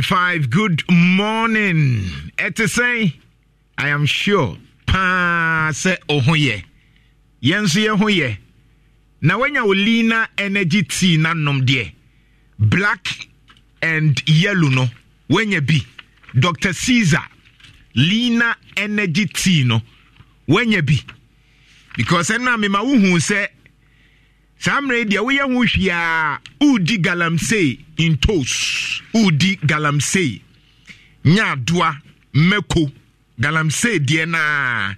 101.5 good morning ɛte sɛn i am sure paa sɛ ɔho yɛ yɛn nso yɛ ho yɛ na wanya wo lina energy tea na nom deɛ black and yellow no wanya bi dr caesar lina energy tea no wanya bi because ɛno a mema wohu sɛ saa mmerɛ deɛ woyɛ ho hwee woredi galamsey in toast Udi galamsey nyaadoa mako galamsey deɛ naa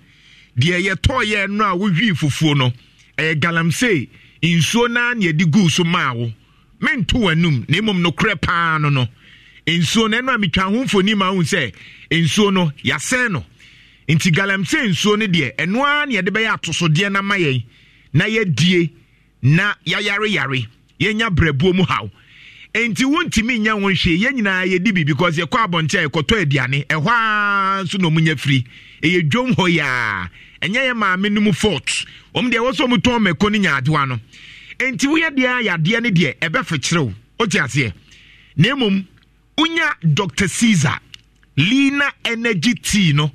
deɛ yɛtɔɔyɛ no a wohwii fufuo no ɛyɛ galamsey nsuo naa na yɛde guu so maa wo mento w'anum na mmom nokorɛ paa no no nsuo no ɛno a metwa ho mfoni ma wo sɛ nsuo no yɛasɛn no nti galamsey nsuo no deɛ ɛno ara na yɛde bɛyɛ atosodeɛ no ama yɛn na yɛadie na yɛayareyare yɛnya brɛbuo mu haw nti wontumi nyɛ ho hwee yɛn nyinaa yɛdi bi because yɛkɔ abɔnten a yɛkɔtɔ aduane ɛhɔ a nso na ɔmu nya firi ɛyɛ dwom hɔ yɛa ɛnyɛ yɛ maame no mu fault ɔm deɛ ɛwɔ sɛ ɔmutɔn mɛko no nya no nti woyɛ deɛ a yɛadeɛ no deɛ ɛbɛfe kyerɛw wote aseɛ na mmom wonya dr caesar lina energy tea no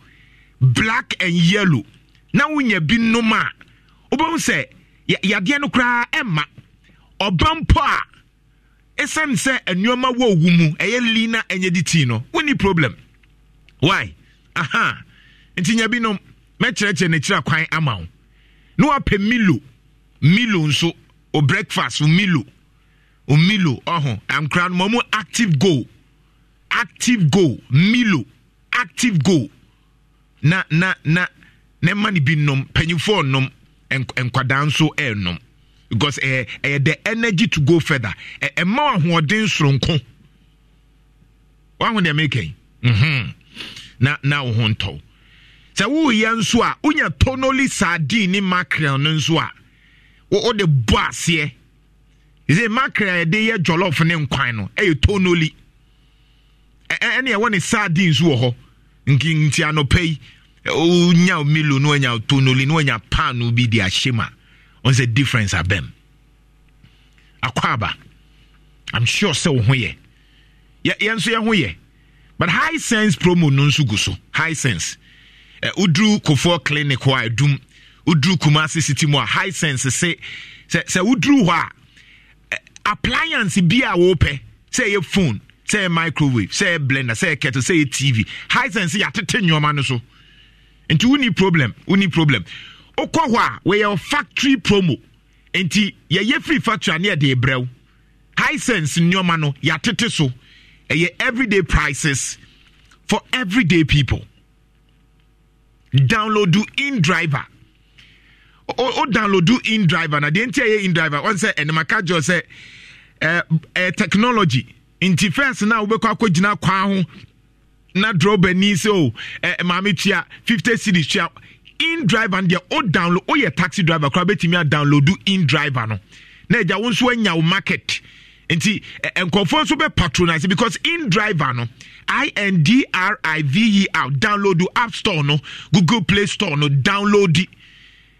black and yellow na wonya bi nom a wobɛhu sɛ yadeɛ no koraa ɛmma ɔba mpo a ɛsiane sɛ nneɛma wɔ owu mu ɛyɛ li ɛnyɛ di tii no wonni problem why aha nti nya nom, mɛkyerɛkyerɛ n'akyiri akwan ama wo na wapɛ milo milo nso o breakfast o milo o milo ɔho ankora no ma mu active goal active goal milo active goal na na na na ɛma no bi nom panyinfoɔ nom nkwadaa nso ɛɛnom because ɛyɛ uh, eh, uh, eh, the energy to go further ɛma eh, uh, ahoɔden soronko wahu deɛ mekɛn mm mm-hmm. na na wo ho ntɔ sɛ woyɛ nso a wonya tonoli sardine ne mackerel no nso a wode bɔ aseɛ sɛ mackerel yɛde yɛ jollof ne nkwan no ɛyɛ tonoli ɛne ɛwɔ ne sardine nso wɔ hɔ nti anɔpa yi wonya milo no wanya tonoli no wanya pan no bi de ahyɛ ma wọn sɛ difference abɛm akɔ aba i'm sure sɛ wo ho yɛ yɛn nso yɛn ho yɛ but high sense promo no nso gu so high sense ɛ uh, eh, uduru kofoɔ clinic hɔ a ɛdum uduru kumasi city mu a high sense se sɛ sɛ uduru hɔ a eh, appliance bi a wɔpɛ sɛ ɛyɛ phone sɛ ɛyɛ microwave sɛ ɛyɛ blender sɛ ɛyɛ kettle sɛ ɛyɛ tv high sense yɛ atete nneɛma no so nti wuni problem wuni problem wokɔ hɔ a wɔyɛ factory promo nti yɛyɛ free factory ne yɛde brɛw hisense nneɔma no yɛatete so ɛyɛ everyday prices for everyday people download do in driver o download do in driver na deɛ nti ɛyɛ in driver ɔn sɛ ɛnimaka jɔ sɛ ɛɛ ɛɛ technology nti fɛs na wobɛkɔ akɔgyina kwan ho na drɔba ni sɛ o oh, ɛɛ maame tua fifty series tua in driver no deɛ o download o yɛ taxi driver koraa bɛtumi a download do in driver no na ɛgya wo nso anya wo market nti nkɔfoɔ nso bɛ patronize because in driver no i n d r i v e r download do app store no google play store no download di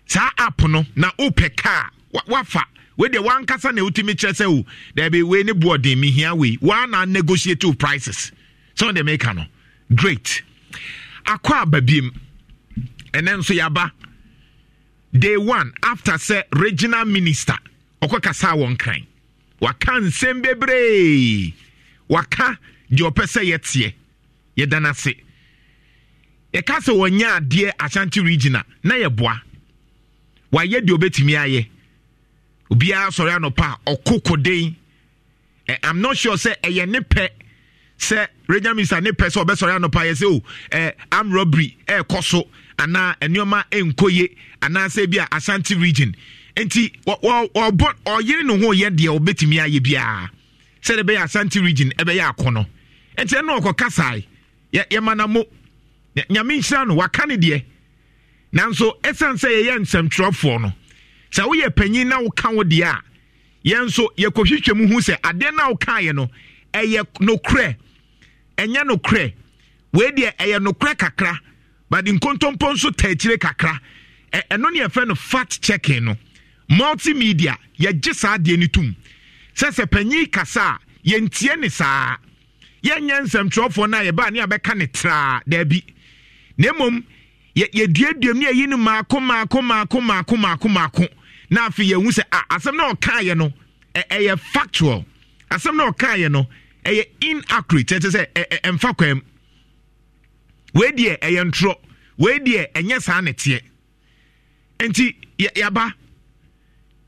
saa app no na o car wafa wei deɛ wankasa na wotumi kyerɛ sɛ o oh, daabi wei ne boɔden mihia wei waa na negotiate prices sɛ wɔn deɛ meka no great akɔ aba biem ɛnɛ nso yaba day one after sɛ regional minister ɔkɔkasa wɔn kan waka nsɛm bebree waka deɛ ɔpɛ sɛ yɛteɛ yɛda no yɛka sɛ wɔnyɛ adeɛ ashanti regional na yɛboa wayɛ deɛ ɔbɛtumi ayɛ obiara sɔre anɔpa a ɔkoko den eh, i'm not sure sɛ ɛyɛ eh, ne pɛ sɛ regional minister ne pɛ sɛ ɔbɛsɔre anɔpa yɛ sɛ o eh, am robbery ɛɛkɔ eh, so anaa nneɛma nkɔ ye anaasɛ bi a asante region nti ɔbɔ ɔyere ne ho yɛ deɛ ɔbɛtumi ayɛ biara sɛdeɛ ɛbɛyɛ asante region ɛbɛyɛ akɔ no nti ɛna ɔkɔ kasae yɛma na mo nyame nhyira no waka ne deɛ nanso ɛsiane sɛ yɛyɛ nsɛmtwerɛfoɔ no sɛ woyɛ panyin na woka wo deɛ a yɛn nso yɛkɔhwehwɛ mu hu sɛ adeɛ no a wokaeɛ no ɛyɛ nokorɛ ɛnyɛ nokorɛ wei deɛ ɛyɛ nokorɛ kakra but nkontompo nso ta akyire kakra ɛno ne yɛfrɛ no fact checking no multimedia yɛgye saa adeɛ no tom sɛ sɛ panyin kasa a yɛntie ne saa yɛnyɛ nsɛmtwerɛfoɔ no a yɛbaa ne abɛka ne traa daabi na mmom yɛduaduam ne yɛyi no maako maako maako maako maako maako na afei yɛhu sɛ a asɛm na ɔkaeɛ no ɛyɛ factual asɛm na ɔkaeɛ no ɛyɛ inaccurate ɛkyɛ sɛ ɛmfa kwam wei deɛ ɛyɛ ntorɔ wei deɛ ɛnyɛ saa ne nti yaba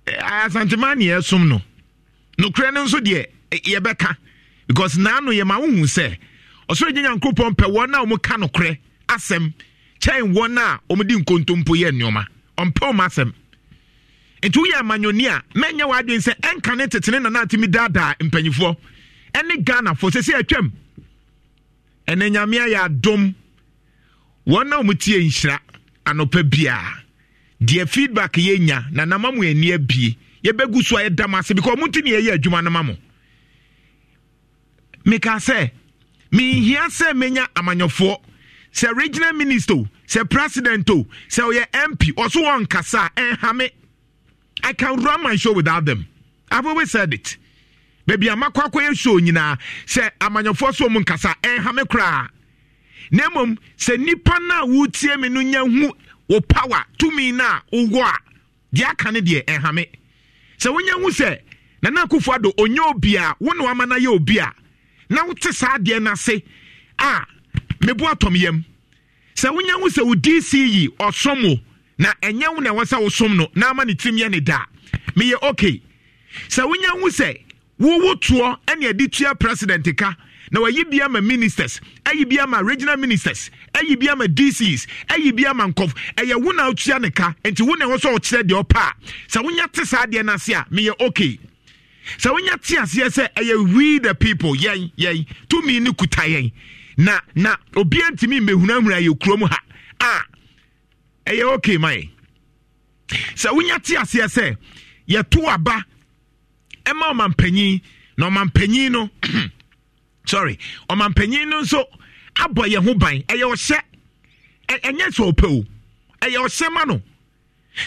asantema neɛ ɛsom no nokorɛ no nso deɛ yɛbɛka because naano yɛma wohu sɛ ɔsoro gye nyankopɔn pɛ wɔn a wɔn ka nokorɛ asɛm kyɛn wɔn a wɔn di nkontompo yɛ nneɛma ɔmpɛ wɔn asɛm nti woyɛ amanyɔni a mɛnyɛ w'adwen sɛ ɛnka ne tete ne nana atimi daadaa mpanyinfoɔ ɛne ghana fo sɛ sɛ atwam ɛnɛ nyame ayɛ adom wɔn na wɔtie nhyira anɔpa biara deɛ feedback yɛnya na nama mu ani abie yɛbɛgu so a yɛda mu ase because ɔmo ti na yɛyɛ adwuma no ma mo meka sɛ menhia sɛ menya amanyɔfoɔ sɛ regional minister o sɛ president o sɛ ɔyɛ mp ɔso wɔn nkasa a ɛnhame i can run my show without them i've always said it baabi a makɔ akɔyɛ show nyinaa sɛ amanyɔfoɔ so ɔmo nkasa ɛnhame koraa na mmom sɛ nnipa no a wotie me no nya hu wo power tumi no a wowɔ a deɛ aka no deɛ ɛhame sɛ wonya hu sɛ nana akufo ado ɔnyɛ obi a wo ne wama no yɛ obi a na wote saa adeɛ no ase a mebo atɔm yam sɛ wonya hu sɛ wo dc yi ɔsom wo na ɛnyɛ wo na ɛwɔ sɛ wosom no na ama ne tirim yɛ ne da meyɛ okay sɛ wonya hu sɛ wowotoɔ ɛne ɛde tua president ka na wayi bia ma ministers ayi bia ma regional ministers ayi bia ma dcs ayi bia ma nkɔf ɛyɛ wo na otua ne ka nti wo na ɛwɔ sɛ ɔkyerɛ deɛ ɔpɛ a sɛ wonya te saa deɛ no ase a meyɛ okay sɛ wonya te aseɛ sɛ ɛyɛ we the people yɛn yɛn tumi ne kuta yɛn na na obiara ntumi mmehunahuna yɛ kurom ha a ɛyɛ okay man sɛ wonya te aseɛ sɛ yɛto aba ɛma ɔmampanyin na ɔmampanyin no sorry ɔmanpanyin no nso abɔ yɛn ho ban ɛyɛ ɔhyɛ ɛnyɛ sɛ ɔpɛ o ɛyɛ ɔhyɛ ma no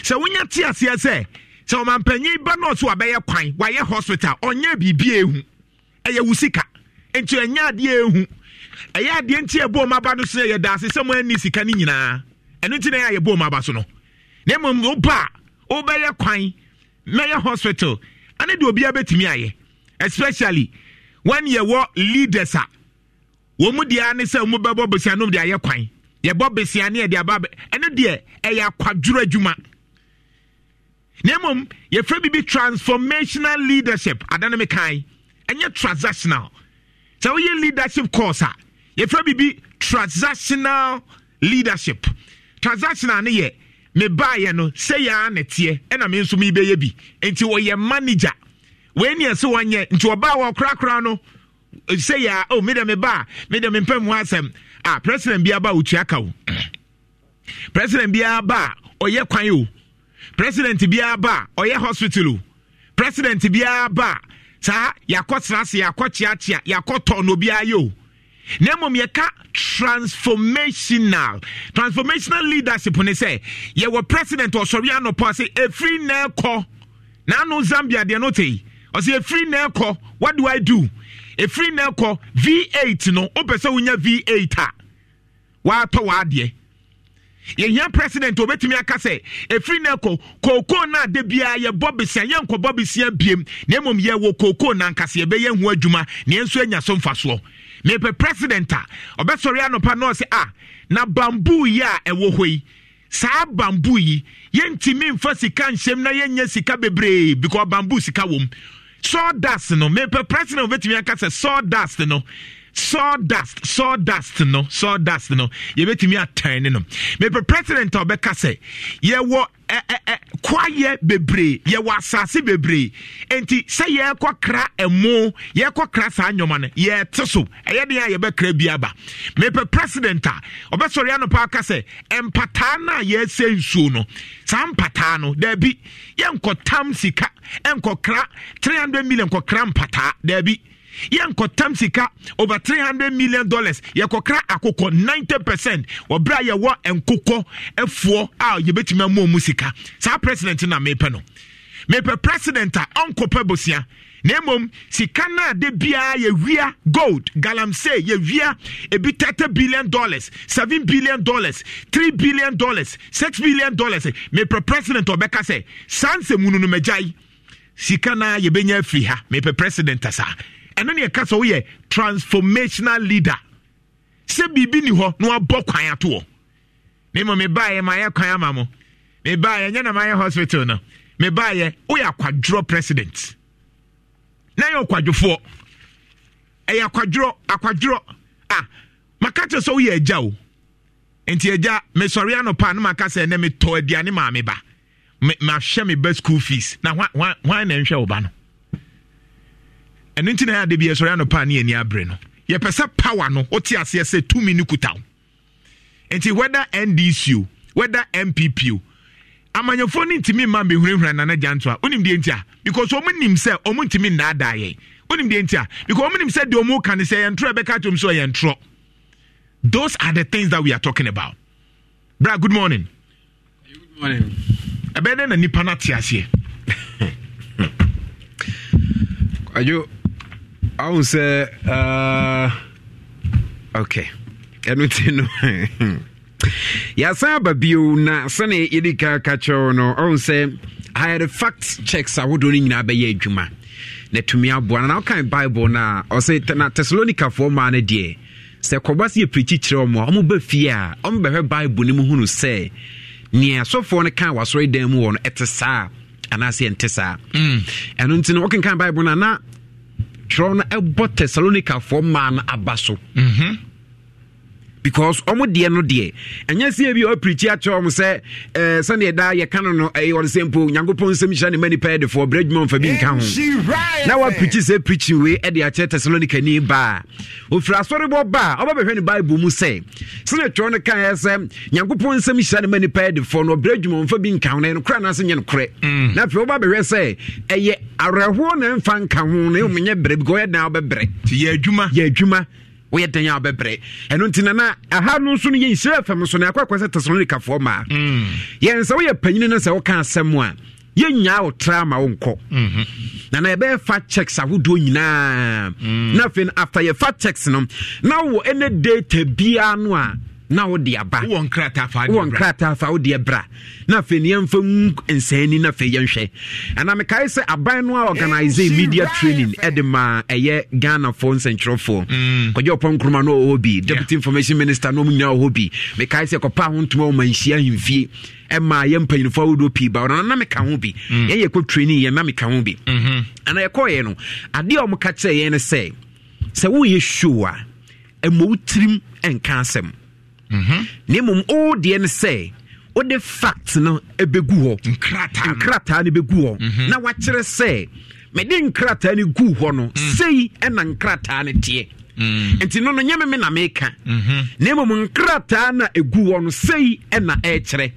sɛ wonya te aseɛ sɛ sɛ ɔmanpanyin ba nɔɔso abɛyɛ kwan wayɛ hospital ɔnyɛ biribi ehu ɛyɛ wo sika nti ɛnyɛ adeɛ ehu ɛyɛ adeɛ nti ɛbɔ ɔmo aba no so yɛ daase sɛ mo ani sika no nyinaa ɛno nti na yɛ ɛbɔ ɔmo aba so no na mmom ɔba a ɔbɛyɛ kwan mɛyɛ hospital ɛne deɛ obiara bɛtumi ayɛ especially wɔn yɛwɔ leaders a wɔn mu deɛ ne sɛ wɔn bɛbɔ besia no de ayɛ kwan yɛbɔ besia ne yɛde aba ɛno deɛ ɛyɛ akwadoro adwuma na mmom yɛfrɛ bibi transformational leadership adanimi kan ɛnyɛ transactional sɛ woyɛ leadership course a yɛfrɛ bibi transactional leadership transactional ne yɛ mebaayɛ no sɛ yɛa ne teɛ ɛna me nso mebɛyɛ bi enti wɔyɛ manager wei ne ɛsɛ wɔnyɛ nti ɔbaa wɔ korakora no sɛ yɛ a o oh, medɛ me ba a medɛ me mpam ho asɛm a president bi aba a otua ka o president bi aba a ɔyɛ kwan o president bi aba a ɔyɛ hospital o president bi aba saa yɛakɔ serase yɛakɔ kyeakyea yɛakɔ tɔ no obiara yɛ o na mmom yɛka transformational transformational leadership ne sɛ yɛwɔ president ɔsɔre anɔpɔ sɛ ɛfiri na ɛkɔ naano zambia deɛ no tei ɔsɛ efiri na ɛkɔ what do i do efiri na ɛkɔ v8 no wopɛ sɛ wonya v8 a waatɔ waadeɛ yɛhia president obɛtumi aka sɛ efiri na ɛkɔ kookoo na ade biara yɛbɔ besia yɛnkɔbɔ besia biem na mmom yɛwɔ kookoo na nkasa yɛbɛyɛ ho adwuma na yɛn nso anya so mfasoɔ mepɛ president a ɔbɛsɔre anɔpa na a ah, na bamboo yi a ɛwɔ hɔ yi saa bamboo yi yɛntumi mfa sika nhyɛm na yɛnya sika bebree because bamboo sika wɔ sawdust no mepɛ prɛse na wobɛtumi aka sɛ sawdust no sawdust sawdust no sawdust no yɛbɛtumi atɛn ne no mepɛ president a ɔbɛka sɛ yɛwɔ eh, eh, eh, kwaeɛ bebree yɛwɔ asase bebree enti sɛ yɛrekɔkra ɛmo yɛrekɔkra saa nnwoma no yɛte so ɛyɛ deɛ a yɛbɛkra bi aba mepɛ president a ɔbɛsɔre anɔpa aka sɛ ɛmpataa no a yɛsɛ nsuo no saa mpataa no daabi yɛnkɔtam sika ɛnkɔkra 300 million nkɔkra mpataa daabi yɛnkɔtam sika over 300 million dollars yɛkɔkra akokɔ 90 percent wɔberɛ a yɛwɔ nkokɔ afuɔ a yɛbɛtumi amuo mu sika saa president na mepɛ no mepɛ president a ɔnkɔpɛ bosea na mmom sika no ade biara yɛwia gold galamse yɛwia ebi 30 billion dollars 7 billion dollars 3 billion dollars 6 billion dollars mepɛ president ɔbɛka sɛ saa nsɛmu no no magyae sika no yɛbɛnya afiri ha mepɛ president asaa ɛno ne ɛka sɛ woyɛ transformational leader sɛ biribi ni hɔ na wabɔ kwan atoɔ na mmom mebaeɛ ma yɛ kwan ama mo mebaeɛ nyɛ na mayɛ hospital no mebaeɛ woyɛ akwadworɔ president na yɛ ɔkwadwofoɔ ɛyɛ akwadworɔ akwadworɔ a ah, maka kyerɛ sɛ woyɛ agya o nti agya mesɔre anɔpa no maka sɛ nɛ metɔ aduane maame ba mahwɛ me ba school fees na hwan na nhwɛ wo ba no ɛno nti na ɛyɛ ade bi ɛsɔre anɔpa ne ani abere no yɛpɛ sɛ power no wote aseɛ sɛ tumi no kuta wo nti whether ndc o whether mpp o amanyɔfoɔ no ntumi mma mbɛhurahura nana gyanto a wonim deɛ nti a because wɔn nim sɛ wɔn ntumi nnaadaa yɛn wonim deɛ nti a because wɔn nim sɛ deɛ wɔn ka no sɛ yɛn ɛbɛka tom sɛ yɛn those are the things that we are talking about bra good morning good morning ɛbɛyɛ dɛ na nipa no ate aseɛ ahu sɛ uh, ok ɛno ti no yɛasan aba bio na sɛne yɛdi ka ka kyerɛw no ɔhu sɛ ayɛde fact checks ahodoɔ no nyinaa bɛyɛ adwuma na tumi aboa no na wokan bible no a ɔsɛ na tessalonicafoɔ maa no deɛ sɛ kɔba sɛ yɛpirikyi kyerɛ a fie a ɔmobɛhwɛ bible no mu hunu sɛ nea asɔfoɔ no ka mu wɔ no ɛte saa anaasɛ ɛnte saa mm. ɛno twerɛ no ɛbɔ tessalonicafoɔ maa no aba so mm-hmm because ɔmo deɛ no deɛ ɛnyɛ sɛ bi ɔpirikyi eh, akyerɛ ɔmo sɛ ɛɛ sɛdeɛ daa yɛka no no ɛyɛ eh, ɔde sɛ mpo nyankopɔn nsɛm hyɛ ne ma nipa yɛ defoɔ brɛ adwuma mfa bi nka ho na wapirikyi sɛ pirikyi wei ɛde akyerɛ tesalonika ni baa ofiri asɔrebɔ baa ɔba bɛhwɛ ne bible mu sɛ sɛdeɛ twerɛ no kaeɛ sɛ nyankopɔn nsɛm hyɛ ne ma nipa yɛ defoɔ no ɔbrɛ adwuma mfa bi nka ho na ɛno kora no nyɛ no na afei woba bɛhwɛ sɛ ɛyɛ awerɛhoɔ na ɛmfa nka ho na ɛwɔ menyɛ berɛ bi woyɛ dan a wobɛbrɛ ɛno nti nana aha no nso no yɛnhyira fam so na yɛakɔakɔ sɛ tesalonikafoɔ maa mm. yɛn sɛ woyɛ panyini no sɛ woka asɛm a yɛnyaa wo tra ma wonkɔ mhm. nana yɛbɛyɛfa checks ahodoɔ nyinaa mm. na afei no after yɛfa checks no na wowɔ ɛnɛ data biara no a na wode aba wowɔ nkrataa bra na afei ne yɛmfa nsani na afei yɛnhwɛ Ana mekae sɛ aban no a organise media training ɛde ma ɛyɛ ghanafoɔ nsɛnkyerɛfoɔ mm. kɔgye ɔpɔ nkroma no ɔwɔ bi deputy information minister no ɔmu nyinaa ɔwɔ bi mekae sɛ kɔpa ho ntoma wɔma nhyia ahemfie ɛma yɛ mpanyinfoɔ ahodoɔ pii ba ɔno na meka ho bi mm. yɛn yɛkɔ training yɛn na meka ho bi mm-hmm. ɛna yɛkɔɔyɛ no adeɛ a ɔmo ka kyerɛ yɛn ne sɛ sɛ woyɛ show a ɛmɔ wo tirim nka asɛm Mm-hmm. na mmom wodeɛ no sɛ wode fact no bɛgu hɔ nkrataa no bɛgu hɔ mm-hmm. na wakyerɛ sɛ mede nkrataa no guu hɔ no mm. sei ɛna nkrataa no teɛ mm. nti no no nyɛme me na meka mm-hmm. na mmom nkrataa na ɛgu hɔ no sei ɛna ɛkyerɛ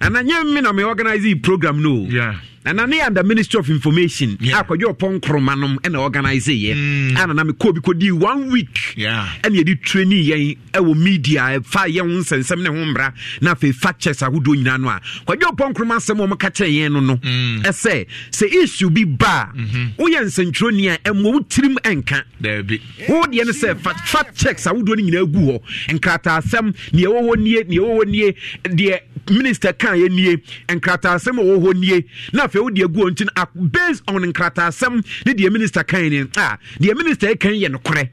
ɛna nyɛme me na me organise program no o nanane and anda ministry of information yeah. akɔdwe ɔpɔ nkoroma nom ɛna organise yɛ mm. anana mekɔɔ bi kɔdii one week yeah. ɛne yɛde trani yɛn ɛwɔ media fa yɛ ho nsɛnsɛm ne ho mmara na afei factures ahodoɔ nyina no a kɔdwe ɔpɔ nkoroma asɛm ɔmka kyerɛ yɛn no no mm. ɛsɛ sɛ issue bi ba a mhm. woyɛ nsɛntwerɛni a ɛmmɔ wo tirim ɛnka wodeɛ no sɛ fact checks ahodoɔ no nyinaa gu hɔ nkrataasɛm neɛ ɛwɔ hɔ nie neɛ ɛwɔ nie deɛ minister kaa yɛ nie nkrataasɛm a ɛwɔ nie na afei wode agu nti no based on nkrataasɛm ne deɛ minister kan ne a deɛ minister ɛkan yɛ nokorɛ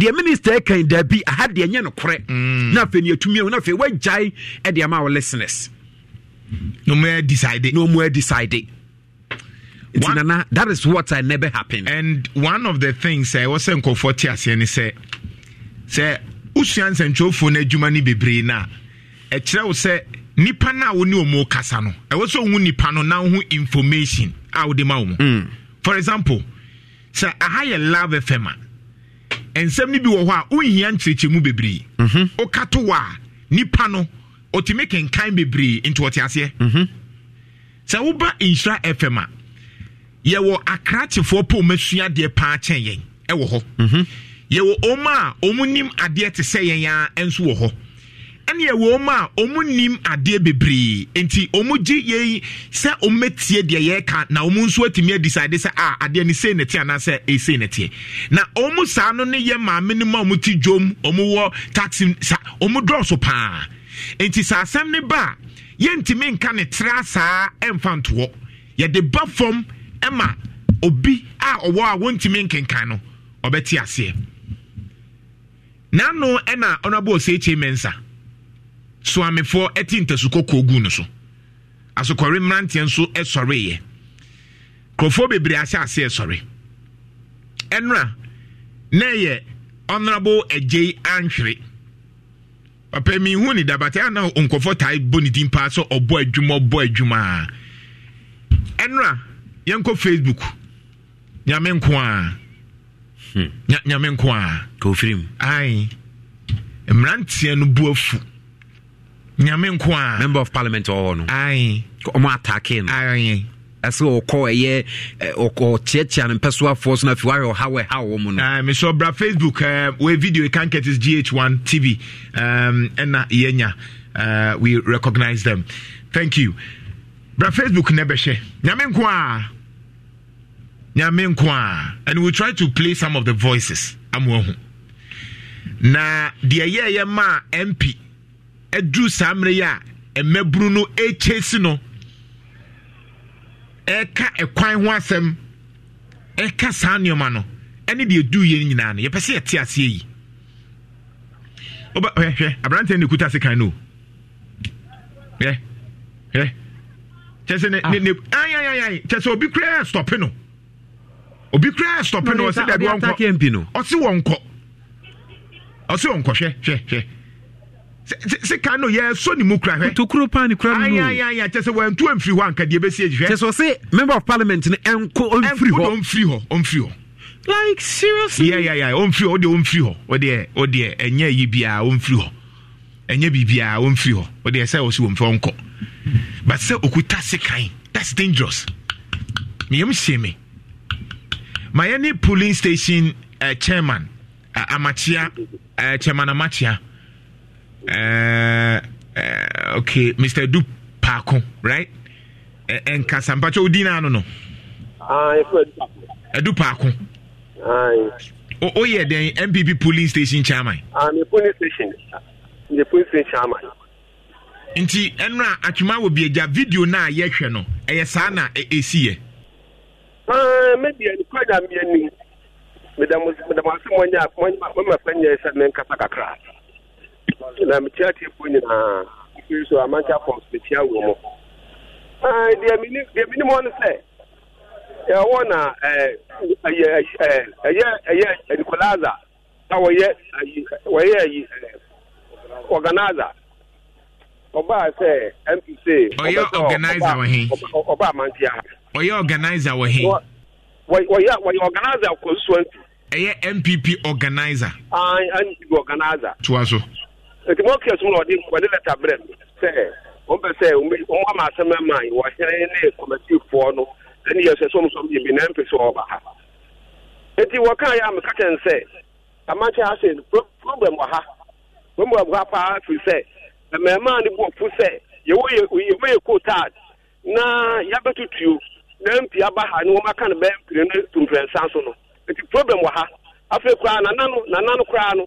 deɛ minister ɛkan daabi aha deɛ nyɛ nokorɛ mm. na afei ne atumi na afei woagyae ɛde ama wo listeners no mo decide one, nana, that is what I never happened. And one of the things I was saying, Kofo Tiasi, and say, said, Say, Usian Central Phone, Jumani Bibrina, a child said, nipa no a wo ne ɔmo kasa no ɛwɔ sɛ ɔhu nipa no na wohu information a wode ma wo mm. for example sɛ aha yɛ love fm a ɛnsɛm ni bi wɔ hɔ a wonhia nkyerɛkyɛmu bebree mhm. woka to wɔ a nipa no ɔtumi kenkan bebree nti ɔte aseɛ mhm. sɛ woba nhyira fm a yɛwɔ akrakyefoɔ pɛ ɔmasua adeɛ paa kyɛn yɛn ɛwɔ hɔ mhm. yɛwɔ ɔma a ɔmo nim adeɛ te sɛ yɛn a ɛnso wɔ hɔ ɛne wɔn mu a ɔmu nim adeɛ bebree nti ɔmu gye yɛn sɛ ɔmɛtie deɛ yɛreka na ɔmu nso atumi adisade sɛ a ah, adeɛ ne sei nɛteɛ anaasɛ ɛsei nɛteɛ na ɔmu saa no ne yɛ maame no ma ɔmu ti dwom ɔmu wɔ taxi sa ɔmu dɔɔso paa nti saa asɛm ne ba a yɛntumi nka ne tra saa ɛmfa ntoɔ yɛde ba fam ɛma obi a ɔwɔ a wɔntumi nkenkan no ɔbɛte aseɛ nano ɛna ɔnabɔ osei kye mensa soamefoɔ ɛte ntasukɔ kɔɔ gu no so asokɔre mmeranteɛ nso ɛsɔreeɛ kurɔfoɔ bebree ahyɛ aseɛ sɔre ɛnora na ɛyɛ ɔnrabo agyei anhwere papa mi hu ni dabata ana nkɔfɔ taa bɔ ne din paa sɛ ɔbɔ adwuma ɔbɔ adwuma a ɛnora yɛnkɔ facebook nyame nko a hmm. nyame nko a kɔfirim ae mmeranteɛ no bu afu nyame nko a member of parliament ɔwɔ no ɔmo atake no ɛsɛ ɔkɔ ɛyɛ ɔkɔkyeakyea no mpɛsoafoɔ so no afei wayɛ ɔhaw ɛha wɔ mu no mesɛ bra facebook uh, we video ɛcanketis gh1 tv um, ɛna yɛnya uh, we recognize them thank you bra facebook na ɛbɛhyɛ nyame nko a nyame nko a and we try to play some of the voices amoahu na deɛ yɛɛyɛ maa mp aduru saa mmerɛ a no ɛkyɛsi no ɛka kwan ho asɛm ɛka saa nneɛma no ɛne deɛ ɛduru yɛ nyinaa no yɛpɛ sɛ yi hwɛ aberanteɛ no sekan no hwɛ hwɛ kyɛ sɛ ne kyɛ sɛ obi stɔpe no obi stɔpe no sika no yɛsɔ ne mu kura hwɛ tokuro paa ne kura noayaya kyɛ sɛ wantu amfiri hɔ anka deɛ bɛsi adwihwɛ kyɛ sɛ member of parliament no ɛnko ɔmfiri hɔ ɔmfiri hɔ ɔmfiri hɔ like seriously yeah yeah yeah ɔmfiri hɔ ɔdeɛ ɔmfiri hɔ ɔdeɛ ɔdeɛ ɛnyɛ yi biara ɔmfiri hɔ ɛnyɛ biribiara ɔmfiri hɔ ɔdeɛ sɛ ɔsi wɔmfɛ ɔnkɔ but sɛ ɔkuta sekan that's dangerous meyam hyɛ me ma yɛne polling station uh, chairman uh, eh, amakyea uh, eh, chairman amakyea uh, okay mr du paako right nkasa mpatwa odi na ano no edu paako oyɛ den npp polling station chairman the polling station the polling station chairman nti ɛnura atwuma wɔ bi agya video na yɛhwɛ no ɛyɛ saa na esi yɛ. media ni kɔda mmienu medamase mɔnyɛ a mɔmɛfɛ nyɛ sɛ menkasa kakra na metia tiefoɔ nyinaa firi so amanka fɔms metia wɔ mu ah, deɛ menim hɔ no sɛ yɛwɔ na eh, ɛyɛ eh, nicolasa a wɔyɛ wɔyɛ ayi eh, organizer ɔbaa sɛ mpc ɔyɛ organizer wɔ he ɔbaa amantea ɔyɛ organizer wɔ he wɔyɛ organizer constituency ɛyɛ mpp organizer mpp ah, organizer toa so nti mo kiri sum na ɔde ɔde lɛta brɛ sɛ wɔn bɛ sɛ wɔn ama asɛm ɛma yi wɔhene ne kɔmɛtifoɔ no ɛne yɛ sɛ sɔm sɔm yɛ bi na mpɛ sɛ ɔba ha nti wɔka yɛ ameka kyɛn sɛ amankyɛ ha sɛ problem wɔ ha problem wɔ ha paa firi sɛ mmarima ne bɔ fu sɛ yɛwɔ yɛ yɛwɔ yɛ kootaad na yɛabɛtutuo na mpi aba ha ne wɔn aka no bɛyɛ mpire ne tumfɛnsa so no nti problem wɔ ha afei koraa nana no nana no koraa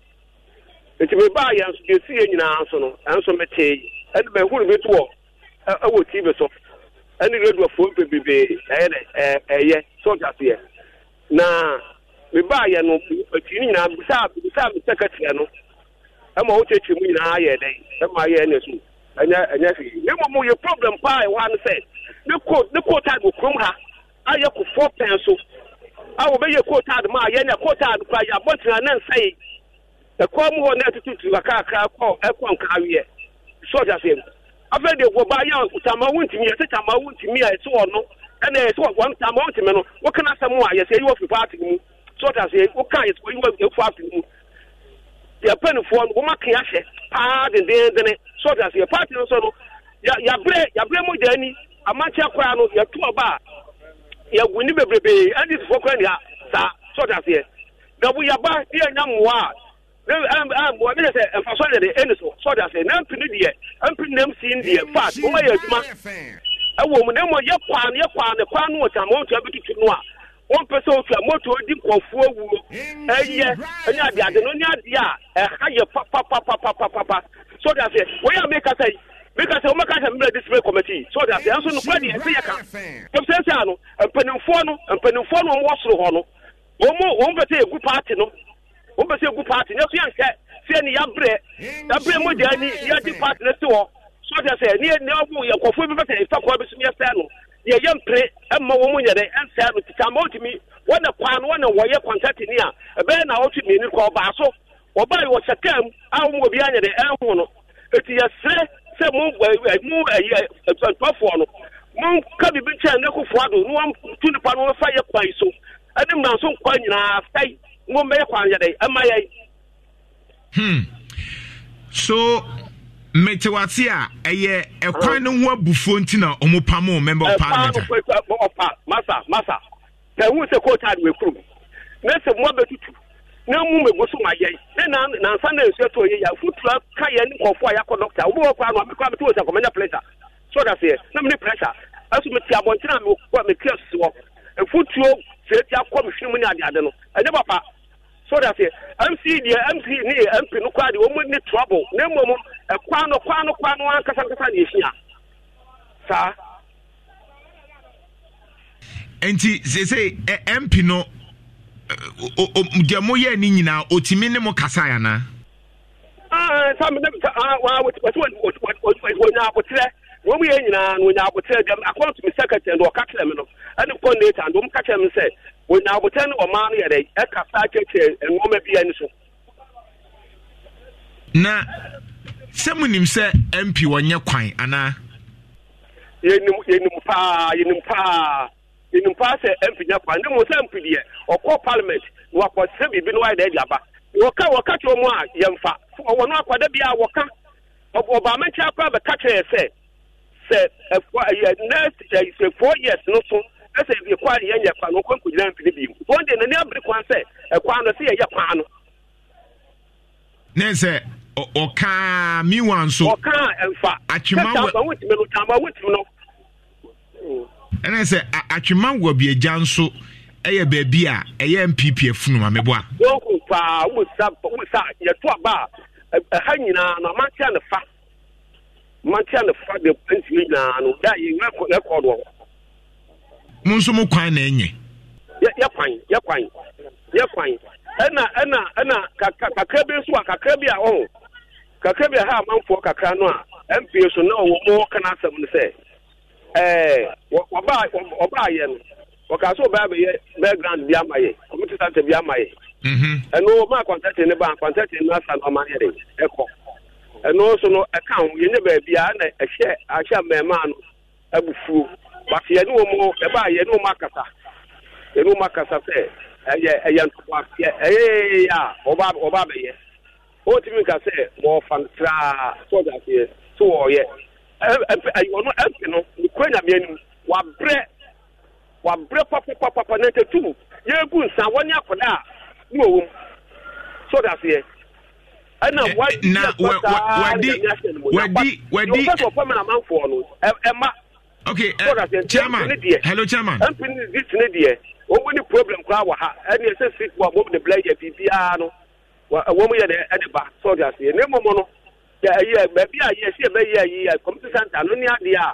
nti mebaa yɛ nso deɛ yɛ nyinaa nso no ɛnso metee ɛne mahunu bi toɔ ɛwɔ tv so ɛne radiofoɔ mpɛ bebree ɛyɛ dɛ ɛyɛ sɔgya seɛ na mebaa yɛ no akyi no nyinaa bisaa bisaa me sɛkɛteɛ no ɛma wokyekye mu nyinaa yɛ dɛn ɛma yɛ so ɛnyɛ ɛnyɛ na mmom yɛ problem paa ɛwɔ ha no sɛ ne ko ne ko taade wɔ kurom ha ayɛ kofoɔ pɛn so a wɔbɛyɛ ko taade mu a yɛn yɛ ko taade koraa yɛ abɔntena ne nsa yi ɛkɔn mu hɔ na ɛtutu ɛkɔ nkaaweɛ sɔdza fɛ mu de wɔ ba yɛ tamawo ntumi yɛsɛ tamawo ntumi a yɛsɛ wɔ no ɛna yɛsɛ wɔ wɔn tamawo ntumi no wɔkana sɛm a yɛsɛ eyi wɔ paati mu sɔdza wɔka yɛsɛ eyi paati mu no paa dendenden sɔdza paati no mu ni koraa no yɛtu ɔba yɛgu ni bebrebee koraa ni saa sɔdza yaba a. mɛsɛ mfaso de ne ɛne so sɔde ase na mpini deɛ mpini nam sin deɛ fat wɔn ayɛ adwuma ɛwɔ mu na mmɔ yɛ kwaa no yɛ kwaa no kwaa no wɔ tam wɔn tua bi tutu no a wɔn pɛ sɛ otua moto di nkɔfuo wuo ɛyɛ ɛne ade ade no ne adeɛ a ɛha yɛ papapapapapa sɔde ase wɔyɛ a meka sɛ meka sɛ wɔmɛka sɛ mmerɛ disipline committee sɔde ase ɛnso nokora deɛ ɛsɛ yɛ ka ɛfisɛ sɛ a no mpanimfoɔ no mpanimfoɔ no wɔwɔ soro hɔ no wɔn mu wɔn pɛ sɛ egu paati no wobɛsɛ ɛgu party nyɛ so ya nke ne yɛabrɛ yɛabrɛ mogya ni yɛagye party no si hɔ so kyɛ sɛ ne ne ɔwo ya bi bɛsɛ ɛfa kɔɔ bi so yɛsɛe no yɛyɛ mpere ɛma ya mu nyɛdɛ ɛnsɛe no tita ma wotumi wɔne kwaa no wɔne wɔyɛ kɔntɛte ni a na wɔtwe ya kɔ ɔbaa so wɔbaa wɔ hyɛ kaa mu a ya obi ya ya no eti yɛsrɛ sɛ ya mo ɛyɛ ɛtɔfoɔ no mo ya bibi kyɛn ne kofoɔ do ne wɔn tu nipa no yɛ kwan so ɛne nyinaa wọn bɛyɛ kwan yɛ dɛ ɛma yɛ. hmm so metewate a ɛyɛ ɛkwan no ho abufuo nti na ɔmo pamoo member of masa masa pɛhun sɛ kootaad wɔ ekurum ne sɛ mo abɛtutu ne mu megu so ma yɛn ne nansa na nsu ɛtɔ yɛ afutura ka yɛn nkɔfo a yakɔ dɔkita wo wɔ kwan no abɛkɔ abɛtɔ wɔ sɛ kɔmɛnya pressure so ɔda seɛ na mo pressure ɛso mi ti abɔnten a mi kɔ sereti akɔ me hwene ni ne adeade no ɛnyɛ papa so that mc deɛ mp ne yɛ mp no kora deɛ wɔn ne trouble na mmom ɛkwa no kwa no ankasa ankasa ne ehia saa. nti sese mp no deɛ mo yɛ nyinaa ne mo kasa mu yɛ nyinaa ɛne kɔnneta ndo ɔmo ka kyerɛ me sɛ onyaabotɛ ne ɔmaa no yɛ dɛ ɛkasa kyerɛkyerɛ nwoma bi ani so na sɛ munim sɛ mp wɔnyɛ kwan anaa yɛnim yɛnim paa yɛnim paa yɛnim paa sɛ mp nyɛ kwan ne mu sɛ mp deɛ ɔkɔ parliament na wakɔsɛ biribi no wayɛ dɛ aduaba wɔka wɔka kyerɛ mu a yɛmfa ɔwɔ no akɔda bi a wɔka ɔbaamɛkyɛ akora bɛka kyerɛ yɛ sɛ sɛ ɛfɔ ɛyɛ next ɛyɛ four years no so ɛsɛ ebi kwan ya kwan okwan kunyina mfini bi mu wɔn de n'ani abiri kwan sɛ eh, ɛkwan no sɛ yɛyɛ kwan no. ne sɛ ɔkaa miwa nso. ɔkaa ɛnfa atwima wɔ ɛnfa wotumi no tamba wotumi no. ɛnna atwima wɔ nso ɛyɛ a ɛyɛ npp wɔn kun paa wɔn sa wɔn sa aba a eh, ɛha eh, nyinaa na ɔman fa ɔman fa de ntumi nyinaa no yɛ mo nso mo kwan na enye. yɛ kwan yɛ kwan yɛ kwan ɛna ɛna ɛna kakra bi nso a kakra bi a ɔho oh. kakra bi a ha amanfoɔ kakra no a mpa so na ɔwɔ mo ɔka n'asɛm no sɛ ɛɛ ɔbaa ɔbaa yɛ no ɔka so ɔbaa bɛyɛ background bi ama yɛ community center bi ama yɛ. Mhm. ɛno maa kɔntɛte ne ba kɔntɛte no asa no ɔma yɛ de ɛkɔ ɛno nso no ɛka ho yɛnyɛ baabi a ɛna ɛhyɛ ahyɛ mmɛmaa no abu but yɛne wɔ mu mu akasa mu akasa sɛ ɛyɛ ɛyɛ ntoma a ɔba ɔba bɛyɛ ɔtumi nka sɛ wɔɔfa traa sɔdza a ne seɛ ɛna wadi wadi wadi wadi wadi wadi wadi wadi wadi ɛ okay uh, chairman hello chairman mp ni dis ne deɛ wɔn ni problem koraa wɔ ha ɛni ɛsɛ sick wa wɔn de bila yɛ biribiara no wɔn yɛ de ɛde ba sɔɔdi aseɛ ne mɔmɔ no yɛ baabi a yɛ si ɛbɛ yɛ yi yɛ community center no ni adeɛ a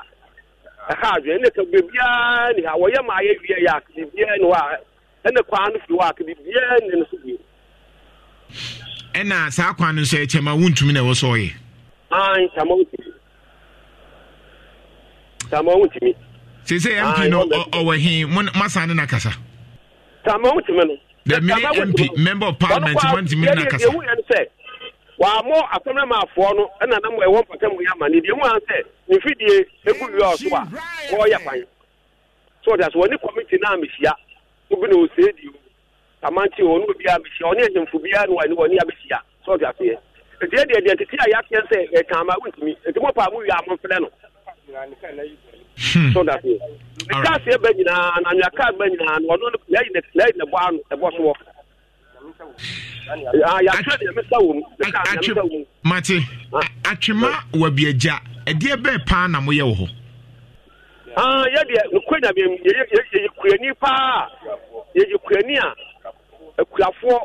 ɛha adwene ɛna ɛka biribiara ni ha wɔyɛ maa yɛ wie yɛ ake biribiara ni hɔ a ɛna no fi hɔ ake biribiara ni no so wie. ɛna saa kwan no nso yɛ wuntumi na ɛwɔ sɔɔ yɛ. ayi kyɛn sama wotumi sese ah, mp no ɔwɔ he masa ne nakasa sama wotumi no the mini member of parliament wantumi ne nakasa wàmọ asọmọlẹmàfọ no mpata mu mu an sɛ egu a wɔɔyɛ kwan so ɔdi aso wɔne kɔmiti obi na osee di o amanti wɔn obi a ɔne bi so ɔdi aso yɛ deɛ deɛ tete a sɛ so nyinaa ebe nyinaa na ọdụ na ọdụ ọdụ mate atwema wabiagya ɛdeɛ bɛɛ paa na moyɛ wɔ hɔ ah, yɛdeɛ kurani paa yɛyɛ kurani a akurafoɔ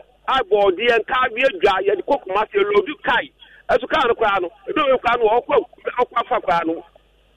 nka dwa yɛde lɔdu kae ɛso kaa no koraa no koraa no ɔkɔ afa koraa no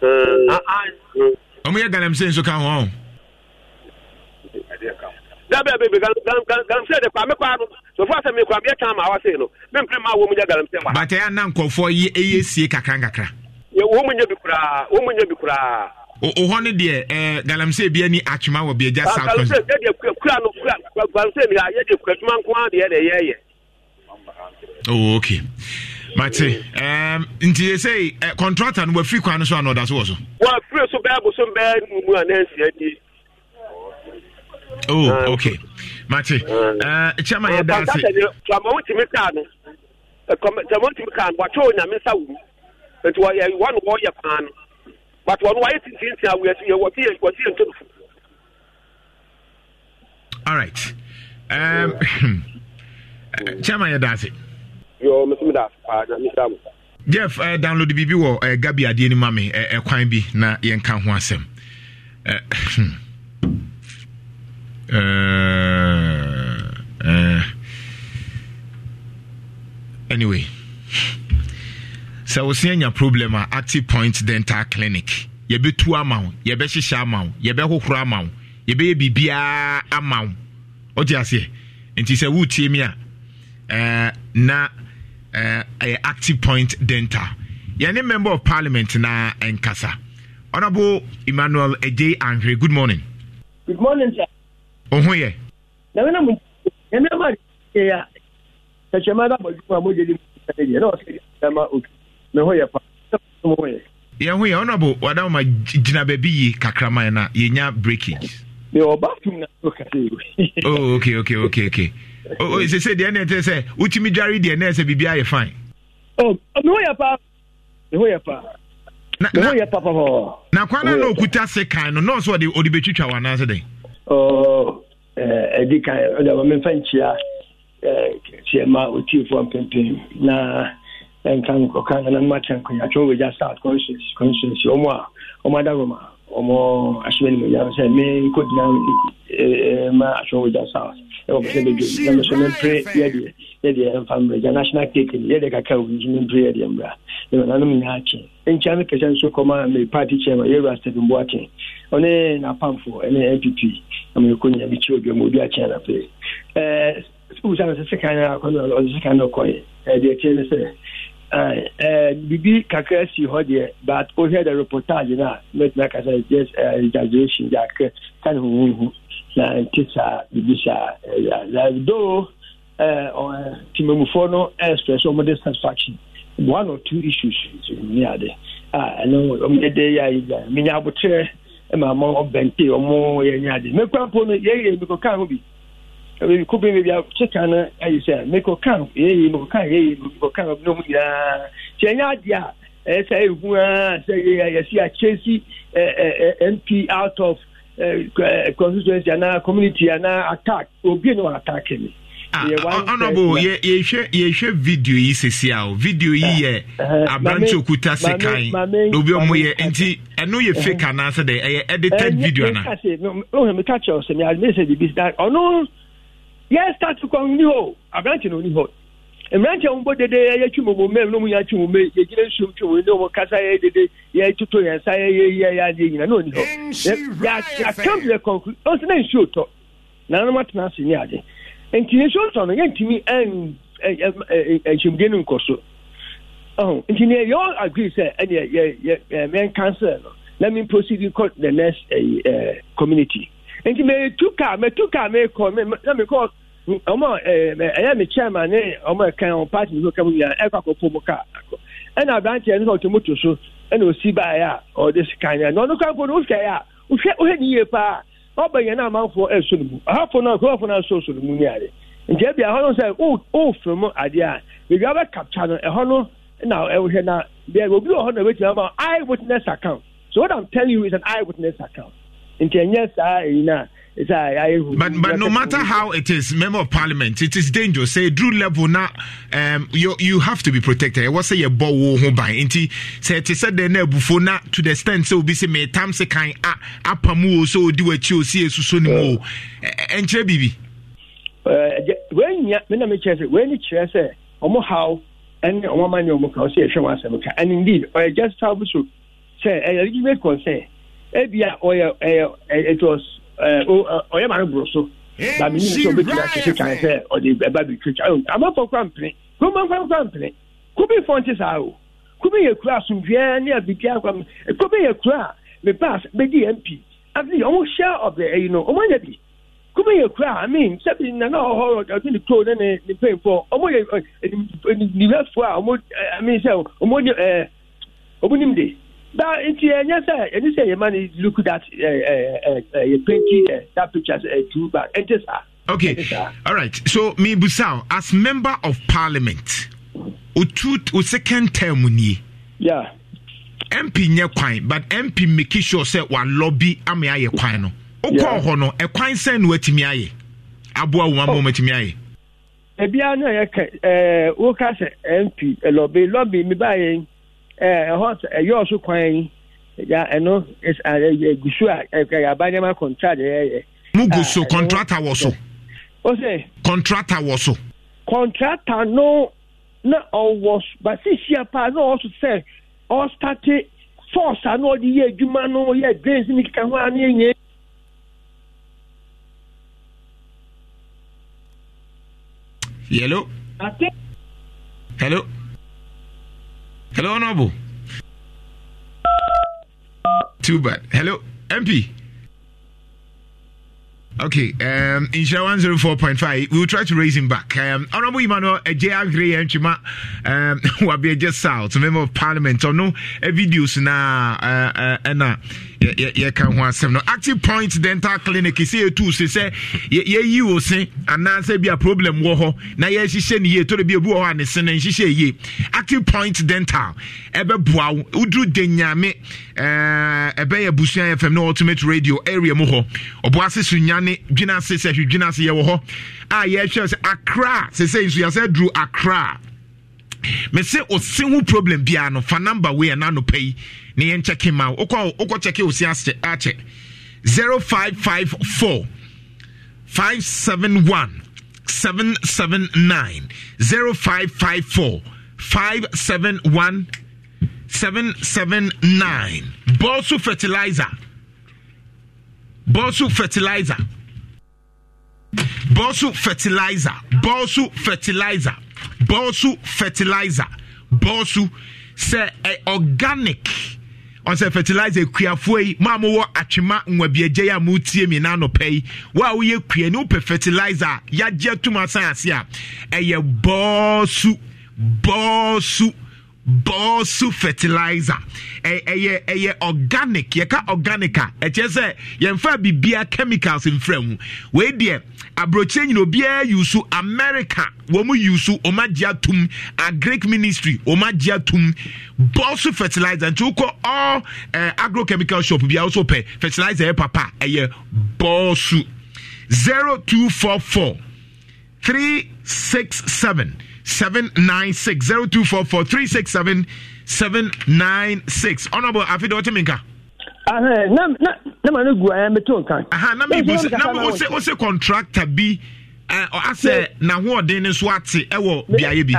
ọmọ eh, ah, ah. yẹ galamsey nso ka wọn. dabe bebe galamsey de kwa me kwa no sofo asɛ me kwa me ɛka ma awase no me mpere ma wo mu nya galamsey wa. bàtà yà nà nkɔfɔ yi eye sie kakra nkakra. wo mu nya bi kura wo mu bi kura. o hɔ ne deɛ ɛɛ eh, galamsey bi ni atuma wɔ bi saa kɔn. galamsey yɛ deɛ kura no kura galamsey mi a yɛ deɛ kura tuma nko ara deɛ na ɛyɛ yɛ. oh okay. mate um, nti yɛ sɛ uh, contractor no wafiri kwan no so ana ɔda so wɔ so wafiri so bɛɛ bo so bɛɛ numu a nansia di oh uh, okay mate uh, chairman ah, yɛ daa se tama wotumi kaa no eh, tama wotumi kaa no wakyɛ onyame nsa wom nti wɔne wɔyɛ paa no but wɔno wayɛ tintintia wɔ yɛ wɔsi all right um, eh, chairman yɛ daa yɔ mesome da paa na mesra jeff uh, download biribi wɔ uh, eh, gabi adeɛ no ma me uh, eh, kwan bi na yɛnka ho asɛm hmm. anyway sɛ wo se anya problem a active point dental clinic yɛbɛtu ama wo yɛbɛhyehyɛ ama wo yɛbɛhohoro ama wo yɛbɛyɛ biribiaa ama wo wogye aseɛ nti sɛ woretie mi a na uh, active point dental a member of parliament na nkasa honorable emmanuel eje anhwere good morning good morning sir Oh, yɛ na mena mu ɛnɛ ma de ya sɛkyɛ ma dabɔ adwuma mo de di mu sɛ deɛ na ɔsɛ deɛ ma otu me ho yɛ pa mo ho yɛ yɛn ho yɛ honorable wadaw ma gyina baabi yi kakraman na yɛnya breakage. deɛ ɔba tum na so kase. oh okay okay okay okay. sese deɛ ɛna ɛte sɛ wotumi dware deɛ ɛna ɛsɛ biribi fine. na na kwana na okuta se kan no nɔɔso ɔde ɔde wa n'ase de. ɛdi kan ɔdi ama mi nkyia na ɛnka nkɔka nana nkɔnya south conscience conscience wɔn a ada roma wɔn ahyɛn mu yam sɛ mi south. ɛwɔ sɛ bɛdwo na mesɛ mempere yɛdeɛ yɛdeɛ ɛmfa mmerɛ gya national cake no yɛdeɛ kakra wɔ nti mempere yɛdeɛ mmra ne mananom nyinaa akye nkyia me pɛsɛ nso kɔma me party chairman yɛwura e stephen boakye ɔne napamfoɔ ɛne npp na mekɔ nyina mekyerɛ obi ma obi akye anapɛ sukuu sa no sɛ sekan no akɔno ɔde sekan no kɔɛ deɛ tiɛ ne sɛ bibi kakra si hɔ deɛ but wohɛ the reportage no a mɛtumi akasa just exaggeration gya kakra ka ne hohohu na nti saa biribi saa eh, ɛyɛ na though ɛɛ eh, ɔɛ eh, tìmɛmufoɔ no ɛɛsprɛ sɛ wɔde satisfaction one or two issues ni ade a ɛno wɔn yɛ de ah, yɛ ayi gba menya abotire ɛma ama ɔbɛnte wɔn yɛ nyɛ ade mekura mpo no yɛyɛ mekɔ kaa ho bi ebi ko bi bi akyeka no ayi sɛ mekɔ kaa yɛyɛ mekɔ kaa yɛyɛ mekɔ kaa bi na ɔmo nyinaa kyɛ nyɛ ade a ɛyɛ sɛ ehu aa sɛ yɛyɛ yɛsi akyɛnsi ɛɛ ɛɛ np out of. Eh, constituency anaa community anaa attack obi na attack me. Ah, ah, honorable yɛhwɛ yɛhwɛ video yi sesi a o video yi yɛ eh, eh, aberante okuta sekan na obi ɔmo yɛ nti ɛno yɛ fake anaasɛ dɛ ɛyɛ edited video ana. ohun mi ka kyerɛ ɔsɛm yɛ adi mi ɔno yɛ start to kɔn ni hɔ aberante na oni hɔ mmeranteɛ wo mbɔ dede yɛyɛ twi mu mmɛ no mu yɛ twi mu mmɛ yɛgyina nsum twi mu ne ɔmo kasa yɛ dede yɛtoto yɛn nsa yɛyɛ yɛyɛ adeɛ nyina na ɔni hɔ yɛakam yɛ kɔnkuru ɔnso na nsuo tɔ nanom atena ase ne ade nti nsuo tɔ no yɛntumi nhyɛmdie no nkɔ so nti neɛ yɛɔ agree sɛ ɛneɛ yɛmɛnka sɛ no let me proceed to the next uh, uh, community nti mɛtu kaa mɛtu kaa mɛkɔ na mekɔ ọmọ ẹyẹ mi chairman ne ọmọ ẹka ọmọ party mi ka mu mu kaa akọ ẹna moto so a na ɔno kwan a paa ɔba yɛn a amanfoɔ ɛso no mu ɔhafo no mu a na eye witness account so what i'm telling you is an eye witness account but but no matter how it is, member of parliament, it is dangerous. Say Drew level now, um, you you have to be protected. I was say your ball who by inti say it said the before now to the extent so be say me time say kind ah, ah, a apamu so do a chio see su so ni mo uh. eh, eh, enche bibi. Uh, when ya me na me chere when you chere say omo how and omo man omo ka say ehwe wan say ka and indeed or just how so say a legitimate concern. Ebia or eh, it was ɔyɛ ma no so na mi nim sɛ obetumi ahyehyɛ kwan sɛ ɔde ɛba bi twitwa o amafo kura mpene kuroma nfa kura mpene kubi fɔ nti saa o kubi yɛ kura asomdua ne abidi akwa mu kubi yɛ kura me pass bedi mp ati ɔmo hyɛ ɔbɛ ɛyi no ɔmo anya bi kubi yɛ kura i mean sɛbi nana ɔhɔ ɔdi ne kuro ne ne ne mpanyinfo ɔmo yɛ ɛɛ nivɛfo a ɔmo ɛɛ i mean sɛ ɔmo ni ɛɛ ɔmo nim de. Now, it's uh, yes, sir. And you look at that uh, uh, uh, painting uh, that picture uh, eh, too bad. And this, uh, okay, all right. So, me Busau, as member of parliament, o tu o second term ni. Yeah. MP nyɛ kwan but MP make sure sɛ wa lobby ama ayɛ kwan no. Okɔ hɔ no ɛkwan e sɛn na watumi ayɛ? Aboa wo ama wɔmatumi oh. ayɛ? Ebi anu yɛ e kɛ ɛɛ eh, woka sɛ MP e lobby lobby mi ba yɛ. ɛhɔ ɛyɛ kwan yi, ɛno egu so a contract yɛyɛ. mu gu so contractor wɔ so. o se. contractor wɔ so. contractor no na ɔwɔ basi paa na ɔwɔ so sɛ ɔstate force a na ɔde yɛ adwuma no yɛ drains ho a hello honourable too bad hello mp Okay, um, Insha 104.5, we will try to raise him back. Um, Honorable Emmanuel Eje Agri Enchima, um, Wabia just South, member of parliament, or no, a videos now uh, uh, yɛka ho asɛm no active point dental clinic sɛ yɛtu se sɛ yɛyi wo se anaasɛ bi a problem wɔ hɔ na yɛhyehyɛ ne yie tɔre bi obi wɔ hɔ a ne se no nhyehyɛ yie active point dental ɛbɛboa wo woduru de nyame ɛbɛyɛ eh, busua fm ne ultimate radio area mu hɔ ɔboa se so nyane dwena ase sɛ hwe se yɛwɔ hɔ a yɛhwɛ sɛ akra sɛsɛ nso yɛsɛ duru akra mese ɔse ho problem biara no fa number wei ɛna anɔpa yi na yɛn kyɛke ma wokɔ kyɛke wo si akyɛ 0554 571 779 0554 571 779 Bosu fertilizer Bosu fertilizer Bosu fertilizer Bosu fertilizer Bosu fertilizer Bosu sɛ eh, organic ɔsɛ fertilizer kuafoɔ yi mo a mowɔ atwema nwabiagya yi a motie mi na anɔpɛ yi wo a woyɛ kua ne wopɛ fertilizer a yagye atum asan ase a ɛyɛ bɔɔsu bɔɔsu bɔɔso fertilizer ɛyɛ ɛyɛ organic yɛka organic a ɛkyɛ sɛ yɛmfa biribia chemicals mfra mu wei deɛ aburokyire nyina obiara yusu america wɔn mu yusu wɔn agye atum agric ministry wɔn agye atum bɔɔso fertilizer nti wokɔ all uh, agrochemical shop bi a wɔso pɛ fertilizer yɛ papa ɛyɛ bɔɔso zero two four four three six seven. 796 0244 367 796 honorable afide otiminka na ma no gu ayɛ meto nkan na eh, mewosɛ contractor bi eh, asɛ nahoɔden no nso ate ɛwɔ eh, beaeɛ bi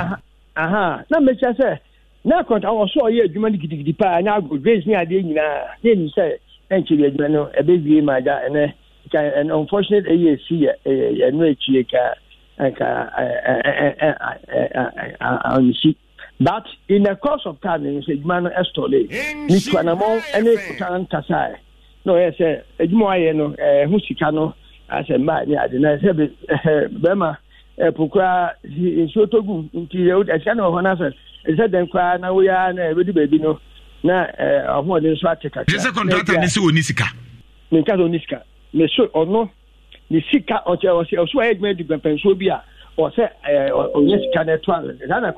aha na mekyɛ sɛ na kɔnta wɔ so ɔyɛ adwuma no gidigidi paa na ago dwes ne adeɛ nyinaa ne nim sɛ ɛnkyɛre adwuma no ɛbɛwie ma agya ɛnɛ unfortunate ɛyɛ ɛsi ɛno akyie kaa nsi but in the course of time n sɛ edwuma no ɛstɔle ne tuanamɔ ɛne kutan nkasa yɛ na ɔyɛ sɛ edwuma eh, ayɛ no ɛho eh, sika no asɛ mba ne ade na ɛsɛ bɛrima eh, ɛpokura nsuo to gu nti ɛsɛ na ɔhɔ na sɛ ɛsɛ dɛn koraa na woya na ɛbɛdu baabi no na ɔhoɔden nso ate kakra. ɛsɛ kɔntrata ne sɛ oni sika. ne nka sɛ oni sika ne ɔno. ne sika ɔkyɛ ɔsɛ ɔso ayɛ adwuma di mpɛnsuo bi a ɔsɛ ɛɛ ɔnyɛ sika na ɛto a saa na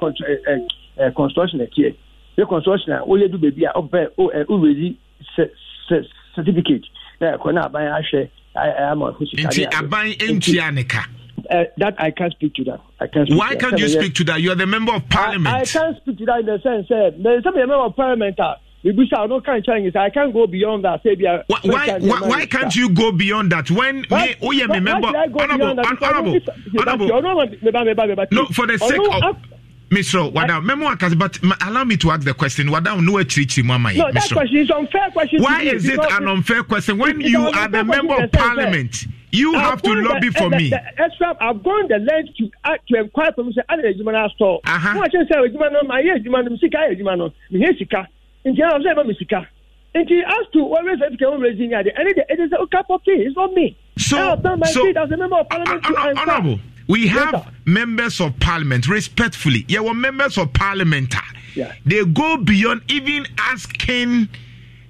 ɛɛ construction ɛteɛ yɛ construction a wɔyɛ du beebi a ɔbɛ o ɛ ɔwɛdi sɛ sɛ certificate na e, ɛkɔ na aban ahwɛ ɛɛ ama ɔho sika de a. E nti aban ntua ne Uh, e, that I can't speak to that. I can't. Speak Why to that. can't you speak to that? You are the member of parliament. I, I can't speak to that in the sense eh, that uh, some member of parliament are. Ah, Mibusa, no can change. I can't go beyond that. why, why, why can't you go beyond that? When why, me, oh yeah, why, member, honorable, No, for the sake of. Mr. Wada, memo but allow me to ask the question. Wadam, no etrichi mama. No, that question is unfair question. Why is it an unfair question when you are the member of parliament? You I've have to lobby the, eh, for the, me. The extra, I've gone the length to uh, to inquire permission. Mr. need a store. Uh huh. What I uh-huh. say, human, my human, my sika, human, my nti ɛna ɔsɛ ɛbɛ mi sika nti as to wɔn raise ɛfika wɔn raise yini adi ɛni de ɛdi sɛ ɔka pɔpi it's not me. so I so my seat as a member of parliament to answer. honourable we have yes, members of parliament respectfully yɛ yeah, wɔ members of parliament a yeah. they go beyond even asking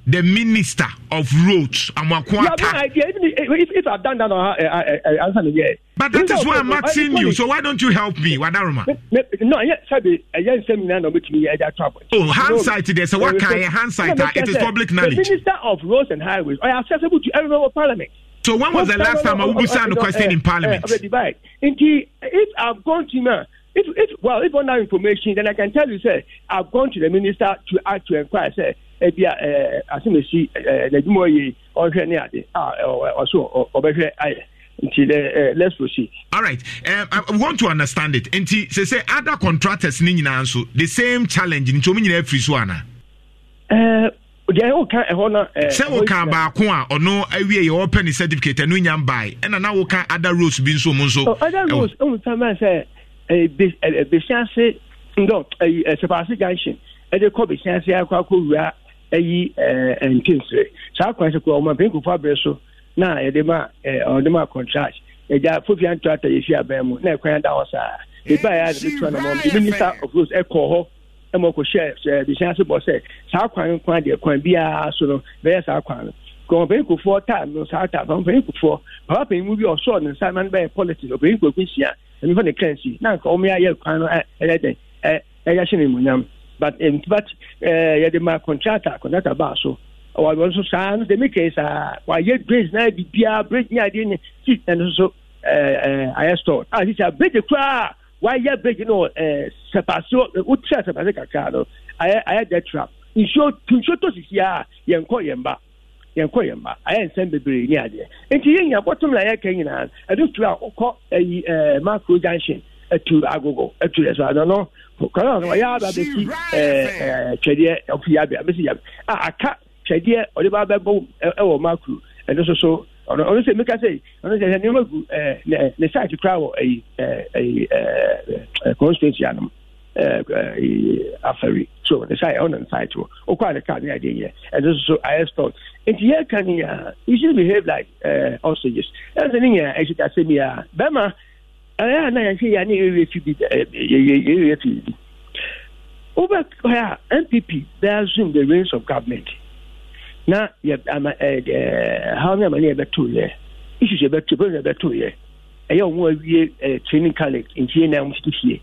the minister of roads Amakwata. Yeah, I mean, if, if I've done that, I uh, uh, uh, answer yes. But that is why I'm asking you. So why don't you help me, Wadaruma? No, Oh, hindsight there. So what kind of hindsight? It is public knowledge. The Minister of Roads and Highways are accessible to every member of Parliament. So when was the last time Awubusa had a question in Parliament? If I've gone to If, if well, if on that information, then I can tell you, sir, I've gone to the minister to ask to inquire, sir. Ebi a asimesi n'edwuma oyi ɔhwɛ ne ade a ɔso ɔbɛhwɛ ayɛ nti dɛ uh, uh, let's proceed. all right um, i want to understand it nti sɛ sɛ other contractors ne nyinaa nso the same challenge nti wɔn nyinaa firi so ana. ɛɛ deɛ woka ɛhɔ no sɛ woka baako a ɔno awie yɛ wɔpɛ ne certificate ɛno nya mbae ɛna na woka other roles bi nso mu nso. Oh, other roles ohun sábà sɛ. besiase no sɛpaase junction ɛde kɔ besiase akɔ akɔwura ayi eh, eh, eh, ntinsire saa kwan sɛ kura ɔmampɛn kufo abere so na yɛde ma ɔde ma contract yɛgya fofia ntoata yɛfi abɛn mu na ɛkwan da hɔ saa eba yɛ ade na minister of roads ɛkɔ hɔ besiase bɔ sɛ saa kwan kwan deɛ kwan biara so no bɛyɛ saa kwan no saa taa papa mu bi ɔsɔɔ ne nsa bɛyɛ politics ɛmi fɔ ne kan si na nka wɔn ayɛ kwan no ɛyɛ dɛ ɛ ɛyɛ hyɛ ne mu nyam but ɛm but ɛɛ yɛde ma kɔntrata kɔntrata baa so ɔwɔ wɔn nso saa no dɛmi kɛyi saa wɔayɛ bridge na bi bia bridge ne adeɛ ne seat ɛno nso ɛɛ ɛɛ ayɛ store a sisan bridge koraa wɔayɛ bridge no ɛɛ sɛpase wotia sɛpase kakra no ayɛ ayɛ dɛ trap nsuo nsuo tɔ sisi a yɛn kɔ yɛn ba yɛnkɔ yɛn mma ayɛ nsɛm bebree ne adeɛ nti yɛn nyina bɔtɔm na yɛka nyinaa ɛdo tu a ɛyi ɛɛ macro junction ɛtu agogo ɛtu ɛso ano no kɔnɔ no ɔyɛ aba bɛsi ɛɛ ɛɛ twɛdeɛ ɔfi yabe abɛsi yabe a aka twɛdeɛ ɔde ba bɛbɔ ɛwɔ macro ɛno so so ɔno ɔno sɛ mika sɛ ɔno sɛ nneɛma gu ɛɛ ne ne site kura wɔ ɛyi ɛɛ ɛɛ constituency anom. afari so ne sa yɛ ɔno nsae to okɔ ade kaa ne adeɛ yɛ ɛno nso ayɛ stɔt nti yɛka ne a you should behave like uh, hostages ɛn sɛ ne nyɛ ahyikasɛm yi a bɛma ɛyɛ a na yɛhwɛ yɛ a ne yɛwie fi bi yɛwie fi bi wobɛkɔɛ a npp bɛa zoom the reins of government na yɛ ama ɛɛ haw ne ama ne yɛbɛto yɛ issues yɛbɛto problem to yɛ ɛyɛ ɔmo awie ɛɛ training college nti yɛ na ɔmo tete fie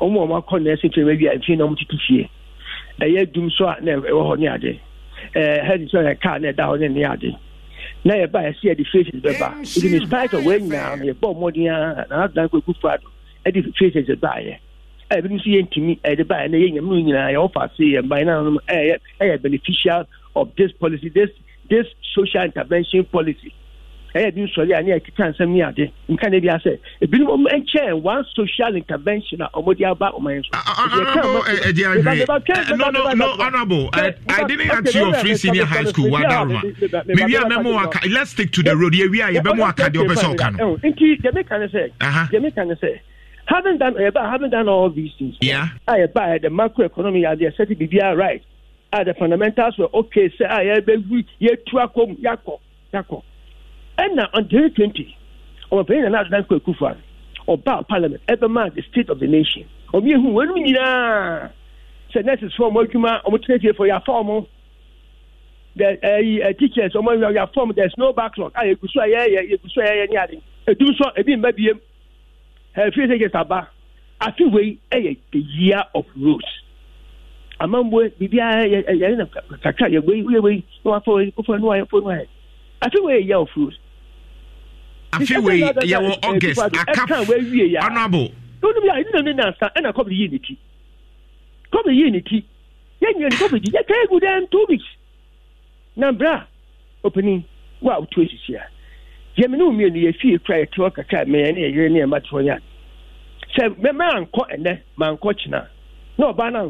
ɔmo a ɔmo akɔ nursing training baabi a mfe na ɔmo tutu fie ɛyɛ dum so a na ɛwɔ hɔ ne ade ɛɛ eh, head so yɛ car na ɛda hɔ ne ne ade na yɛba yɛsi yɛde faces bɛba ebi ni spite of wɛn nyinaa eh, eh, no yɛbɔ ɔmo den ara na adan kɔ egu fa do ɛde faces baa yɛ ɛyɛ ebi nso yɛ ntumi ɛde baa yɛ na yɛ nyɛmu nyinaa yɛ ɔfa se yɛ mba yɛn nanom ɛyɛ ɛyɛ beneficial of this policy this this social intervention policy ɛyɛ de nsɔre a ne ɛkeka nsɛm ne ade nka ne bi asɛ ebinom nkyɛn one social intervention a ɔmo de aba ɔmo yɛn so. Ah, ah, ah, no no no honourable I, I didn't answer your free senior high school wa daruma mewi a mɛmo waka let's stick to the road yewi a yɛbɛmo waka deɛ ɔbɛ sɛ ɔka no. nti jɛmi kan sɛ jɛmi kan sɛ. Haven't done, haven't done all these things. Yeah. I buy the macroeconomy, they are setting BBR right. Ah, the fundamentals were okay. Say, ah, yeah, we, yeah, two, yakọ, yakọ ɛna on 2020 ɔmɔpanyin nana adada nkɔ ekufu a ɔbaa parliament ɛbɛma the state of the nation ɔmo ehu wɔn mu nyinaa sɛ nurses fɔ ɔmo adwuma ɔmo tẹnɛtẹ fɔ yafa ɔmo the ɛyi ɛ teachers ɔmo yafa ɔmo there is no backlog a yegu so a yɛyɛ yegu so a yɛyɛ ne ade edum so ebi mba biem ɛfiri sɛ kɛse aba afi wei ɛyɛ the year of rules. rose amambue biribiara yɛ yɛ yɛ kakra yɛ wei wei wei na wafa wei kofa nua yɛ kofa nua yɛ afi wei yɛ year of rules. afeiwei yɛwɔ august akap honorable tónú bí i àyìn nínú nàásà ẹnna kọ́bì yìí ni ti kọ́bì yìí ni ti yẹ nyẹ ní kọ́bì yìí yẹ kẹ́ egu dẹ́n two weeks na opening opini wo a wotu a yẹmi ní omiyan ni yẹ fi ekura yẹ tiwọ kakra mẹyẹ ni yẹ yẹrẹ ni yẹ ma tiwọ sẹ mẹ mẹ à kọ ẹnẹ mà ń kọ kyinà náà ọba náà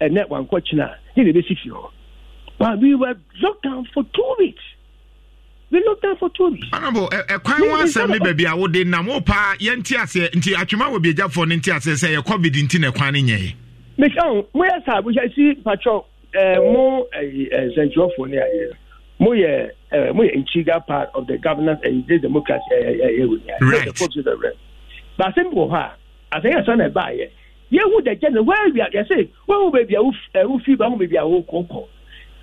ẹnẹ wà nkọ kyinà bẹ but we were locked for two we look there for tourists. honourable ɛkwan wọn asɛm ni baabi a wode nam o paa yɛn ti aseɛ nti atwuma wɔ biagyafoɔ no nti aseɛ sɛ yɛ covid nti na ɛkwan ne nyɛ. mehyɛn oh, mo yɛ saa bóyá si patro mo nsɛnkyerɛfoɔ ni ayɛ mo yɛ mo yɛ integral part of the governance and the democracy ɛyɛ ɛyɛ wɔ nyɛ. right baasɛn bi wɔ hɔ a asɛn yɛ sɔn na ɛba yɛ yɛhu the general where we are yɛsɛ wɔn mu baabi a wofi ba wɔn mu baabi a wokɔkɔ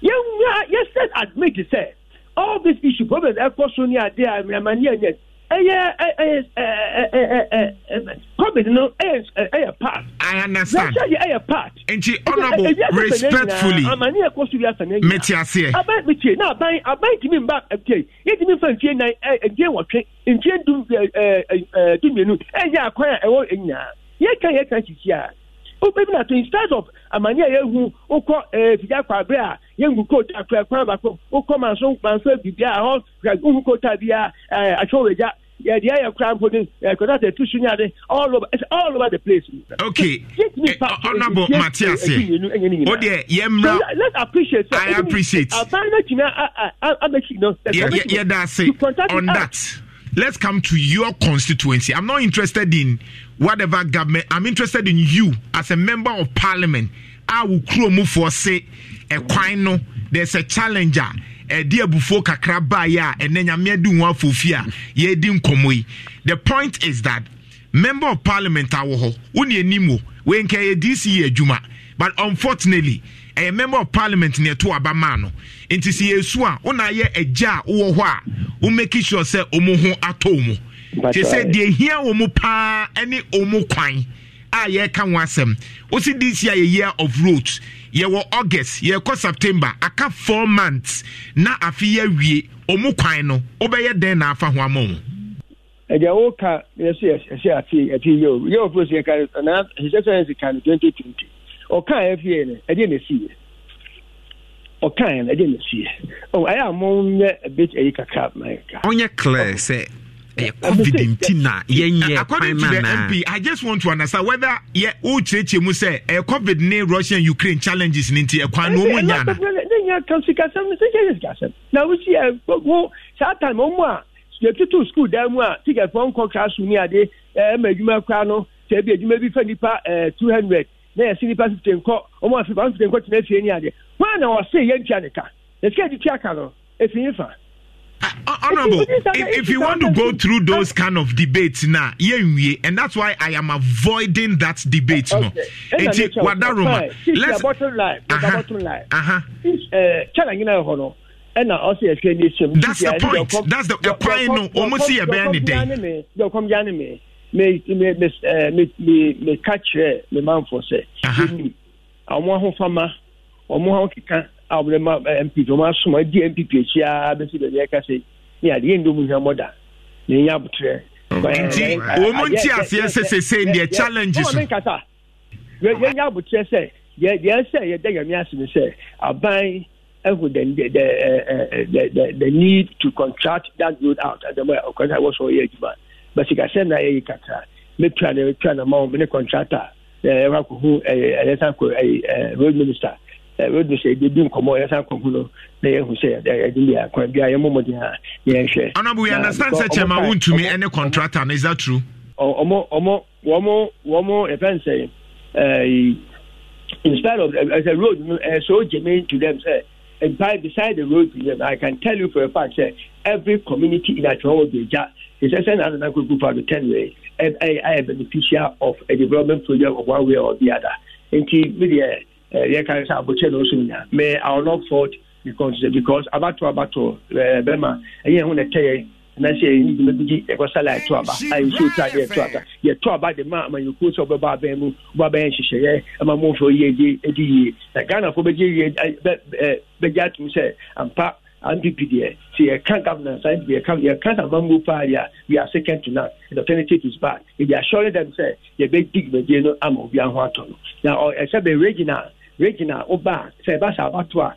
yɛn nyɛ yɛsɛ admit sɛ all these issue problems ɛkɔ so ni ade a mìràmani ɛnyɛ ɛyɛ ɛyɛ ɛyɛ ɛyɛ covid no ɛyɛ ɛyɛ part. I understand n'ahyɛ yɛ ɛyɛ part. nti honourable respectfully amani ɛkɔ so bi asa n'enyi. meti aseɛ. aban mi tie na aban aban tìmi mba tie yɛ tìmi nfa nfiɛ nan ɛ nfiɛ wɔtwe nfiɛ dum ɛ ɛ ɛ dumienu ɛyɛ akwan a ɛwɔ nyinaa yɛ kan yɛ kan sisi a obebi na to instead of amani a yehu okɔ ɛɛ fija kwabe a yehu koota akura kwan baako okɔ manso manso bibi a hɔ yehu koota bi a ɛɛ atwɛwɛgya yɛde ayɛ kura mpo ni ɛkɔta tɛ tu sunyade all over all over the place. okay ɔnabɔ mate ase o deɛ yɛmra let's appreciate. i appreciate. abana tina abeki no. yɛda ase on that let's come to your constituency i'm not interested in whatever government i'm interested in you as a member of parliament a wo kurom for se ɛkwan e no there's a challenger ɛde abufuo kakra baayɛ e a ɛnɛ nyame adi ho afofi a yɛredi nkɔmmɔ yi the point is that member of parliament awɔ hɔ wo ne anim wo wenka yɛ dc yɛ adwuma but unfortunately ɛyɛ member of parliament ne ɛto aba maa no nti sɛ yɛsu a wona yɛ agya a wowɔ hɔ a wo e sure sɛ ɔmo ho atɔ mu te sɛ deɛ uh, hia wɔ mu paa ne ɔmu kwan a yɛreka ho asɛm wosi this year yɛ year of road yɛwɔ august yɛkɔ september aka four months na afe yɛawie ɔmu kwan no wobɛyɛ den na afa ho ama wo ɛgya woka yɛsɛ yɛhyɛ afe ati ati of yɛ of road yɛka na hyɛ science ka n'i twenty twenty ɔka ɛfie no ɛdeɛ na ɛsiiɛ ɔka ɛno na ɛsiiɛ ɛyɛ a mo nyɛ bit ayi kakra ɔnyɛ clear sɛ ɛyɛ covid nti na yɛnyɛ according to the mp i just want to understand whether yɛ o kyerɛkyerɛ mu sɛ ɛ covid ne russia and ukraine challenges ni nti ɛkwan no ɔmo nya na. ne nya kan sikasɛm ne sɛkyɛ yɛ sikasɛm na o si ɛ wo saa time ɔmo a yɛtutu school dan mu a ticket fɔ nkɔ classroom ni ade ɛɛ ma adwuma kura no sɛ ebi adwuma bi fɛ nipa ɛɛ two hundred na yɛsi nipa fifty nkɔ ɔmo afi ba fifty nkɔ tena efie ni ade wɔn a na wɔse yɛntua ne ka yɛsi adi tua ka no efi nifa. Uh, uh, honorable, if, if, you want to go through uh, those kind of debates now, yeah, and that's why I am avoiding that debate. No, what that Roma, let's bottom line, uh-huh. uh-huh. uh ɛna that's the point dɔkɔm ya ni me me me uh, me kyerɛ me manfo sɛ. ɔmo ahofama ɔmo ahokeka a wɔn ma eh, mp wɔn asoma di npp akyia bɛsi baabi ɛka sɛ ne adeɛ ndom hwɛ mɔda na enya abotire. Mm. Eh, nti wɔn eh, mo nti aseɛ sɛsɛsɛ deɛ challenge so. wɔn nkata yɛnya abotire sɛ deɛ deɛ sɛ yɛda yɛn mi ase ne aban. who then the the, the, the the need to contract that road out at the because I was all year but you can send that you can make try to try to mount contractor uh, road minister rodo sɛ yɛbɛdi nkɔmmɔ yɛsan kɔku no na yɛhu sɛ yɛde deɛ kwan bia yɛmmɔ mɔden a yɛnhwɛ anabu you understand sɛ kyɛma wontumi ɛne contractor no is that true ɔmo ɔmo wɔmo wɔmo ɛfɛn sɛ in spite of eh, as a road no eh, ɛ so germane to them sɛ and by beside the road to them i can tell you for a fact sɛ every community in atwamɔ gbeja is ɛsɛ na nana fa do ten way ɛ ɛ i am beneficial of a development project of one way or the other nti mi deɛ. Eh, Eh, yɛka sɛ abɔkyɛ na ɔso nya me iw not fault because because abatoɔ abatoɔ eh, bɛma ɛyɛ e ho na ɛtɛyɛ na sɛ yɛyi dwuma bi gye yɛkɔsala yɛto aba a yɛnso to ade yɛto aba yɛto aba de ma amanyɛkuo sɛ wobɛba abɛn mu wobabɛyɛ nhyehyɛeɛ ama momfoɔ yie di adi e yie na ghanafoɔ bɛgye yie bɛgye atom sɛ ampa NPP deɛ sɛ yɛka governance NPP yɛka yɛka amammuo paa yɛ a we are second to none and alternative is bad yɛde assuring them sɛ yɛbɛdi dwumadie no ama obiara ho atɔ no na ɛsɛ bɛrɛ gyina regina ọba sẹ ẹba sá abato a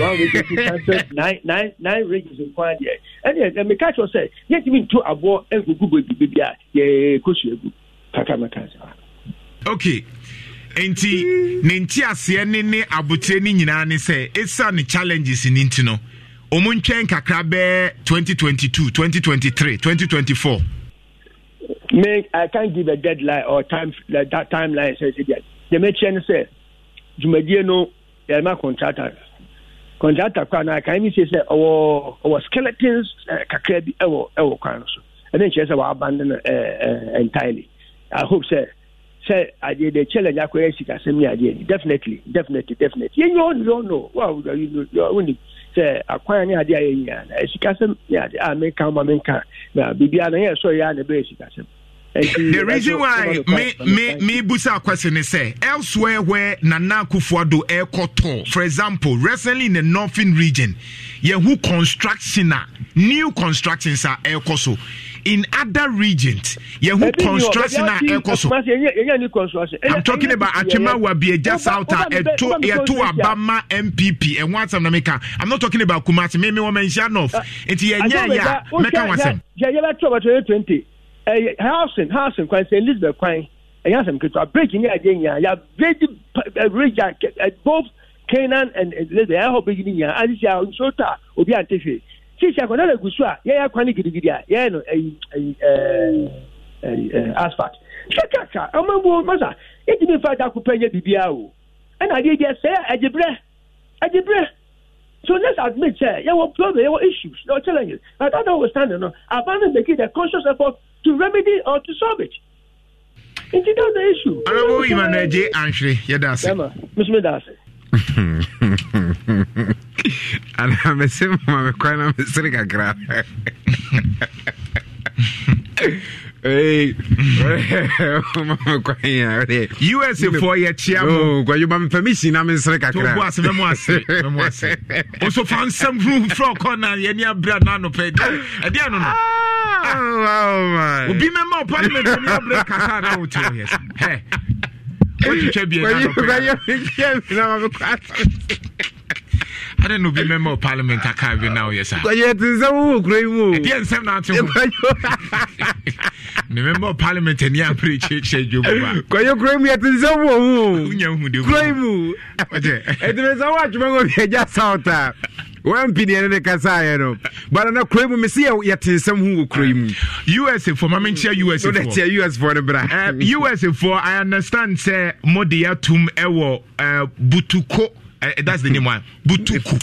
one region two hundred nine nine nine regions nkwa deɛ ɛnna ɛ mika kyerɛ sɛ yɛn ti mi ntu aboɔ nkuku bɔ bibi a yɛ kosu egu kaka mɛka sɛ. okay nti ne nti aseɛ ne ne abotire ne nyinaa ne sɛ esa ne challenges ne nti no wɔn ntwɛn kakra bɛɛ twenty twenty two me i can't give a deadline or time that timeline say say that the main chain say dwumadie no yɛde ma contractor contractor kora no kan mi sɛ ɔwɔ ɔwɔ skeletons kakra bi ɛwɔ ɛwɔ kwan no so ɛne nkyerɛ sɛ wɔabandon entirely i hope sɛ sɛ adeɛ de challenge akɔyɛ sikasɛm ne adeɛ ni definitely definitely definitely yɛnyɛ ɔno yɛ ɔno wa wonim sɛ akwan ne adeɛ a yɛnyia na sikasɛm ne adeɛ a menka ma menka na bibi ana yɛ sɔ yɛ a na ɛbɛyɛ sikasɛm the reason why me me me busa question is say elsewhere where Nana Kufuado Ekoto, for example, recently in the northern region, yehu construction new constructions are Ekoso. In other regions, yehu construction are Ekoso. I'm talking about Achema Wabieja Sauta Eto Eto Abama MPP and what's Nameka. I'm not talking about Kumasi. Me me woman Janov. It's yeah yeah yeah. Meka wasem. Yeah yeah. Let's talk about 2020 ɛyɛ haasen haasen kwan sɛ elizabeth kwan ɛyɛ asɛm ketewa bridge ne adeɛ nyinaa yɛ bridge bridge a both canaan and elizabeth ɛyɛ hɔ bridge ne nyinaa adi si a nsuo ta obi a nte hwee sisi akɔda na egu so a yɛyɛ kwan ne gidigidi a yɛyɛ no ɛyi ɛyi ɛɛ ɛɛ asphalt kakaka ɔmo ebu masa etimi nfa adako pɛ nye bibia o ɛna adeɛ deɛ sɛ ɛdibrɛ ɛdibrɛ so let's admit sɛ yɛwɔ problem yɛwɔ issues yɛwɔ challenges but that notwithstanding no aban no make it a conscious effort to remedy or to solve it. And that's the issue. Honorable Emmanuel J. Anshri, Yadasi. Miss Medasi. ana mese mama mekwa na mesere kakra usfoɔ yɛkyea mokwadwoma mepamisi na mensere kakrabas mɛmu ase mɛmu ase ɔso fa nsɛm frufrɛ ɔkɔ na yɛne abrɛ na anɔpɛ ɛdeɛ no no obi mɛma ɔparliament ne abrɛ kasa na woteɛ yɛ wotwitwa bie na anɔpɛ ɛne no bi mɛma o parliament aka bi na woyɛ saa yɛte nsɛm wɔ kura yi mu ɛdeɛ nsɛm na ate ho ne mɛma o parliament ani apere kyerɛkyerɛ dwobu a kɔyɛ kura yi mu yɛte nsɛm wɔ mu wonya hu de kura yi mu ɛtumi e sɛ woatwoma kɔ biagya south a wampini ɛne ne kasaeɛ no bana na kura yi mu mese yɛte nsɛm ho wɔ kura yi mu usa foɔ ma menkyerɛ usa foɔ us foɔ no bra eh, usa i understand sɛ mode yɛatom ɛwɔ eh, butuko uh, that's the name one butuku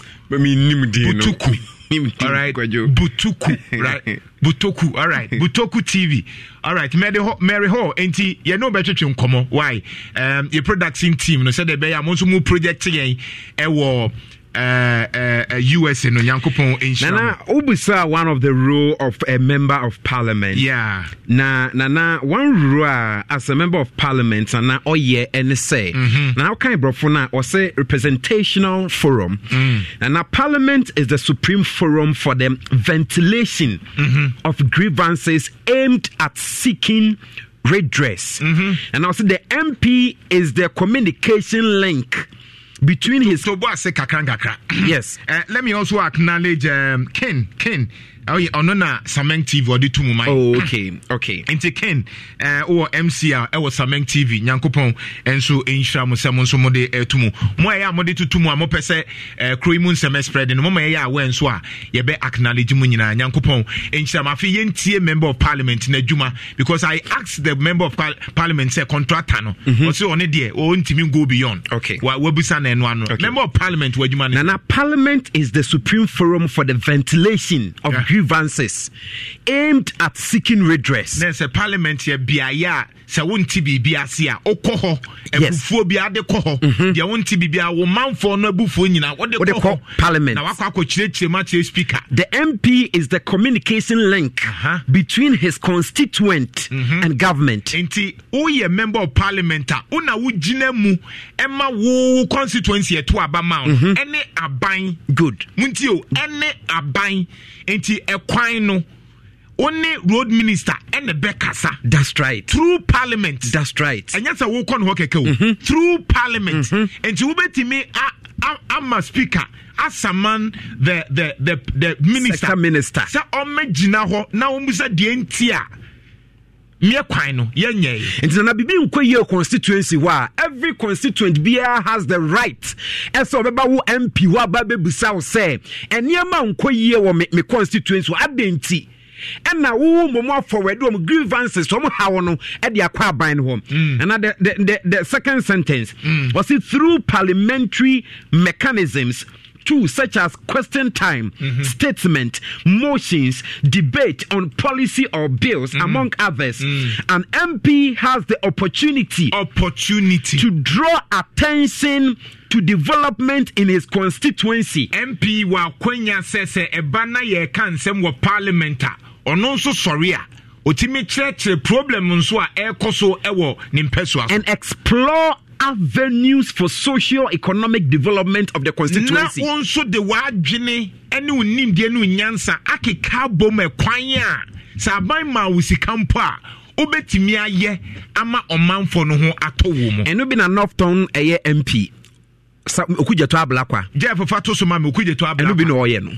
butuku all right butuku right Butuku. all right Butuku tv all right mary hall mary hall nti yɛn no bɛtwetwe nkɔmɔ why um, your production team no sɛ they be a mo nso project yɛn ɛwɔ. E Eh, eh, eh, usa no nyankopɔn nhyirana wobusaa one of the role of a member of parliament yeah. na na na, one role as a member of parliament and mhm. na oye sɛ mm-hmm. na wokan borɔfo no a ɔsɛ representational forum mm. na parliament is the supreme forum for the ventilation mm-hmm. of grievances aimed at seeking redress mm-hmm. and also the mp is the communication link between to, his to, to kakran kakra. yes. Uh, let me also acknowledge um, Ken Ken ɔyɛ ɔno na sameng tv ɔde tu mu man okay okay nti ken uh, mc a ɛwɔ sameng tv nyankopɔn nso nhyira mo sɛ mo nso mode ɛtu mu mo a ɛyɛ a mode mu a mopɛ sɛ kuro yi mu nsɛm spread no moma ɛyɛ a wɔ nso a yɛbɛ acknowledge mu nyinaa nyankopɔn nhyira afei yɛntie member of parliament no adwuma because i asked the member of par parliament sɛ contractor no ɔsɛ mm-hmm. ɔne deɛ ɔntumi oh, go beyond okay wabusa na ɛno ano member of parliament wɔ adwuma no nana parliament is the supreme forum for the ventilation of yeah. grievances aimed at seeking redress. na sɛ parliament yɛ beaeɛ a sɛ wonte biribi ase a wokɔ hɔ abufuo bi ade kɔ hɔ mm-hmm. deɛ wonte biribi a wo manfoɔ no abufuo nyinaa wode kɔ hɔ parliament na wakɔ akɔkyerɛkyerɛ mu akyerɛ speaker the mp is the communication link uh-huh. between his constituent mm-hmm. and government nti woyɛ member of parliament a wona wogyina mu ɛma e wo constituency ɛto aba ma wo ɛne mm-hmm. aban good montio ɛne aban nti sɛ ɛkwan no wone road minister ɛna bɛkasa that's right through parliament that's right ɛnyɛ sɛ wokɔ no hɔ kɛkɛ o mm-hmm. through parliament mm-hmm. enti wobɛtumi ama speaker asaman the the the the minister sɛ ɔmɛ gyina hɔ na wɔn mu sɛ deɛ nti meɛ kwan no yɛnyɛe nti nana bibi nkɔ yie constituency wa every constituent biara has the right ɛsɛ ɔbɛba wo mp hɔ aba bɛbusa wo sɛ ɛnneɛma nkɔ yie wɔ me, constituency hɔ adɛn nti ɛna wowo mmom afɔwɛde ɔm grievances ɔm haw no de akɔ aban no hɔ mm. ɛna the, the, the, second sentence mm. wɔse through parliamentary mechanisms too, such as question time, mm-hmm. statement, motions, debate on policy or bills, mm-hmm. among others. mm An MP has the opportunity opportunity to draw attention to development in his constituency. MP wa kwenya sese ebana ye kansem wa parliament a ɔno nso sɔre a problem nso ekoso ewo so and explore avenues for socio-economic development of the constituency. na wọn nso de w'adwene ne wọn nimdeɛ ne wọn nyansa akeka abom ɛkwan a sɛ aban maa wɔ sika mpo a wobɛtumi ayɛ ama ɔmanfo no ho atɔ wɔ mu. ɛnu bi na northton ɛyɛ mp okudjato ablakwa. jẹ́ ẹ̀fọ́fà tó so ma mi okudjato ablakwa. bi na ɔyɛ no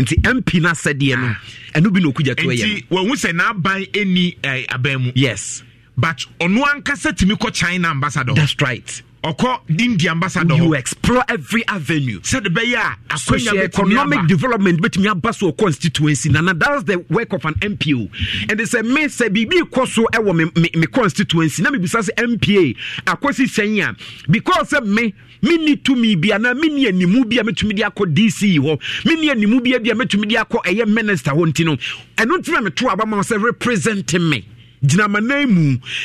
nti mp na asɛdeɛ no ah. ɛnu bi na okudjato yɛ no. nti wɔn ho sɛ n'aban ni ɛɛ eh, aban mu. yes but ɔno ankasa tumi kɔ china ambassador that's right ɔkɔ india ambassador you explore every avenue sɛde bɛyɛ a akwanya economic development bɛtumi aba so wɔ constituency nana that's the work of an mpo and they say me sɛ biribi kɔ so ɛwɔ mi me, me constituency na mi mebisa sɛ mpa akɔsi sɛn a because me mi ni tumi bi mi ni animu bi a tumi de akɔ dc hɔ ni animu bi a bi tumi mɛtumi de akɔ ɛyɛ minister hɔ nti no ɛno ntimi a meto aba ma sɛ represent me gyinamanan mu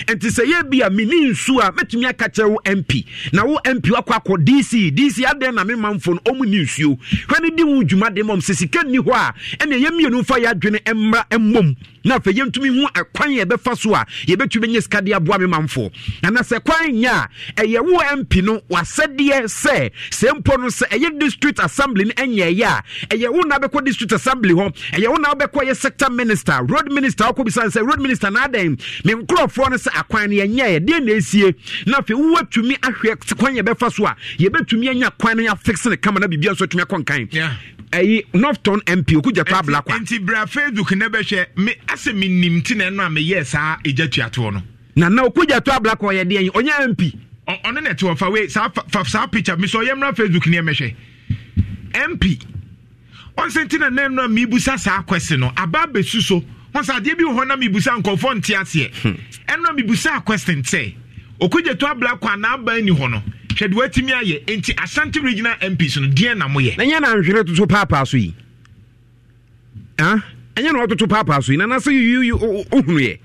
nti sɛ yɛ bi a mini nsu a mɛtumi aka kyerɛ wo mp na wo mp akɔ akɔ dc dc adɛn na mema mfo no ɔmu ni nsuo hwɛ ne di wo dwuma de ma ɔm sɛ sika nni hɔ a ɛne ɛyɛ fa yɛ adwene mmra mmom na afei yɛntumi hu ɛkwan yɛ bɛfa so a yɛbɛtumi bɛnyɛ sika de aboa me manfoɔ anasɛ kwan nyɛ a ɛyɛ wo mp no wasɛdeɛ sɛ sɛ mpo no sɛ ɛyɛ district assembly no ɛnyɛ ɛyɛ a ɛyɛ wo na bɛkɔ district assembly hɔ ɛyɛ wo na wobɛkɔ yɛ sector minister road minister wokɔ bisane sɛ road minister na adɛn me nkurɔfoɔ no sɛ akwan no yɛnyɛɛ deɛ na ɛsie na afei wowatumi ahwɛ kwan yɛbɛfa so a yɛbɛtumi anya kwan no yɛafikse ne kama na biribia nso atumi akɔ nkan ɛyi northton mp okudja pa ablakwa. nti bra facebook ne bɛ hwɛ mi asɛ mi nim ti na ɛnu a mi yɛ saa egya tuatoɔ no. na na okudja to ablakwa ɔyɛ deɛ yi ɔnyɛ mp. ɔno na ɛte ɔfa wei saa fa saa picture mi sɛ ɔyɛ facebook ne ɛmɛ hwɛ mp ɔnsɛ ti na ɛnu a mi saa kwɛsi no aba abɛsu so ɔnsɛ adeɛ bi wɔ hɔ na mi busa nkɔfɔ nte aseɛ hmm. ɛnu a mi question sɛ okogye to abla kɔ anaa ban ni hɔ no hwɛ watumi ayɛ nti asante regional mps no deɛ na moyɛ ɛnyɛ na nhwere toto paapaa so yi ɛnyɛ na wɔtoto paapaa so yi nanasɛ wohunuyɛ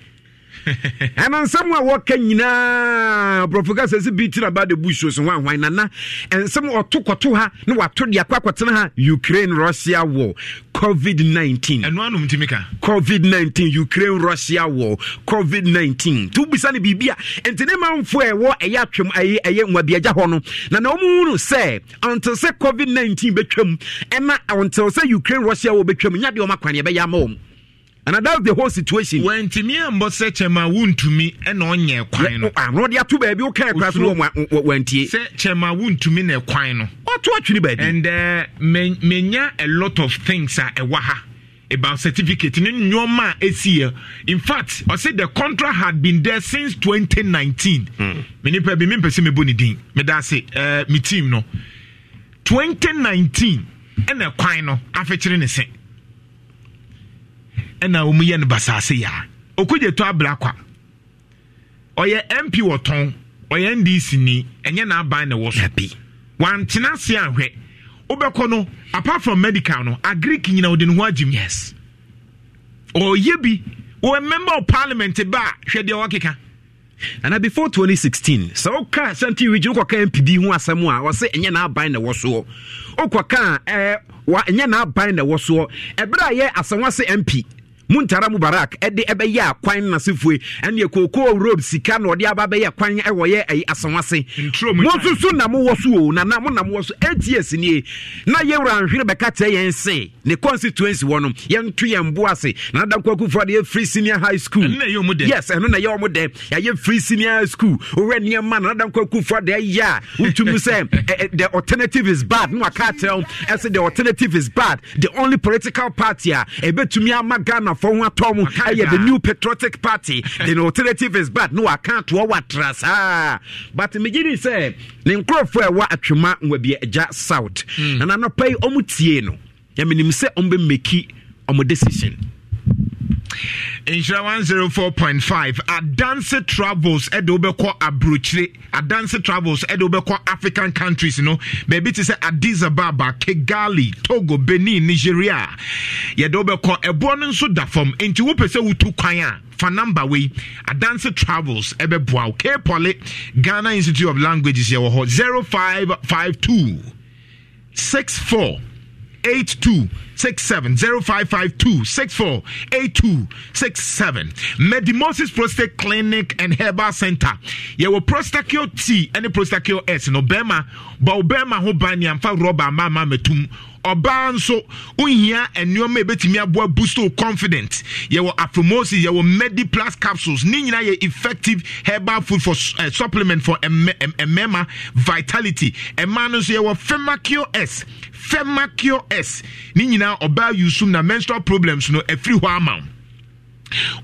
ɛna nsɛm a wɔka nyinaa borɔfo ka sɛ sɛ bi tira ba de busuo so ho ahwan nana ɛnsɛm ɔto kɔto ha na wato de akɔ akɔtena ha ukraine russia war covid-19 ɛno anom ntimi ka covid-19 ukraine russia war covid-19 nti wobisa no biribi a ɛnti ne mamfo a ɛwɔ ɛyɛ atwam ɛyɛ nwabiagya hɔ no na na ɔmuhunu sɛ ɔntil sɛ covid-19 bɛtwam ɛna ɔntil sɛ ukraine russia war bɛtwam nya deɛ ɔma kwane ɛbɛyɛ ama wɔ mu and that's the whole situation. When wɛntumi ɛnbɔ sɛ kyɛma wuntumi ɛna And kwan no. ano de ato baabi o kan ɛkwan to wɔn wɔntie. sɛ kyɛma wuntumi na ɛkwan no. wato atwiri baabi. and uh, menya a lot of things a ɛwɔ ha about certificate ne nneɛma a esi yɛ in fact I said the contract had been there since 2019. Many people, bi mi mpɛsɛ mi bɔ ne din mi uh, me team no 2019 and ɛkwan no afɛkyere ne se ɛna wɔn yɛ no basaase yaa okogye to abrakwa ɔyɛ mp wɔtɔn ɔyɛ ndc ni ɛnyɛ n'aban na ɛwɔ so bi wantena ase ahwɛ wobɛkɔ no apart from medical no agric nyina ɔde ne ho agyim yes ɔyɛ bi wɔyɛ member of parliament ba a hwɛ deɛ wɔkeka ana before 2016 sɛ woka asante region wokɔka mpd ho asɛm a wɔse ɛnyɛ n'aban na ɛwɔ soɔ wokɔka a ɛnyɛ n'aban na ɛwɔ soɔ ɛberɛ a yɛ asɛnwase mp muntara mu barak ɛde ɛbɛyɛ a kwan nasefue ɛne kookoo robe sika na ɔde aba bɛyɛ kwan ɛwɔyɛ ayi asawase mo nso so na mowɔ so o na mo na mowɔ so ats nie na yɛwura nhwere bɛka kyerɛ yɛn se ne constituency wɔ no yɛnto yɛn bo ase na nada nkɔ akufoɔ de free senior high school yes ɛno na ɛyɛ ɔmo dɛ yɛayɛ free senior high school wowɛ nneɛma na nada nkɔ akufoɔ de ɛyɛ a wotumi sɛ the alternative is bad na waka kyerɛ wo ɛsɛ the alternative is bad the only political party a ɛbɛtumi ama ghana For ho atɔ mu the new patriotic party the alternative is bad no I can't. waka toɔ trust? Ah. but megye di sɛ ne nkurɔfoɔ ɛwɔ atwema nwabi agya south hmm. na nanɔpa yi ɔmo tie no yɛmenim sɛ ɔmo bɛmɛki ɔmo decision nhyira 104.5 adanse travels ɛde eh, wobɛkɔ aburokyire adanse travels ɛde eh, wobɛkɔ african countries no baabi te sɛ addis ababa kigali togo benin nigeria yɛde wobɛkɔ ɛboɔ eh, no nso da fam enti wopɛ sɛ wotu kwan a fa wei adanse travels ɛbɛboa wo kpɔle ghana institute of languages yɛwɔ hɔ 0552 64 eight two six seven zero five five two six four eight two six seven medimosis prostate clinic and herbal center yɛwɔ prostacure t ɛne prostacure s in Obama, but Obama ho ban ne mama metum ɔbaa nso wohia nneɔma ɛbɛtumi aboa boosto confident yɛwɔ apromosis yɛwɔ medi plus capsules ne nyinaa yɛ effective herbal food for uh, supplement for mmarima vitality mmaa no nso yɛwɔ femacure s femacure s ne nyinaa ɔbaa yusum na menstrual problems no ɛfiri hɔ ama wo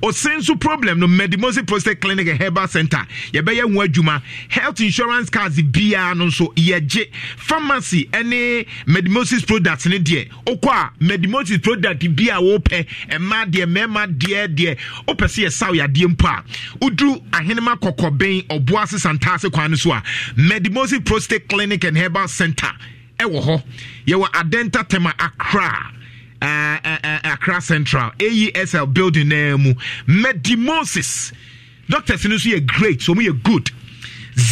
ɔsɛ nso problem no medimosi prostate clinic herbal center yɛbɛyɛ ho adwuma health insurance cards biara no nso yɛgye pharmacy ne medimosis product ne deɛ wokɔ a medimosis product bi a wopɛ ɛma deɛ mmarima deɛ deɛ wopɛ sɛ yɛsaw yadeɛ mpo a woduru ahenema kɔkɔben ɔboa se santaase kwan no so a medimosis prostate clinic and herbal center ɛwɔ hɔ yɛwɔ adenta tema akra accra central aesl building naa mu medimosis doctors no nso yɛ great so wɔn yɛ good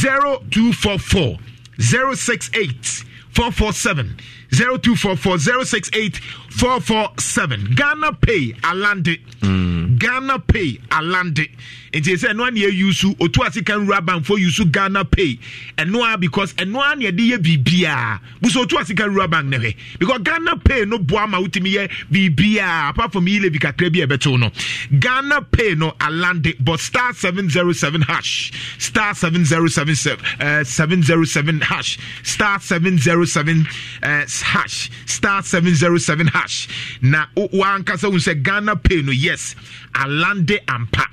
0244 068 447 0244 068 447. Ghana Pay Alande. Mm. Ghana Pay Alande. Nti sɛ ɛno ani yɛ yusu otu ase kan wura banfo yusu Ghana Pay ɛno a because ɛno a ni yɛde yɛ biribiara buso otu ase kan wura bank ne hwɛ because Ghana Pay no boa ma wotumi yɛ apart from yile bi kakra bi ɛbɛto no Ghana Pay no Alande but star seven zero seven hash star seven zero seven seven eh, seven zero seven hash star seven zero seven. Uh, press hash star seven hash na wankasa hu sɛ ghana pay no yes alande ampa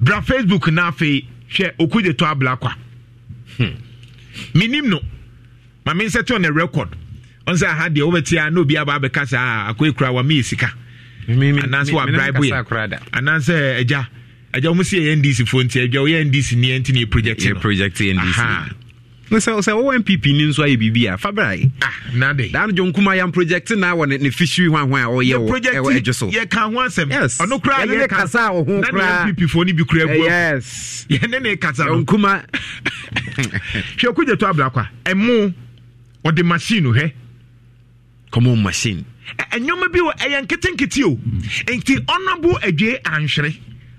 bra facebook na fe hwɛ okude to ablakwa hmm. menim no ma me nsɛ tɔn ne record ɔn sɛ aha deɛ wobɛte a na obi aba abɛka sɛ a ah, akɔe wa meyɛ sika anaasɛ wabraibo yɛ anaasɛ agya agya eh, wo mu sɛ ndc foɔ nti agya woyɛ ndc ni nti ne yɛ project no project ndc sɛ sɛ wɔwɔ npp ni nso ayɛ biribi a fa berae ah, daano dwonkuma yam project na wɔ ne fishery hwanhwan a ɔyɛ wɔ ɛdwo so yɛka ho asɛm ɔno kasa a ɔho koranppfoɔ no bi kora abuayɛne ne kasa nkuma hwɛ kogya to abrakwa ɛmo ɔde machine hwɛ common machine ɛnwoma bi wɔ ɛyɛ nketenkete o nti ɔnabo adwee anhwere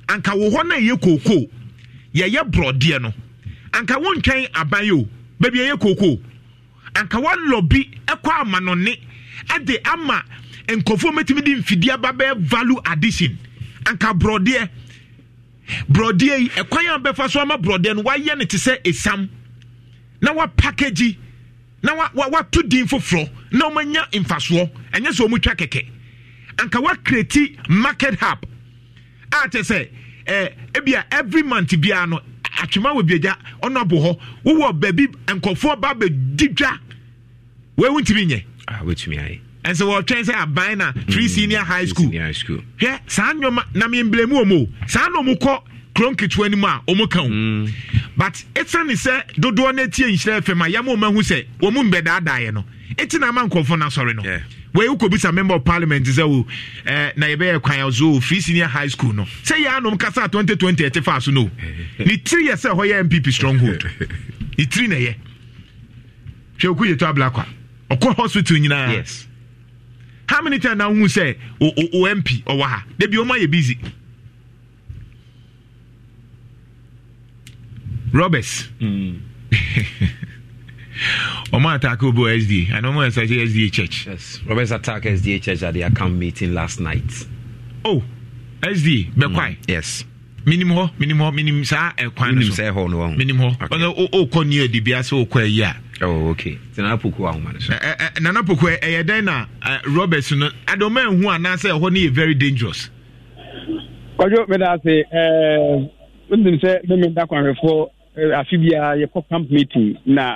anka wo hɔ no a ɛyɛ kookoo yɛyɛ borɔdeɛ no anka wontwɛn aban o baabi ɛyɛ kooko anka walɔbi ɛkɔ ama no ne ama nkurɔfoɔ mɛtumi de mfidie aba bɛyɛ value addition anka borɔdeɛ borɔdeɛ yi ɛkwan a bɛfa so ama borɔdeɛ no wayɛ no te sɛ esam na wapakagi na wato din foforɔ na wɔanya mfasoɔ ɛnyɛ sɛ wɔmutwa kɛkɛ anka wakreti market hub a kyɛ sɛ eh, ebia every month biara no atwema wɔ biagya ɔno abo hɔ wowɔ baabi nkɔfoɔ ba bɛdi dwa wei wontumi nyɛ ah, ɛnsɛ wɔtwɛn sɛ aban na three mm. senior high school hwɛ saa nnwoma na memblɛmu wɔ mu o saa na ɔmu kɔ kuro nketewa no mu a ɔmu ka ho mm. but ɛsiane sɛ dodoɔ no atie nhyerɛ fam a yɛma ɔmahu sɛ wɔ mu mbɛdaadaaeɛ no ɛti na ama nkɔfoɔ no asɔre no yeah. wei wokɔbisa member of parliament sɛ o eh, na yɛbɛyɛ kwan so firi senior high school no sɛ yɛ anom kasa 2020 ɛte faa so no ne tiri yɛ sɛ hɔ yɛ mpp stronghold ne tiri na ɛyɛ hwɛ oku yɛto ablakwa ɔkɔ hospital nyinaa yes. how many time na wohu sɛ o, o, o mp ɔwɔ ha da bi ɔma yɛ busy robert mm. ɔmo attack obo sda and ɔmo ɛsɛ sda church. yes Robert attack sda church at the camp meeting last night. oh sda bɛ kwae. Mm, yes. minim hɔ minim hɔ minim saa ɛkwan eh, eh, no e so minim sɛ ɛhɔ no wɔn minim hɔ ɔno ɔkɔ ni ɛdi bi ase ɔkɔ ɛyi a. ɔwɔ oh, ok ti eh, nana poku ahoma no so. ɛ ɛ nana poku ɛyɛ dɛn na roberts no adoma ehu anaasɛ ɛhɔ no yɛ very dangerous. kɔjɔ mi na ase ɛɛ n tun sɛ mímí dakɔnhwɛfoɔ afi bi a yɛ kɔ camp meeting na.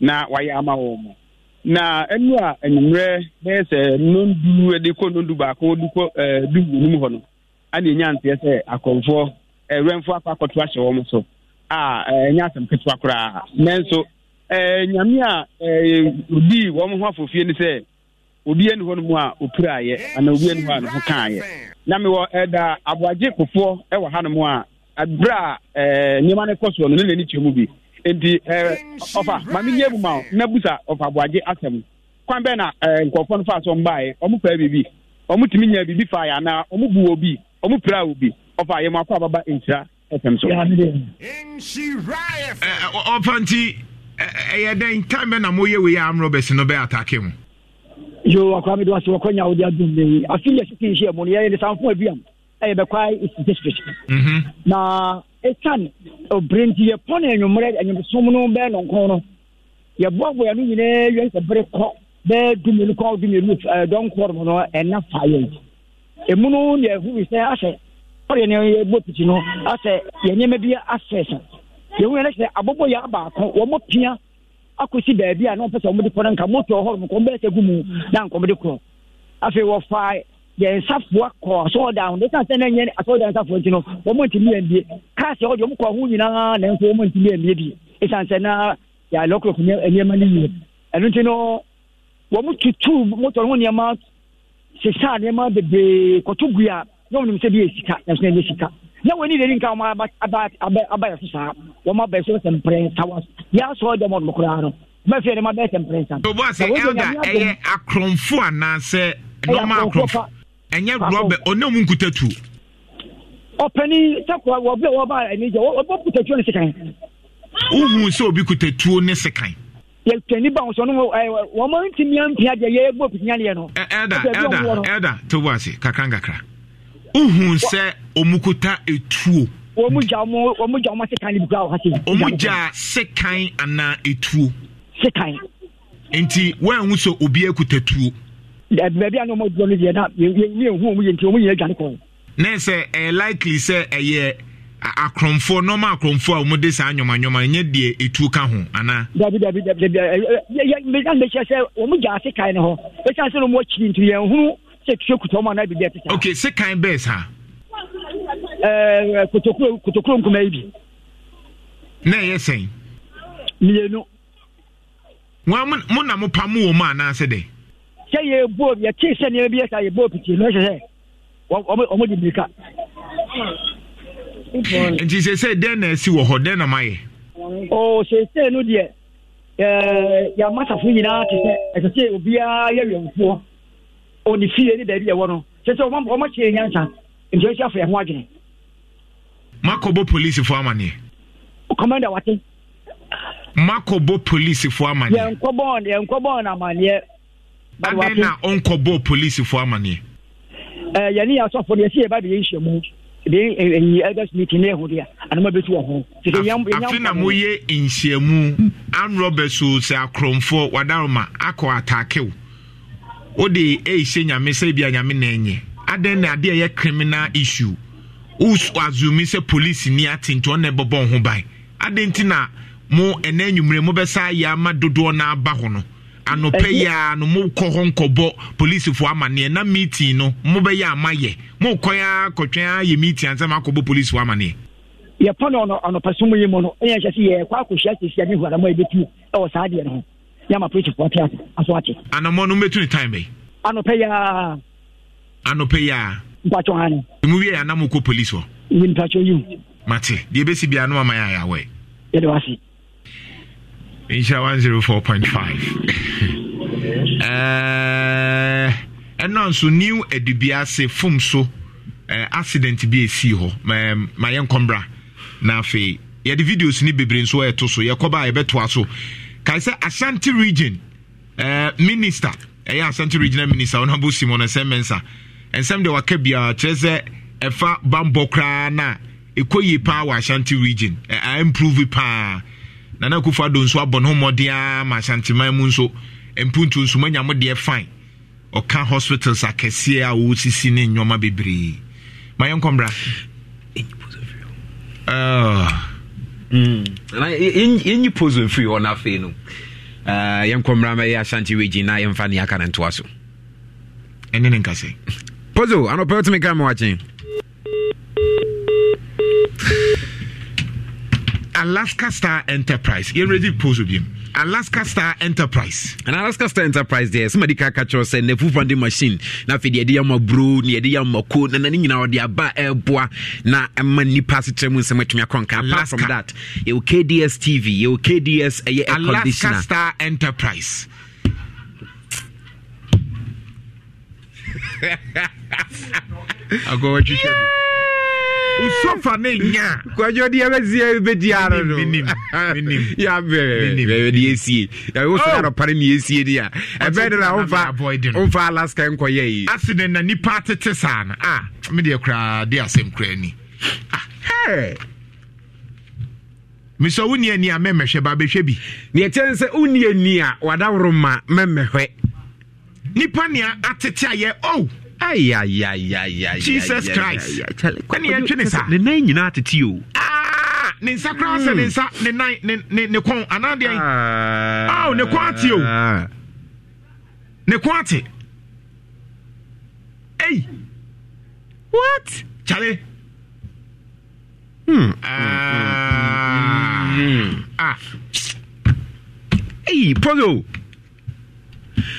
na wayɛ ama wɔn mo na ɛnu a enyimrɛ bɛyɛ sɛ nondu ɛde kɔ nondu baako de kɔ ɛɛ eh, du wɔnum hɔ no ɛna enya nteɛ sɛ akɔnfoɔ ɛwɛnfo eh, akɔ akɔto ahyɛ wɔn so a ɛnya eh, asɛm ketewa koraa nanso ɛɛ nyame a ɛɛ odi wɔn ho afofie ni sɛ obi ɛni hɔ nom a opira ayɛ ana obi ɛni hɔ a ne ho kaa ayɛ na mewɔ ɛda aboagye kofoɔ ɛwɔ hanom a abira ɛɛ nneɛma ne kɔ soɔ no ne n'ani twɛ mu bi. nti ɔfa eh, maame nye mu ma o nabusa ɔfa buagye asɛm kwan na eh, nkɔfɔ no fa so mbaeɛ ɔmo pɛɛ biribi ɔmo tumi nya fa ɔmo bu obi ɔmo pira obi ɔfa yɛ mu akɔ ababa nhyira fm so. ɔfa eh, nti ɛyɛ dɛn time na mo yɛ wei bɛsi no atake mu. yo do nya adum afi yɛ sisi nhyia mu ɛyɛ ɛsiane obere nti yɛpɔ no anwummerɛ anwumsom no bɛɛ nonkon no yɛboaboa no nyinaa yɛ sɛ bere kɔ bɛɛ dumienu kɔ dumienu eh, dɔnkɔrɔ no ɛna fa yɛ emu no yɛ hu sɛ asɛ ɔyɛ ne yɛ bɔ piti no asɛ yɛ nneɛma bi asɛ sɛ yɛn ho yɛn sɛ abobɔ yɛ abaako wɔn mo pia akɔsi baabi a n'ɔpɛ sɛ wɔn de kɔ no nka moto ɔhɔrɔm kɔ wɔn bɛɛ sɛ gu mu na nkɔm de kɔ afei wɔfaa yɛn nsafoɔ kɔ asɔɔdan ne san sɛn na nyɛ asɔɔdan nsafoɔ nti no wɔn ti mi yɛn bie kaasi ɔdi wɔn kɔ ho nyinaa na nso wɔn ti mi yɛn bie bi esan sɛn na yɛ alɔkoroko nneɛma ne yie ɛnu ti no wɔn tutu motɔ ho nneɛma sisan nneɛma bebree kɔtɔ guya na wɔn nim sɛ bi yɛ sika na sɛn yɛ sika na wɔn ni de ni nka wɔn aba aba aba aba yɛ so saa wɔn aba yɛ sɛ mpɛrɛn sawa yɛ asɔɔdan wɔn koraa no mɛfɛ yɛn ma bɛyɛ sɛ mpɛrɛn sa. o bɔ ɛnyɛ rɔba ɔne mu nkuta tu. ɔpɛni sakura wɔ bi a wɔba ɛni jɛ wɔbɔ kutatuo ne sekan. wohu sɛ obi kutatuo ne sekan. yɛtani ba wosɔ no wɔn mo ntumi ampia deɛ yɛ egbɔ pitinyaliɛ no. ɛda ɛda ɛda to bu ase kakra nkakra wohu sɛ ɔmu kuta etuo. wɔmu gya wɔmu wɔmu gya wɔmu sekan ne bi kura wɔ ha se. ɔmu etuo. sekan. nti wɔn ahu sɛ obi ekutatuo baabi a na ɔmɔ duro no deɛ na yɛnyɛ ehu ɔmu yɛ nti ɔmu yɛ adwane kɔn. ne sɛ ɛyɛ likely sɛ ɛyɛ akoromfoɔ nɔɔma akoromfoɔ a wɔn de saa nyɔmanyɔma nye deɛ etu ka ho ana. dabi dabi dabi dabi ɛɛ yɛ mbɛgya mbɛkyɛ sɛ wɔn gya ase kan no hɔ esan sɛ wɔn akyiri nti yɛn hunu sɛ tuo kutu ɔmo anan bibi ɛte okay se kan bɛɛ saa. ɛɛ kotokuro kotokuro nkuma yi bi. na ɛyɛ sɛn. mmienu. wɔn a na mo pa mo wɔ mu anaasɛ dɛ sɛ yɛ bo yɛ kye sɛ nneɛma bi yɛ sa yɛ bo piti na ɛhyɛ sɛ wɔn di mirika. nti sese dɛn na esi wɔ hɔ dɛn na ma yɛ. o sese no deɛ ɛɛ yɛn amasafo nyinaa te sɛ ɛsɛ sɛ obiara yɛ wɛnfoɔ ɔne fie ne baabi ɛwɔ no sese wɔn wɔn akyerɛ nyansa nti ɔsi afɔ yɛn ho adwene. makɔbɔ polisifo amaneɛ. kɔmanda wate. makɔbɔ polisifo amaneɛ. yɛn kɔbɔn yɛn kɔbɔn amaneɛ. adɛn na ɔnkɔbɔ polisifoɔ amanneɛ yɛne yɛ asɔfo deɛ sɛ yɛba de yɛnhyɛ mu de eh, eh, elders meeting ebe ɛho deɛ anoma bɛtu afe na moyɛ nhyiamu anrɔ bɛso sɛ akorɔmfoɔ wadaroma akɔ ataakew wode ɛɛhyɛ e nyame sɛ bia nyame na ɛnyɛ adɛn na adeɛ ɛyɛ criminal issue wazumi sɛ polisi ni ate nti ɔna ɛbɛbɔ ho ban adɛn nti na anɔpɛ yi a no mokɔ hɔ nkɔbɔ polisifoɔ amanneɛ na meeting no mobɛyɛ ama yɛ mokɔe a kɔtwɛn a yɛ meeting ansɛ makɔbɔ polisifoɔ amanneɛ yɛpɔ no anɔpɛsom yi mu no ɛyɛ hyɛ sɛ yɛkɔ akɔhyia sesia ne huadama yɛbɛtu ɛwɔ saa deɛ no ho yɛama polisifoɔ te ase aso ate anammɔ no mbɛtu ne time bɛi anɔpɛ yi a anɔpɛ yi a mpatwɔ ha no ɛmu wie anamokɔ polisi hɔ mpakyɛ yi mate deɛ ɛbɛsi biaa no ama yɛ ayɛawɛ yɛde wase Insha 104.5 ɛnɔ nso new adubiase fom so eh, accident bi esi hɔ ma yɛ nkɔmbra na afei yɛde videos ni bebree nso ɛto so yɛkɔba a yɛbɛtoa so kae ashanti region eh, minister ɛyɛ ashanti regional minister honorable simon ɛsɛn mensa ɛnsɛm deɛ waka biara kyerɛ sɛ ɛfa bambɔ koraa na ɛkɔ yie paa wɔ ashanti region ɛɛ eh, improve paa nana kufa ado nso abɔ ne ho mmɔden ara ma asanteman mu nso mpuntu nso manya mo deɛ fine ɔka hospitals akɛseɛ a wɔsisi ne nneɛma bebree ma yɛn nkɔmbra yɛnyi pose mfiri hɔ ah. mm. no afei no ah, yɛnkɔmmra mɛyɛ asante wagyi na yɛmfa ne aka no ntoa so ɛne ne nkasɛ pose anɔpɛ wotumi ka ma wakyen alaska star enterprise yɛn ready to pose with him. alaska star enterprise. and alaska star enterprise there somebody ka ka kyerɛ sɛ nefu funding machine na afei deɛ yɛde yɛ ama buro na yɛde yɛ ama ko na eh, na ne eh, nyinaa wɔde aba ɛɛboa na ɛma nipa asekyerɛ mu nsɛm atumi akɔ nka apart from that yɛwɔ kds tv yɛwɔ kds ɛyɛ eh, air conditioner alaska star enterprise. agɔwɔ twitwa bi usofa ne nya kwajo di ebezi ebedi ara no minim minim ya be be di esie ya wo so oh. ro pare mi esie di a ebe de la ofa ofa alaska enko ye yi accident na nipa tete sana ah me de kra de asem kra ni ah hey mesɛ wo ni ani a mɛmɛhwɛ ba bɛhwɛ bi neɛ kyɛn sɛ wo ani a wadaworo ma mɛmɛhwɛ nipa nea atete ayɛ o oh! jesus christ ɛne yɛtwe ne sa ne nan nyinaa tete o ah, ne nsa koraa sɛ hmm. ne nsa ne nan ne kɔn anaa deɛn ah. ao ne kɔn ate o ne kɔn ate ei what kyale hmm. ah. hmm. ah. ei pogo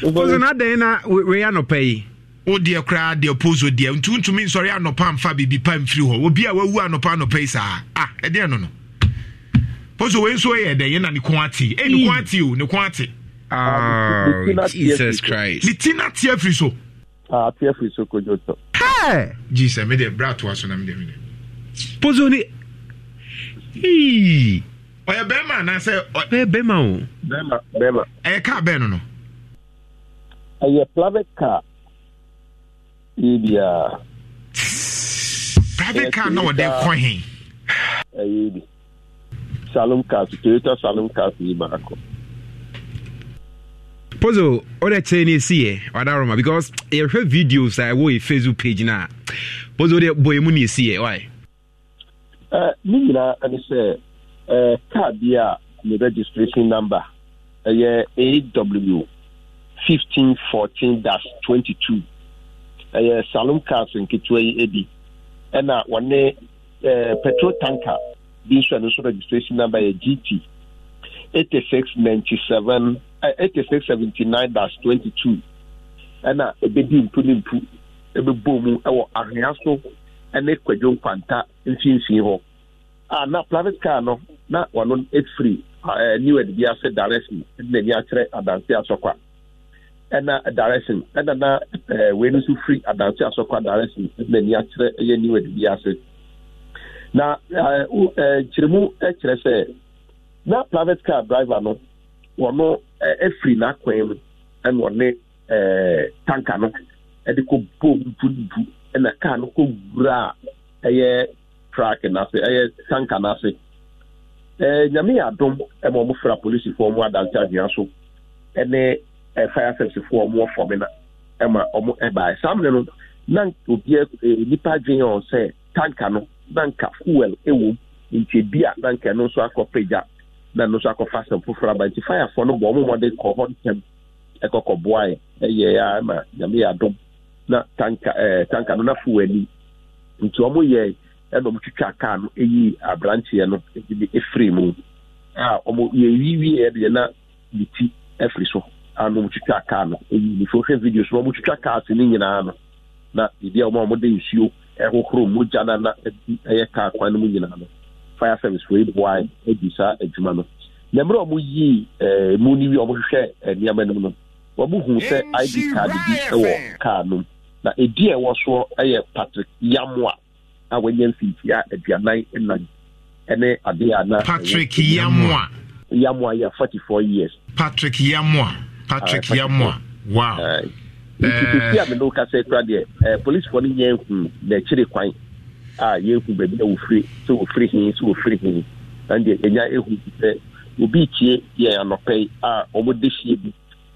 pogo na adɛn na wei anɔpa yi wo deɛ koraa deɛ poso deɛ ntuntumi nsɔre anɔpa mfa biribi pa mfiri hɔ obi a wawu anɔpa anɔpa yi saa ah ɛdeɛ no no poso wei nso yɛ dɛ yɛ na ne ko ate ɛ eh, ne ko ate o ne ko ate. Oh, Jesus Christ. Ne ti na teɛ firi so. Ah, teɛ firi so kojú tɔ. Jesus mi de bra to aso na mi de mi de. Poso ni. Ɔyɛ bɛrima anaasɛ. Ɔyɛ bɛrima o. Bɛrima bɛrima. Ɛyɛ kaa bɛn no no. Ɛyɛ private car ebia. private car náà ọ̀dẹ̀ kọ́ hin. ẹyẹ ebi salon cars toyota salon cars yìí máa kọ. pozo ọdẹ kyerɛ ne esi yɛ ɔda roma because yɛhwɛ videos a ɛwɔ yɛ facebook page na pozo de bɔ emu ne esi yɛ why. ɛ ne nyinaa ɛne sɛ ɛ car bi a ne registration number ɛyɛ aw fifteen fourteen dash twenty two. ɛyɛ salon cars nketewa yi bi ɛna wɔne ɛɛ eh, petrol tanker bi nso ɛno nso registration number yɛ gt eighty six ninety seven eighty eh, six seventy nine dash twenty two ɛna ebedi mpu ne mpu ebebo mu ɛwɔ ahwea so ɛne kwadwo nkwanta mfimfin hɔ a na private car no na wɔn efiri ɛɛ eh, new ed bi ase directly ɛna ani akyerɛ adansi asɔkwa. ɛna direction ɛna na ɛɛ eh, wei no nso firi adansi asɔkwa direction na ni akyerɛ ɛyɛ new edi ase na ɛɛ eh, ɛɛ eh, kyerɛmu ɛkyerɛ sɛ na private car driver no wɔn ɛfiri n'akwan mu ɛna ɔne ɛɛ tanka no ɛde kɔ boom bubu ɛna car no kɔ wura ɛyɛ truck n'ase ɛyɛ tanka n'ase ɛɛ nyame yɛ adum ɛma wɔn fira polisifoɔ mu adansi adua so ɛne. fire service foɔ ɔmo ɔfɔmi na ɛma ɔmo ɛbae saa mene no na obi nipa dwen ɔn sɛ tanka no nanka nka fuel ɛwɔ mu nti ebi a na nka nso akɔ pagya na ɛno nso akɔ fasen foforɔ aba nti firefoɔ no bɔ ɔmo mɔden kɔ hɔ ntɛm ɛkɔkɔ boa yɛ ɛyɛ yɛ ama nyame yɛ adom na tanka ɛɛ tanka no na fuel ani nti ɔmo yɛ ɛna ɔmo twitwa kaa no ɛyi aberanteɛ no ɛfiri mu a ɔmo yɛ wiwie yɛ deɛ na ne ti ɛfiri so. ana ɔmutwitwa kaa no ɛyinifo hwɛ videos no ɔmutwitwa cars no nyinaa no na biribi a ɔma ɔmode nsuo ɛhohoro mogya na adi ɛyɛ kaa kwan no mu nyinaa no fire service wei boae adi saa adwuma no na mmerɛ ɔmo yii ɛɛ mu nneɛma no mu no sɛ id card bi ɛwɔ kaa no na a ɛwɔ soɔ ɛyɛ patrick yamoa a aduanan ɛne na patrick Eh, patrick yamua wow. ntututu eh, eh. a mene wokasa kura deɛ policefoɔ no yɛ nhu n'akyiri kwan a yɛhu baabi a wɔfiri sɛ wɔfiri he sɛ wɔfiri he ɛndeɛ ɛnya ɛhu sɛ obi tie yɛ anɔpɛ yi a wɔde fie bi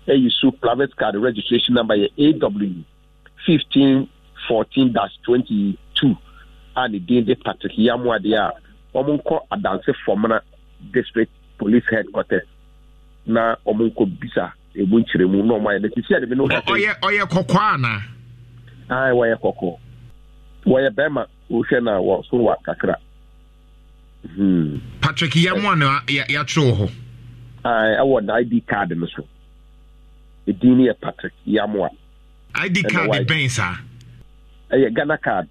ɛyi so private card registration number yɛ aw fifteen fourteen dash twenty two a ne din de patrick yamua deɛ a wɔn nkɔ adanse fɔmuna district police headquarters na wɔn nkɔ bisa emu nkyerɛmu na ɔmo ayɛ na sisi a de mi no. ɔyɛ ɔyɛ kọkọ. ana. ayi ah, wɔyɛ kɔkɔɔ wɔyɛ bɛrima wohwɛ na wɔ so wa kakra. Hmm. patrick yamu a na yɛatwerɛ wɔ hɔ. ayi ah, awọ na id card no so edin no patrick Yamua. id card bɛn saa. ɛyɛ ghana card.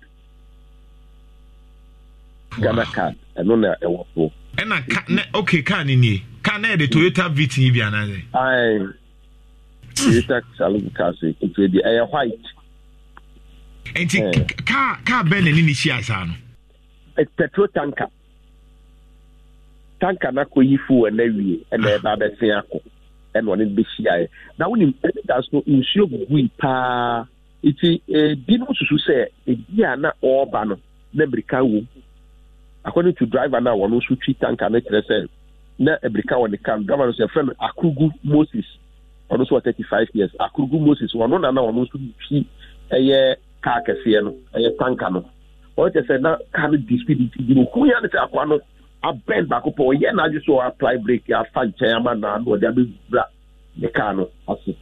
ghana card ɛno na ɛwɔ so. ɛna ka na okay kaa ni nie kaa na yɛ de toyota vt bi anaasɛ. ayi. later salukasi etu ɛyɛ white. nti eh. kaa eh, na no. petrol tanker tanker n'akɔ ɛna ɛba a akɔ ɛna ɔne na wɔn ntɛtas no nsuo gugu paa nti ebinom susu sɛ ebi a na ɔreba no na mmirika wɔ mu according to driver na wɔn nso twi tanker ne kyerɛ na mmirika wɔ ne kan driver no sɛ fɛn akurugu moses. ɔno nso wɔ thirty five years akurugu moses ɔno na na ɔno nso fi ɛyɛ kaa kɛseɛ no ɛyɛ tanka no ɔkyɛ sɛ na kaa no di speed ti di no kun ya ne sɛ akwa no abɛn baako pɔ ɔyɛ n'adwe so apply brake afa nkyɛn ama na ano ɔde abɛwura ne kaa no ase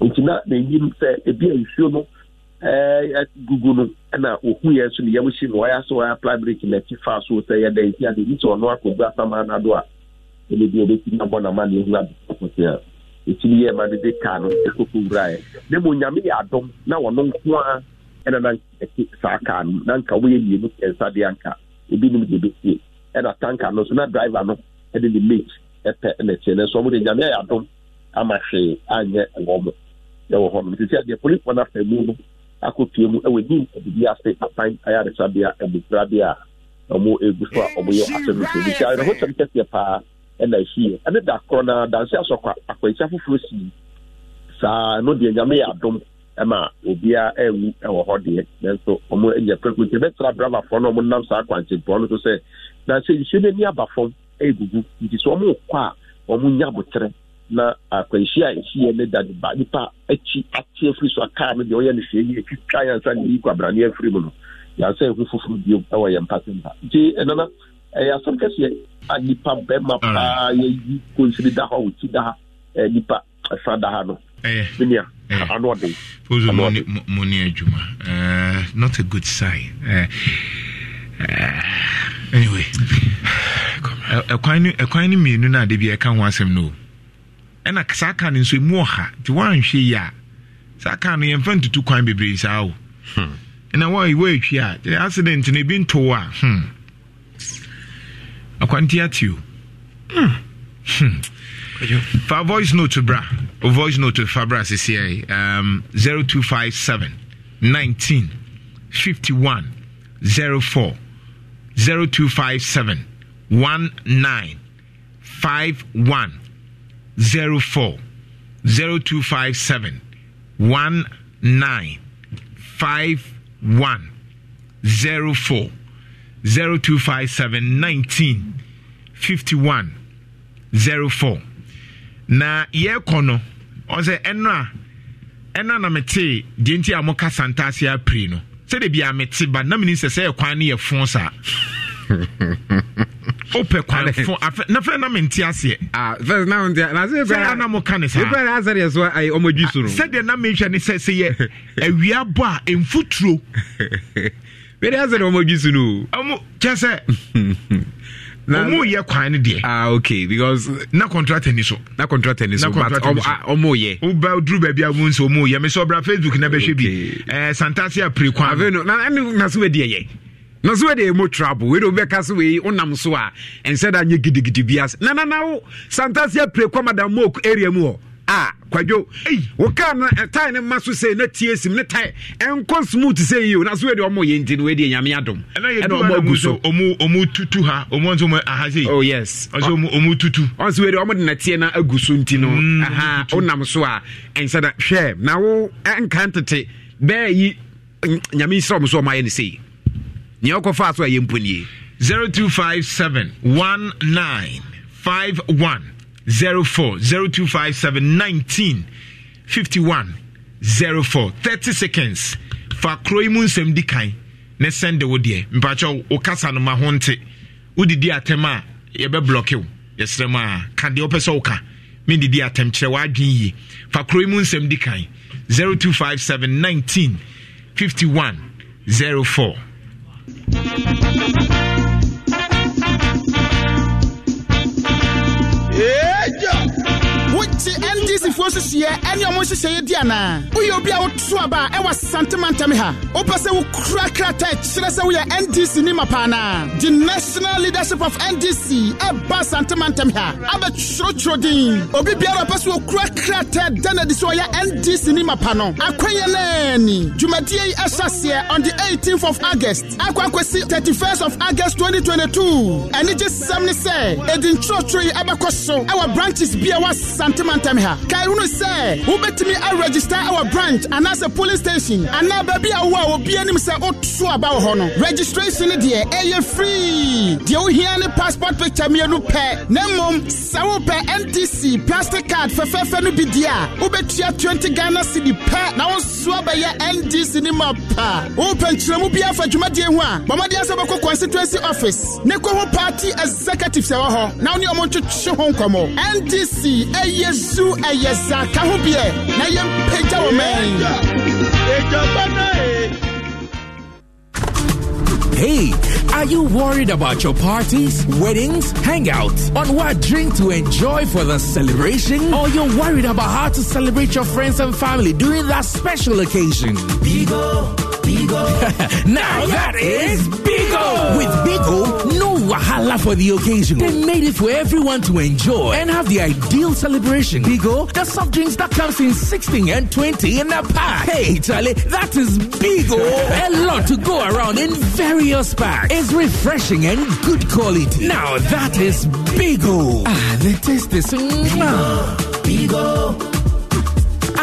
nti na n'enyim sɛ ebi a nsuo no ɛɛ gugu no ɛna ohun yɛ nso ne yɛm si no ɔyɛ asɛ ɔyɛ apply brake na ɛti fa so sɛ yɛ dɛ nti a n'ebi sɛ ɔno akɔ gba sama na do a ɛna ebi a ebi ti na bɔ na ma na ehu adi ɔkɔ sɛ ɛɛ. ɛtumi yɛ ma no de kaa no ɛkɔkɔ wuraeɛ na mmom nyame yɛ adɔm na wɔno nko a ɛna na ɛte saa kaa no na nka ya mmienu kɛnsa deɛ anka ebinom de bɛsie ɛna tanka no na driver no ɛde ne mate ɛpɛ ɛna no ɔmo de nyame yɛ adɔm ama hwee a a ɔmo yɛ ebi ɛna ɛsi yɛ ɛne da korɔ na dansi asɔkwa akwanhyia foforɔ si saa ɛno deɛ nyame yɛ adom ɛma obiara ɛwu ɛwɔ hɔ deɛ nanso nti na wɔn nam saa akwankyɛnpɔn no so sɛ dansi nsuo no ani aba fam ɛgugu nti sɛ wɔn kɔ a wɔn nya abotire na akwanhyia a ɛsi yɛ ne da ba nipa akyi ate efiri so akaa no deɛ ɔyɛ no hwɛ yie twitwa yansa ne yi kwabrane ɛyɛ eh, asɛm kɛseɛ nipa bɛrima paa yɛyi kɔnsiri da ha ɔti da ha nipa eh, ɛsa da ha no minia eh. ano ɔden pozo mo not a good sign uh, uh, anyway ɛkwan no mmienu no ade bi ɛka ho no ɛna saa ka nso mu ɔha nti woanhwɛ yi ya saa ka no yɛmfa ntutu kwan bebree saa o ɛna hmm. woatwi a accident a hmm. akwanti ati o fa voice note bra o voice note fa bra um, sisi five one zero four zero two five seven one nine five one zero four. 0257 19 51 04 na yɛrekɔ no ɔsɛ ɛno a ɛno a na mete deɛ nti a moka santaase apiri no sɛde bia mete ba na meni sɛ sɛ yɛ kwan no yɛfo saa wopɛ kwan fo na fɛ na mente aseɛ ah, na moka ne saasɛdeɛ ah, na mehwɛ ne sɛ sɛ yɛ awia bɔ a ɛmfoturo wede asɛ ne ɔmadwi so no kyɛ sɛ ɔmo yɛ kwan ne deɛ ah okay because na contract ni so na contract ni so but ah, ɔmo yɛ ɔba duru baabi a mo nso ɔmo yɛ mesɛ ɔbra facebook na bɛhwɛ bi ɛɛ eh, santase apere kwan afei no na ɛne na so bɛdeɛ yɛ na so wɛde ɛmu trouble wɛde wobɛka so wei wonam so a ɛnsɛ da nyɛ gidigidi bi ase na na na wo santase apere kwan madam mok area mu hɔ a kwadwo wo kaa no eh, tae ne ma so sei na tie sim ne tae ɛnkɔ smooth sɛ yio na so wede ɔmɔ yɛ nti no wadi nyame adom ɛne ɔmɔ agu so tutu ha ɔmu nso mu aha sei oh yes ɔnso ɔmu tutu ɔnso wede ɔmɔ de nɛteɛ no agu so nti no mm, aha wonam so a ɛnsɛ da hwɛ na wo ɛnka ntete bɛɛ yi nyame srɛ ɔm so ɔmayɛ no sei nea wokɔfaa so a yɛ 0257 19 51 04 0257 19 51 04 30 seconds fa kuro yi mu nsɛm di kan ne sɛnde wo deɛ mpakyɛ wo kasa no ma ho nte wodidi atɛm a yɛbɛblɔke wo yɛsrɛ mu a ka deɛ wopɛ sɛ woka mendidi atɛm kyerɛ w'adwen yie fa kuro yi mu nsɛm di kan 0257 19 51 04 ndc foɔ nhyehyɛeɛ ɛne ndc the national leadership of ndc ɛba santemantam ha abɛtwerɛtwerɛ obi biara ɔpɛ sɛ wokura ndc ni ma pa no akwanyɛ on the 18th of august akɔ akɔsi 31st of august 2022 And it is ne say edin nkyerɛkyerɛ yi ɛbɛkɔ branches bi a a kaehunu sɛ a aregister our branch anaasɛ polling station anaa baabi a wo a obi anim sɛ woso aba wɔ hɔ no registration ni deɛ ɛyɛ free deɛ wohia ni passport picture mmienu pɛ na mmom sɛ wopɛ NDC plastic card fɛfɛɛfɛ no bi deɛ a wobɛtua twenty ghana cedi pɛ na woso abɛyɛ ndc ne ma pa O wowopɛ nkyerɛmu bi afa dwumadeɛ ho a bɔmmɔdeɛ sɛ wobɛkɔ constituency office ne kɔ ho party executive sɛ wɔ hɔ na wo ne ɔmo ntwetwe ho nkɔmmɔ ndc ɛyɛ zu Hey, are you worried about your parties, weddings, hangouts, on what drink to enjoy for the celebration? Or you're worried about how to celebrate your friends and family during that special occasion? Bigo. now that is Bigo. With Bigo, no wahala for the occasion. They made it for everyone to enjoy and have the ideal celebration. Bigo, the soft drinks that comes in 16 and 20 in a pack. Hey, Charlie, that is Bigo. a lot to go around in various packs. It's refreshing and good quality. Now that is Bigo. Ah, the taste is... Mm, Bigo, ah. Bigo.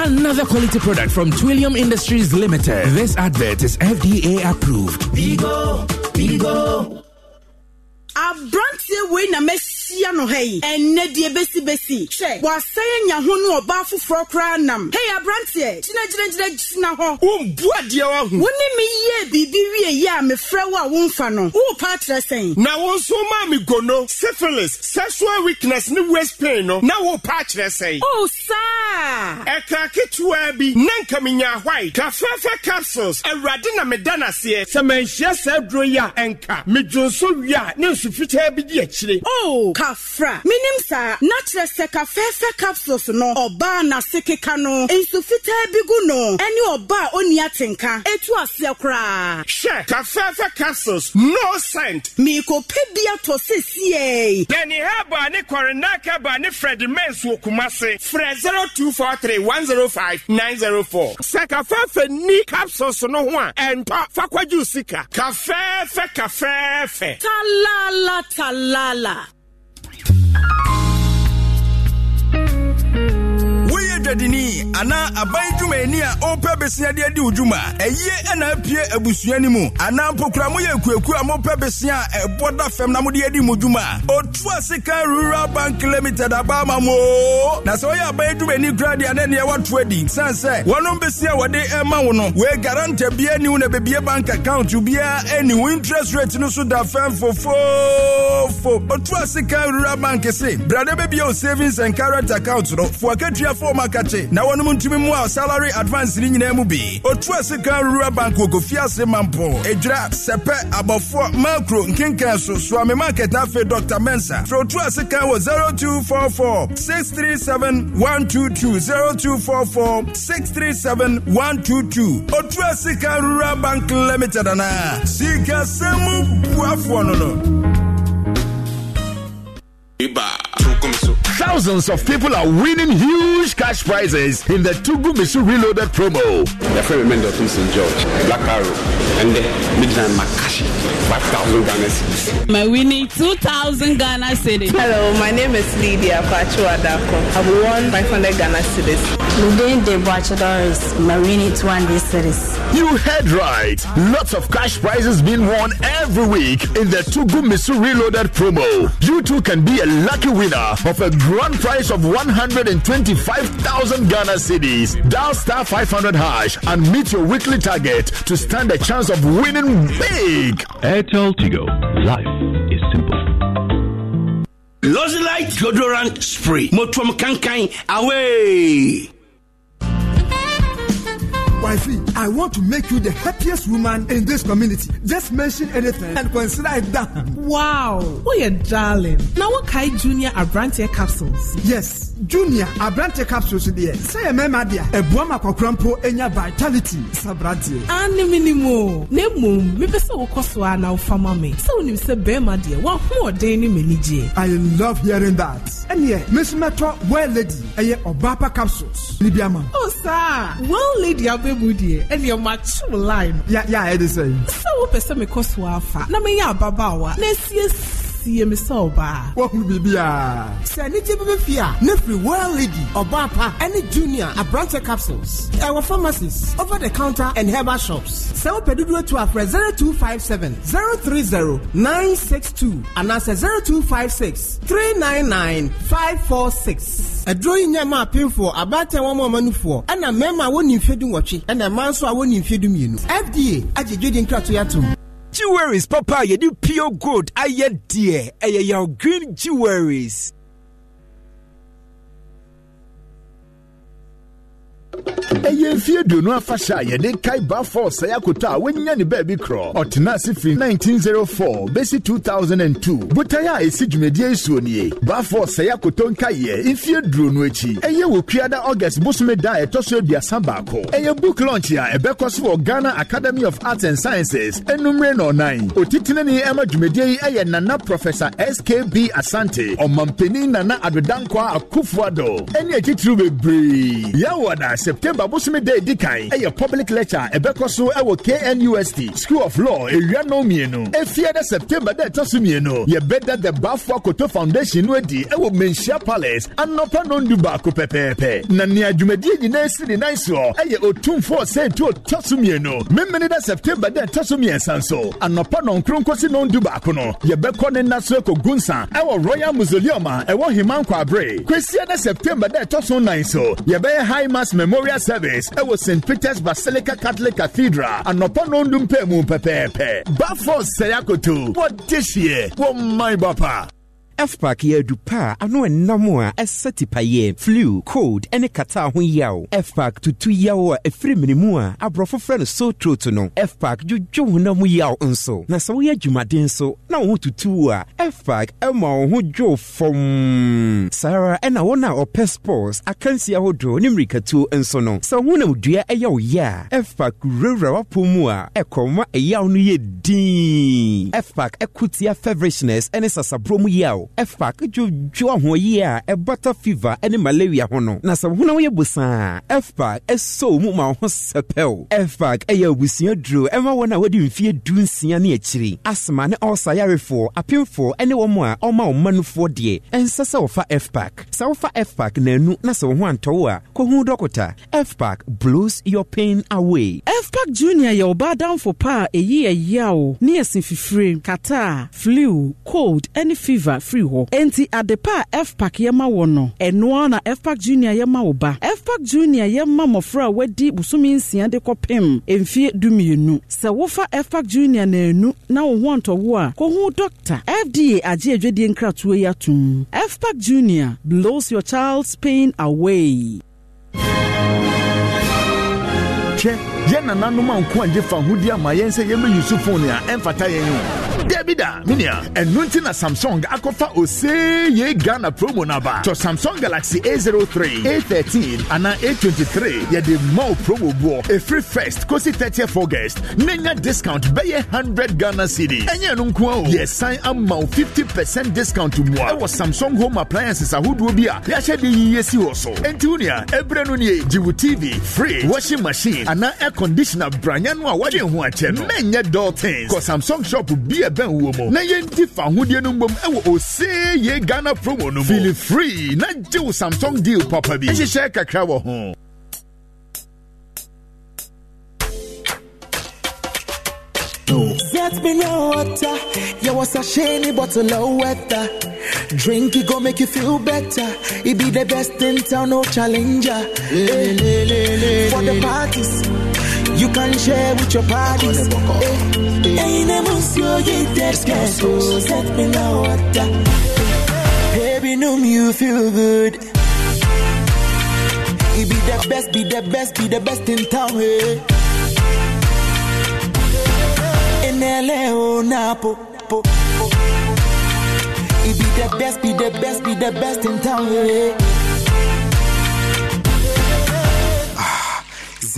Another quality product from Twillium Industries Limited. This advert is FDA approved. Bigo, Bigo. I've brought you ahyia no ha yi ɛnɛ deɛ besi hwɛ wasɛn anya ho no ɔbaa foforɔ koraa nam hei aberanteɛ gyinagyinagyina gyina hɔ wombu adeɛ wɔ wo ne meyɛɛ biribi wie yɛ a mefrɛ wo a womfa no worepa akyerɛ sɛn na wo nso maa me gono syphilis sexual weakness ne waist pain no na worepa akyerɛ sɛn o saa ɛkra ketewa bi na nka menya hwae kafɛfɛ capsules awurade na meda naseɛ sɛ manhyia saa duro yi a ɛnka medwonso wie a ne nsufitaa bi di akyire o kafra minim saa na kyerɛ sɛ kafɛɛfɛ capsules no ɔbaa n'ase keka no nsu fitaa bi gu no ɛne ɔbaa onni atenka etu aseɛ koraa. hyɛ kafɛɛfɛ capsules no scent. miikope bi ato sisiɛ. yanni haba ne kɔrinna kaba ne fred mens wɔ kumase. frɛ zero two four three one zero five nine zero four. sɛ kafɛɛfɛ ni capsules no ho a ɛntɔ fakɔju sika. kafɛɛfɛ kafɛɛfɛ. talala talala. dwadini anaa aban dwumaani a ɔrepɛ besia de adi wo dwuma ɛyie ɛna apue abusua no mu anaa mpokura moyɛ akuaku a mopɛ besea a ɛbɔ da fam na mode adi mu dwuma ɔtu ase rural bank limited abaa ma mo na sɛ woyɛ aban dwumaani kora deɛ ne neɛ woato adi siane sɛ wɔnom besia wɔde ɛma wo no wei garanta bia ni wo na bebie bank account biara ɛni wo interest rate no so da fam fofoofo ɔtu ase kan rural bank se brade bɛbia wo savings and current account no foakatua fo maka kakye na wɔnom ntumi mu a salary advance ne nyinaa mu bi otua sika rural bank wɔ kofi ase mampo edwira sɛpɛ abɔfoɔ makro nkenkan so suame market na afei dr mensa fɛ otua sika wɔ six three seven one two two otua sika rural bank limited anaa sikasɛmu buafoɔ no no. Iba. Thousands of people are winning huge cash prizes in the Tugumisu Reloaded promo. The friend Mendo from St. George, Black Arrow, and the Midland Makashi, 5,000 Ghana cities. My winning 2,000 Ghana cities. Hello, my name is Lydia Pacho Adako. I've won 500 Ghana cities. Within the Bacheloris, my winning 200 cities. You heard right. Lots of cash prizes being won every week in the Tugumisu Reloaded promo. You too can be a lucky winner of a grand prize of 125,000 Ghana cedis. Dial star 500 hash and meet your weekly target to stand a chance of winning big. Airtel Tigo. Life is simple. Lozilite deodorant spray. Motrom kankan away. Wifey, I want to make you the happiest woman in this community. Just mention anything and consider it done. Wow, oh yeah, darling. Now what kind junior abrantier capsules? Yes, junior abrantier capsules there. Say a mema dear, a buama kokrampo enya vitality sabrantier. Ani minimo. Nemum, me pesa okoswa na ufama me. So unim se bema dear, wa huo deni menije. I love hearing that. And yeah, Miss Metro, well lady, a obapa capsules. Libiama. Oh sir, well lady, I'll be abɛmu deɛ ɛneɛ makyew line yɛa ɛde sɛ sɛ wopɛ sɛ mekɔ so afa na mɛyɛ ababaawa na asiesie yɛ me sɛ ɔbaa. wɔhunu biribi a. sɛ ne ti bɛbɛ fi a ne firi well lady ɔbaa pa ɛne junior aberante capsules ɛwɔ pharmacies over the counter and herbal shops. sɛ wopɛ dodoɔ to afrɛ zero two five seven zero three zero nine six two anaasɛ zero two five six three nine nine five four six. ɛduro yi nyɛ maa pinfoɔ abaatan wɔn mu ɔmanufoɔ ɛna mɛɛma a wɔn ni mfe du nwɔtwe ɛna mmaa nso a wɔn ni mfe du mmienu fda agye dwedi nkrato yɛ atom jewelries papa yɛde pure gold ayɛ deɛ ɛyɛ your green jewelries ɛyɛ mfie aduonu afahyɛ a yɛde kaiba falls ɛyɛ akoto a wɔanya ne baabi korɔ ɔtena ase firi 1904 bɛsi 2002 botae a ɛsi dwumadie nsuo nie ba falls ɛyɛ akoto nkaeɛ mfie aduonu akyi ɛyɛ wɔ kuada august bosome da a ɛtɔ so aduasa baako ɛyɛ book launch a ɛbɛkɔ so wɔ ghana academy of arts and sciences ɛnumere na ɔnan otitinani ɛma dwumadie yi ɛyɛ nana professor skb asante ɔmampanin nana adodankwa akufoado ɛne akyitiriw bebree yɛwɔ adaase september bosome de edi kan ɛyɛ public lecture ɛbɛkɔ so ɛwɔ knust school of law ewia no mmienu efia dɛ september de ɛtɔ so mmienu da the bafo akoto foundation no adi ɛwɔ menhyia palace anɔpa nondu baako pɛpɛɛpɛ na nea dwumadie nyinaa si ne nan soɔ ɛyɛ otumfoɔ sɛntu ɔtɔ so mmienu memene dɛ september dɛ ɛtɔ so mmiɛnsa nso anɔpa nɔnkronkosi nondu baako no yɛbɛkɔ ne nna so ɛkɔ gunsa ɛwɔ royal mausoleum a ɛwɔ himankɔ abere kwesia dɛ september de ɛtɔ so nan so yɛbɛyɛ high mass mem memorial service ɛwɔ st peters basilica catholic cathedral anɔpɔ no ndumpɛ mu pɛpɛɛpɛ bafo sɛyakoto wɔde hyeɛ wɔmman bapa fpac yɛ adu pa a ano ɛnam a ɛsɛ tipayɛ flu cold ne kata ho yaw fpac tutu yaw a ɛfiri minimu a aborɔfo frɛ no so throat no fpac dwodwo honam yaw nso na sɛ woyɛ adwumaden nso na wo ho tutu a fpac ma wo ho dwo fam saa ara ɛna wɔn a ɔpɛ sports akansi ahodoɔ ne mmirikatuo nso no sɛ honam dua ɛyɛ wo yɛ a fpac wurawura wapɔ mu a ɛkɔma ɛyaw no yɛ din fpac ɛko tia feverishness ne sasaburo mu yaw ɛfa kedwodwo ahoɔyie a ɛbata fever ne malaria ho no na sɛ wohona woyɛ bosaa ɛfpak ɛsɛw mu ma wo ho sɛpɛw ɛfpak ɛyɛ abusua duro ɛma wɔn a wɔde mfeɛ du nsia ne akyiri asma ne ɔlsa yarefoɔ apemfoɔ ne wɔn a ɔma ɔma nofoɔ deɛ ɛnsɛ sɛ wɔfa ɛfpak sɛ wofa ɛfpak nanu na sɛ wo ho antɔwo a kɔhu dɔkota ɛfpak blows your pain away ɛfpak junior yɛ ɔbaa damfo pa a ɛyi ɛyaw ne ɛsen fifire kata flu cold ne fever firi hɔ enti ade pa a fpac yɛma wɔ no ɛnoa na fpac junior yɛma wo ba fpac junior yɛma mmɔfra a wadi bosome nsia de kɔpem mfie dumienu sɛ wofa fpac junior naanu na wo ho ntɔwo a kɔhu dɔkta fda agye adwadie nkratoɔ yi atom fpac junior blows your child's pain away yɛn nananom a nko agye fa hodi ama yɛn sɛ yɛbɛyi so phone a ɛmfata yɛn o dabi da menea ɛno na samsung akɔfa ose ye ghana promo no tɔ samsung galaxy a03 a13 ana a23 yɛde ma wo promo boɔ Free first kosi 30th august na nya discount bɛyɛ 100 ghana cedis ɛnyɛ no nko a o yɛsan ama wo 50 percent discount mmoa ɛwɔ samsung home appliances ahodoɔ bi a yɛahyɛ de yiyɛ si wɔ so ɛnti wo nea ɛberɛ no nie tv Free washing machine Ana anaa conditioner branya no a wɔde ho akyɛ no mɛnyɛ dɔɔten kɔ samsung shop bi a bɛn wɔ mu na yɛnti fa ahodeɛ no mbom ɛwɔ osee ghana promo no mu feel free na gye samsung deal papa bi ɛhyehyɛ kakra wɔ ho. Get me your water. You was a shiny bottle of water. Drink it, go make you feel better. It be the best in town, no challenger. Le, eh, For the parties You can share with your parties. Ain't emotion you dead so set me now what Baby, know me you feel good. It be the best, be the best, be the best in town, hey. Eh. In LA, oh, Napo, po, po. It be the best, be the best, be the best in town, hey. Eh.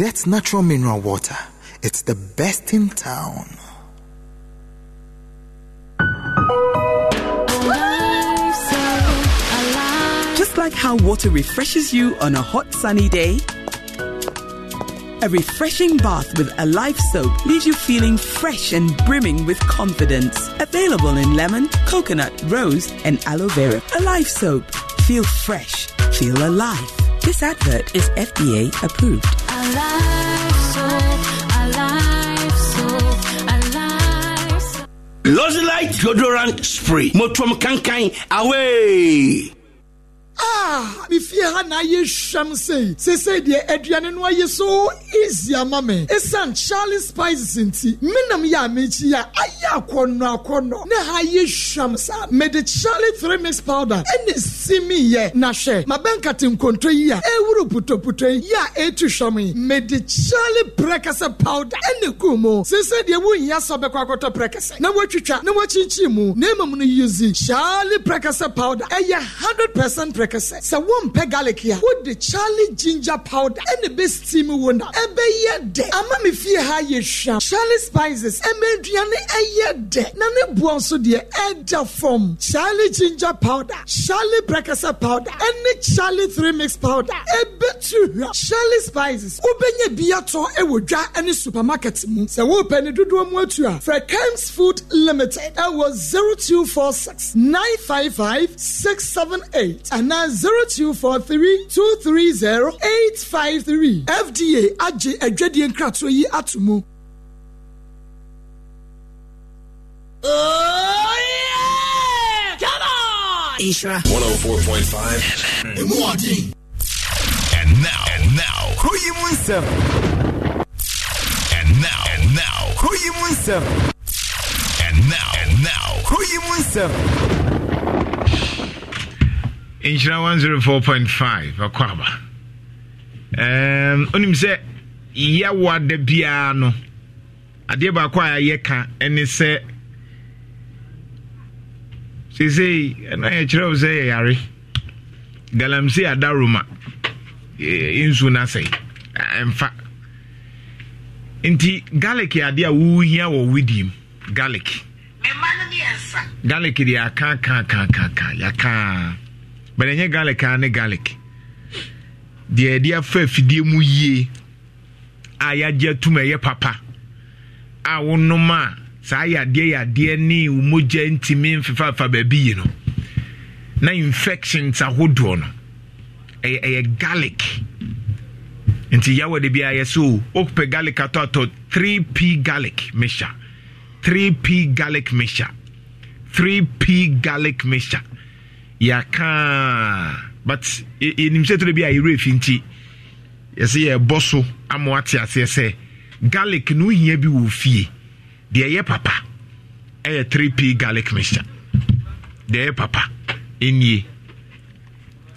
That's natural mineral water. It's the best in town. Just like how water refreshes you on a hot sunny day, a refreshing bath with a life soap leaves you feeling fresh and brimming with confidence. Available in lemon, coconut, rose, and aloe vera. A life soap. Feel fresh. Feel alive. This advert is FDA approved. Lozilite deodorant spray. Motrom kankai away. ah mefie ha na ayɛ hwɛm sei seesei deɛ aduane no ayɛ so easy ama me ɛsiane charlie spices nti menam yɛ a mekyi a ayɛ akɔnnɔ akɔnnɔ ne ha ayɛ hwɛm saa mede charlie three mix powder ɛne simiyɛ na hwɛ mabɛnkate nkonto yi a ɛwuru putoputo yi a ɛtu hwɛm yi mede charlie prɛkɛsɛ powder ɛne gu mu seesei deɛ wonhia sɛ bɛkɔ akɔtɔ prɛkɛsɛ na woatwitwa na woakyinkyin mu na mmom no use charlie prɛkɛsɛ powder ɛyɛ 100 percent prɛkɛsɛ sɛk sɛ sɛ wompɛ garlic a wode charlie ginger powder ɛne bɛsteam wo na ɛbɛyɛ dɛ ama me fie ha yɛ hwam charlie spices ɛma aduane ɛyɛ dɛ na ne boɔ nso deɛ ɛda fam charlie ginger powder charlie brekasa powder ɛne charlie three mix powder ɛbɛtu hwa charlie spices wobɛnya bi atɔ ɛwɔ dwa ne supermarket mu sɛ wopɛ ne dodoɔ mu atu a frɛ cams food limited ɛwɔ 0246 955 678 anaa plus zero two four three two three zero eight five three fda AJ adwadie nkratoɔ yi Atumu. Oh, yeah! Come on! Isra. 104.5. Imuadi. And now, and now, who you Munsem? And now, and now, who you Munsem? And now, and now, who you Munsem? nhyira 104.5 ɛkɔ aba onim sɛ yɛwɔ ada biara no adeɛ baako a yɛyɛ ka ne sɛ seesei ɛno yɛkyerɛ wo sɛ yɛyare galamsey ada roma nsu no asɛe ɛmfa nti garlic adeɛ a wohia wɔ wodie mu garlic garlic deɛ aka ka but ɛnyɛ garlic a ne garlic deɛ yɛde afa afidie mu yie a yɛagye atum ɛyɛ papa a wonom a saa yadeɛ yadeɛ ne wo mogya ntumi baabi yi no na infections ahodoɔ no ɛyɛ ɛyɛ garlic nti yɛwɔ de bi ayɛ so wopɛ garlic atɔ atɔ 3p garlic mixture 3p garlic mixture 3p garlic mixture yɛaka but yɛnim e, e, sɛ toro bi a yɛwerɛ fi nti yɛsɛ yɛbɔ so ama wate aseɛ sɛ garlic no wohia bi wɔ fie deɛ ɛyɛ papa ɛyɛ e 3p garlic mixture deɛ ɛyɛ papa ɛnie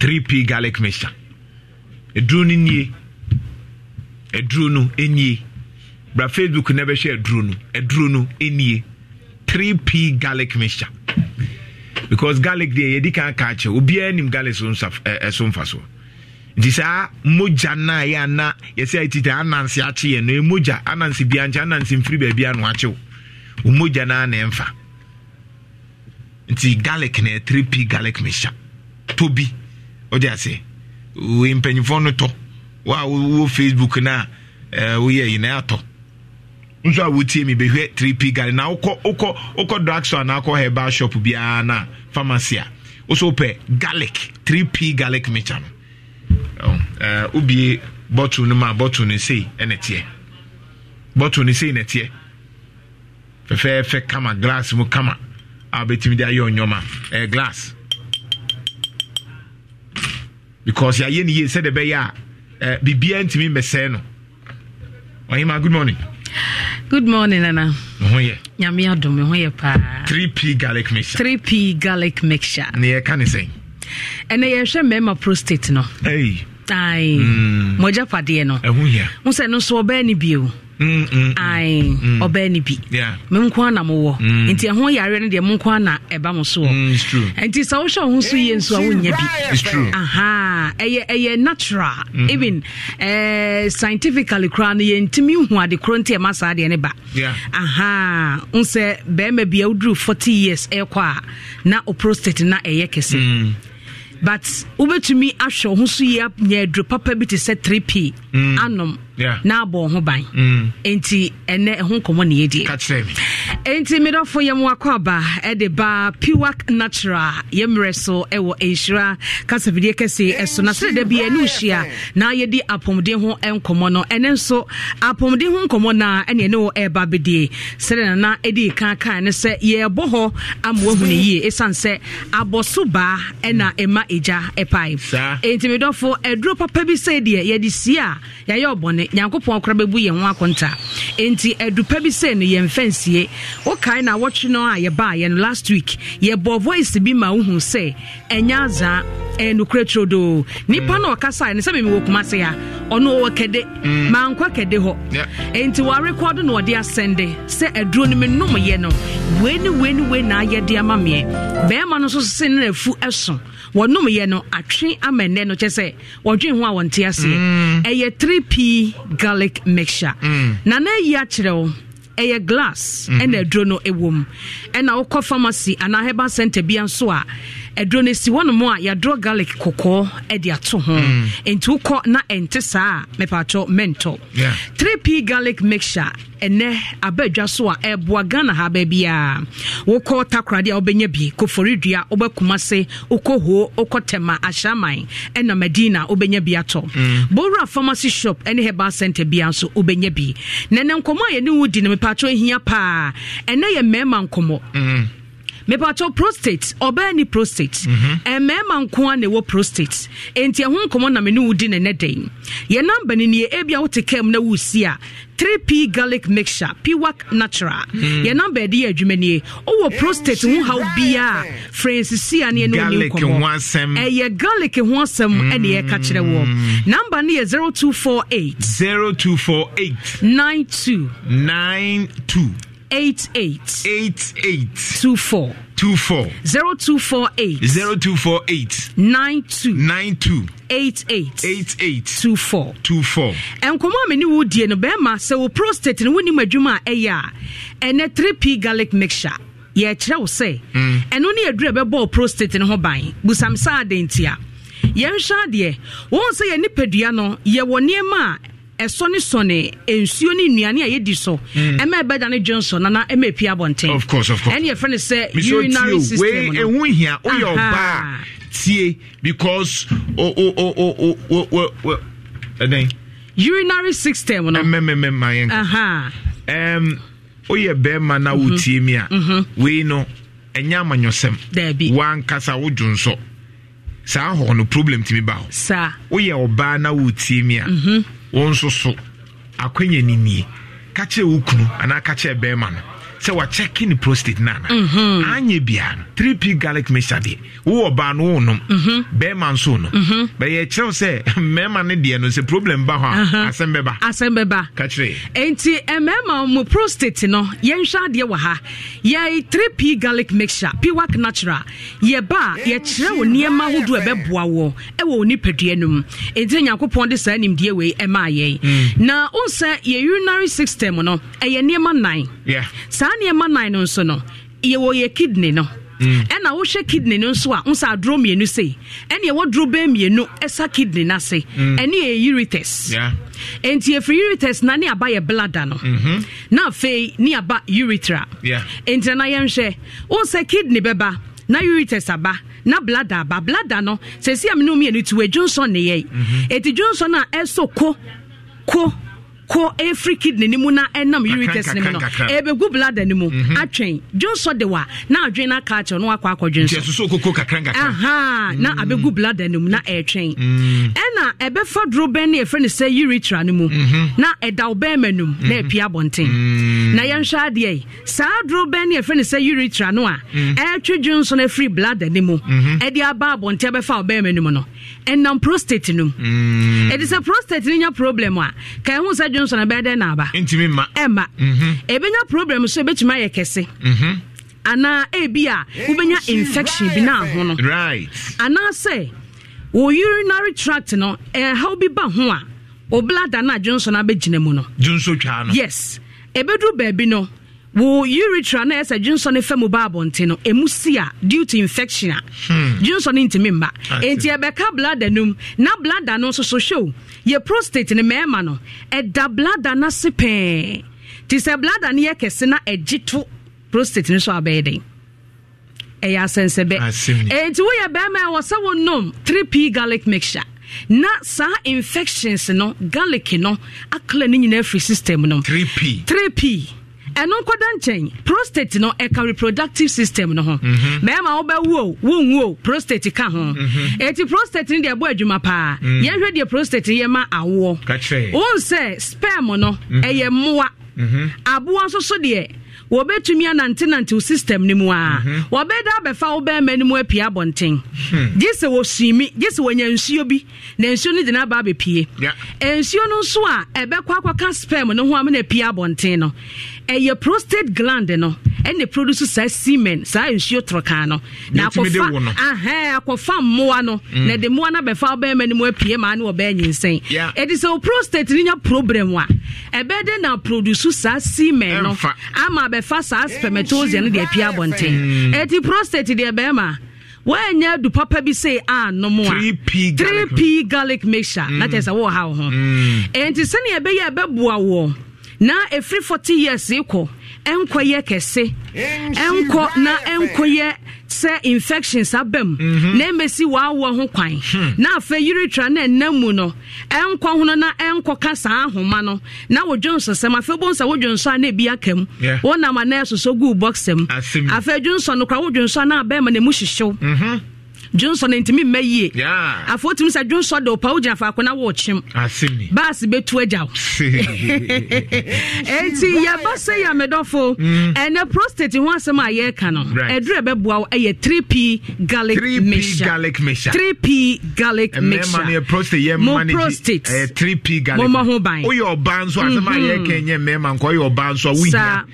3p garlic mixture aduro no nie aduro no nie bra facebook na bɛhwɛ aduro no aduro no nie 3p garlic mixture because garlic deɛ yɛdi kan ka akyɛ obiara nim garlic so nsa ɛso eh, eh, mfa so nti saa mogya no a yɛ ana yɛsɛ atita ananse akye yɛ no mogya ananse bia nkyɛ ananse mfiri baabi ano akyew mogya no na ɛmfa nti garlic na ɛtere pii garlic mehyɛ tɔ bi wode ase mpanyimfoɔ no tɔ wo a wowɔ facebook no a eh, woyɛ yina atɔ nso a wotie mi bɛhwɛ 3p garden na wokɔ wokɔ wokɔ drugstore anaa akɔ herbal shop biara na pharmacy a woso pɛ garlic 3p garlic mixture no wobie bottle no ma bottle no sei ɛna teɛ bottle no sei na fɛfɛɛfɛ kama glass mu kama a wobɛtumi de ayɛ ɔnyɔma ɛɛ glass because yɛayɛ ne yie sɛdeɛ ɛbɛyɛ a ɛɛ biribiara ntumi mmɛsɛɛ no ɔhema good morning good morning nana nyame adom ho yɛ paa 3p garlic mixture 3p garlic mixture ne yɛka ne sɛn ɛnɛ yɛhwɛ mmarima prostate no ai mm. mogyapadeɛ no ɛho hia wo sɛ no so ɔbɛɛ ne bio ɔbaa mm-hmm. no bi me nko ana mowɔ mm. nti ɛho yareɛ no deɛ mo nko ana ɛba mo soɔ ɛnti mm, sɛ wohyɛ wo ho so yie nso a wonnya bi aha ɛyɛ ɛyɛ natural mm-hmm. even eh, scientifically koraa no yɛntumi hu ade koro nti ɛma saa deɛ ne ba aha wo sɛ bɛrima bia woduru 40 years ɛkɔ a na o prostate na ɛyɛ kɛse mm. but wobɛtumi ahwɛ wo ho so yie nyɛ aduro papa bi te sɛ 3p anom na abɔ ho ban mm. enti ɛnɛ ɛho nkɔmmɔ ne yɛdie enti medɔfo yɛ mo akɔ aba ɛde ba piwak natural yɛmmerɛ so ɛwɔ nhyira kasafidie kɛse ɛso na sɛ da bi ɛne wohyia na yɛdi apɔmuden ho nkɔmmɔ no ɛne nso apɔmuden ho nkɔmmɔ no a ɛne ɛne wɔ ɛreba bɛdie sɛdeɛ nana ɛdii kan kan ne sɛ yɛrebɔ hɔ ama wahu ne yie ɛsiane sɛ abɔso baa ɛna ɛma ɛgya ɛpae enti medɔfo ɛduro papa bi sɛ deɛ yɛde sie a yɛayɛ ɔbɔne nyame nyankopɔn kora bɛbu yɛn ho akonta enti adupa bi sɛ no yɛmfa nsie wokae na wɔtwe no a yɛbaayɛ no last week yɛbɔɔ voice bi ma wohu sɛ ɛnyɛ azaa ɛyɛ nokorɛ turodoo nnipa na ɔkasaeɛ no sɛ memewɔ kuma se a ɔno ɔwɔ kɛde mm. mankɔ kɛde hɔ enti wɔarekɔdo na ɔde asɛnde sɛ aduro no menomyɛ no wei ne wei ne wei na ayɛde ama meɛ bɛrima no nso se ne nafu ɛso wɔnom yɛ no atwe ama nnɛ no kyɛ sɛ wɔdwen ho a wɔnte aseɛ mm. ɛyɛ 3p garlic mixture mm. na na ayi akyerɛ wo ɛyɛ glass mm-hmm. ɛna aduro no ɛwɔ mu ɛna wokɔ pharmacy anaa herbal center bia nso a ɛduro no si hɔnom a yɛadorɔ garlic kɔkɔɔ de ato ho ɛnti mm. wokɔ na ɛnte saa a mepatɔ mentɔ 3p garlic mixture ɛnɛ abadwa so a ɛboa ghana ha baabiaa wokɔ takorade a wobɛnya bi koforidua wobɛkuma se wokɔ hoo wokɔ ɛna madina wobɛnya bi atɔ mm. bowura pharmacy shop ne hebal center bia nso wobɛnya bi nɛnɛ nkɔmmɔ a yɛne wo di no mepatɔ ahia paa ɛnɛ yɛ mmarima nkɔmmɔ mm mepatɔ prostate ɔbaa ni prostate mmarima nko a na ɛwɔ prostate nti ɛho nkɔmɔ na mene wodi ne nɛ dɛn yɛ namba no nie ebia wote kam na wosi a 3p garlic mixture piwak natural mm. yɛ namba ɛde yɛ adwuma nie wowɔ eh, prostate ho haw biaa frɛnsisia ne ɛne woni nkɔmɔ ɛyɛ garlic ho asɛm hmm. ɛne yɛka kyerɛ wɔ namba no yɛ Nine two. Nine two eight eight eight eight two four two four zero two four eight zero two four eight nine two nine two eight eight eight eight two four two four. nkɔmɔ mi ni wo die no bɛrima sɛ wo prostate ni wo ni mu adwuma a ɛyɛ a ɛnɛ three p garlic mixture. yɛkyerɛ wo sɛ hmm. ɛno ne yɛduru ɛbɛbɔɔ prostate no ho ban busamsaa adentia yɛnhwɛ adeɛ wɔn sɛ yɛ no yɛwɔ nneɛma a ɛsɔ ne sɔ ne nsuo ne nnuane a yɛdi so ɛma ɛbɛda ne dwen so nana ɛma ɛpi abɔnten ɛne yɛfrɛ no sɛ urinary system no ɛho hia woyɛ ɔba a tie because ɛdɛn urinary system no mmɛmmɛmma yɛn um, woyɛ bɛrima na wotie mi a wei no ɛnyɛ amanyɔsɛm wankasa wodwo nsɔ saa hɔ no problem tumi ba hɔ woyɛ ɔbaa na wotie mi a mhm. wo nso so akwanya ni nie ka kyerɛ wo kunu anaa ka kyerɛ bɛrima no sɛ wakyɛke ne prostate no ana mhm. anyɛ bia no 3p garlic mixture deɛ wowɔ baa no wonom mhm. bɛrima nso no mhm. bɛyɛ kyerɛw sɛ mmarima no deɛ no sɛ problem ba hɔ a asɛm bɛba asɛm bɛba ka kyerɛ enti eh, mmarima mu prostate no yɛnhwɛ adeɛ wɔ ha yɛe 3p garlic mixture piwak natural yɛba a eh, yɛkyerɛ wo nneɛma ahodoɔ ɛbɛboa wɔ ɛwɔ wo nipadua no mu enti nyankopɔn de saa nimdeɛ wei ɛmaa yɛi mm. na wo sɛ yɛ urinary system no ɛyɛ nneɛma nan saa saa nneɛma nan no nso no yɛwɔ yɛ kidney no mm. ɛna wohwɛ kidney no nso a nsa aduro mmienu sei ɛne ɛwɔ duro bɛɛ mmienu ɛsa kidney no ase mm. ɛne yɛ urites enti ɛfiri urites na ne aba yɛ blada no mm-hmm. na afei ne aba uritra enti na yɛnhwɛ wo sɛ kidney bɛba na urites aba na blada aba blada no sɛsi a mene mmienu tu wɔ dwonson ne yɛi ɛti mm-hmm. dwonson a ɛsɔ ko ko kɔ ɛfiri kidney ni mu na ɛnam uric acid ne mu no ɛbɛgu bladder ne mu mhm. atwɛn dwonso de wa na adwen na culture no akɔ akɔdwen so na mm. abɛgu bladder ne mu na ɛtwɛn mm. ɛna ɛbɛfa duro bɛn ne yɛfrɛ no sɛ urethra ne mu mhm. na ɛda ɔbɛrima nom na mhm. ɛpi abɔnten mm. na yɛnhwɛ adeɛ saa duro bɛn ne yɛfrɛ no sɛ urethra no a ɛtwe dwonso no afiri bladder ne mu ɛde aba abɔnten bɛfa ɔbɛrima nom no ɛnam prostate no mu mm. sɛ prostate no nya problem a ka ɛho sɛ dwonso no bɛyɛ na aba ɛntumi mma ɛmma ɛbɛnya mhm. problem so ɛbɛtumi ayɛ kɛse mhm. anaa ebi a wobɛnya infection bi na ho no anaasɛ wo urinary tract no ɛhaw bi ba ho a oblada no a dwonso no abɛgyina mu no dwonso twa no yes ɛbɛduru baabi no wo uritra na ɛsɛ dwonsɔ no fa mu ba no ɛmu a due to infection a dwonsɔ no ntumi mma enti ɛbɛka blada no mu na blada no nso so hwɛ prostate ni mmarima no ɛda blada no ase pɛɛ nti sɛ blada no yɛ kɛse na ɛgye to prostate ni so abɛyɛ den ɛyɛ asɛnsɛbɛ enti woyɛ bɛrima ɛwɔ sɛ wonom 3p garlic mixture na saa infections no garlic no akla no nyinaa firi system no 3p 3p ɛno nkɔda nkyɛn prostate no ɛka reproductive system no ho mmarima wobɛwu o wonwu o prostate ka ho ɛti mhm. prostate no deɛ ɛbɔ adwuma paa mhm. yɛhwɛ deɛ prostate no yɛma awoɔ wohu sɛ sperm no mhm. ɛyɛ mmoa aboa nso so deɛ wɔbɛtumi anantenantew system no mu a mhm. wɔbɛda abɛfa wo bɛrima no mu apie abɔnten hmm. gye sɛ wɔsuimi gye sɛ wɔanya nsuo bi na nsuo no de no aba abɛpie nsuo no nso a ɛbɛkɔ akɔka spam no ho a mena apie abɔnten no ɛyɛ prostate gland no ɛna produce saa semen saa nsuo torokaa no na akɔfa ahɛn akɔfa mmoa no mm. na de mmoa no abɛfa ɔbɛrima no mu apue maa ne ɔbɛɛ nyinsɛn ɛdi sɛ o prostate ni nya problem a ɛbɛɛ de na produce saa semen no ama abɛfa saa spermatosia no deɛ apue abɔnten ɛti prostate deɛ bɛrima wɔanya du papa bi sɛ anom a 3p garlic mixture na mm. kyerɛ sɛ wowɔ ha wo ho mm. ɛnti sɛnea ɛbɛyɛ ɛbɛboa woɔ na ɛfiri 40 years kɔ ɛnkɔ yɛ kɛse ɛnkɔ na ɛnkɔ yɛ sɛ infections abam mu mhm. na ɛmɛsi waawɔ ho kwan hmm. na afei urethra na ɛnam mu no ɛnkɔ hono na ɛnkɔ kasa saa ahoma no na wodwo nsosɛm afei bo nsa wodwo nso a na ebi aka mu wɔnam a na ɛsoso guu bɔksɛm afei dwo nsɔ no kora wodwo nso a na abɛɛma na mu hyehyew mhm. dwonsɔ no ntimi mma yie afo tumi sɛ dwonsɔ de ɔpa wogyina faako na wɔɔkyem bas bɛtu agya wo enti yɛba sɛ yɛ medɔfo mm. ɛnɛ prostate ho asɛm a yɛreka no ɛdurɛ bɛboa wo ɛyɛ 3p garlic mixture. Three p garlic mixture. mixturemo prostate momma ho ban woyɛ ɔba nso asɛm a yɛreka mm-hmm. nyɛ mmarima nkɔ woyɛ ɔba nso a wohia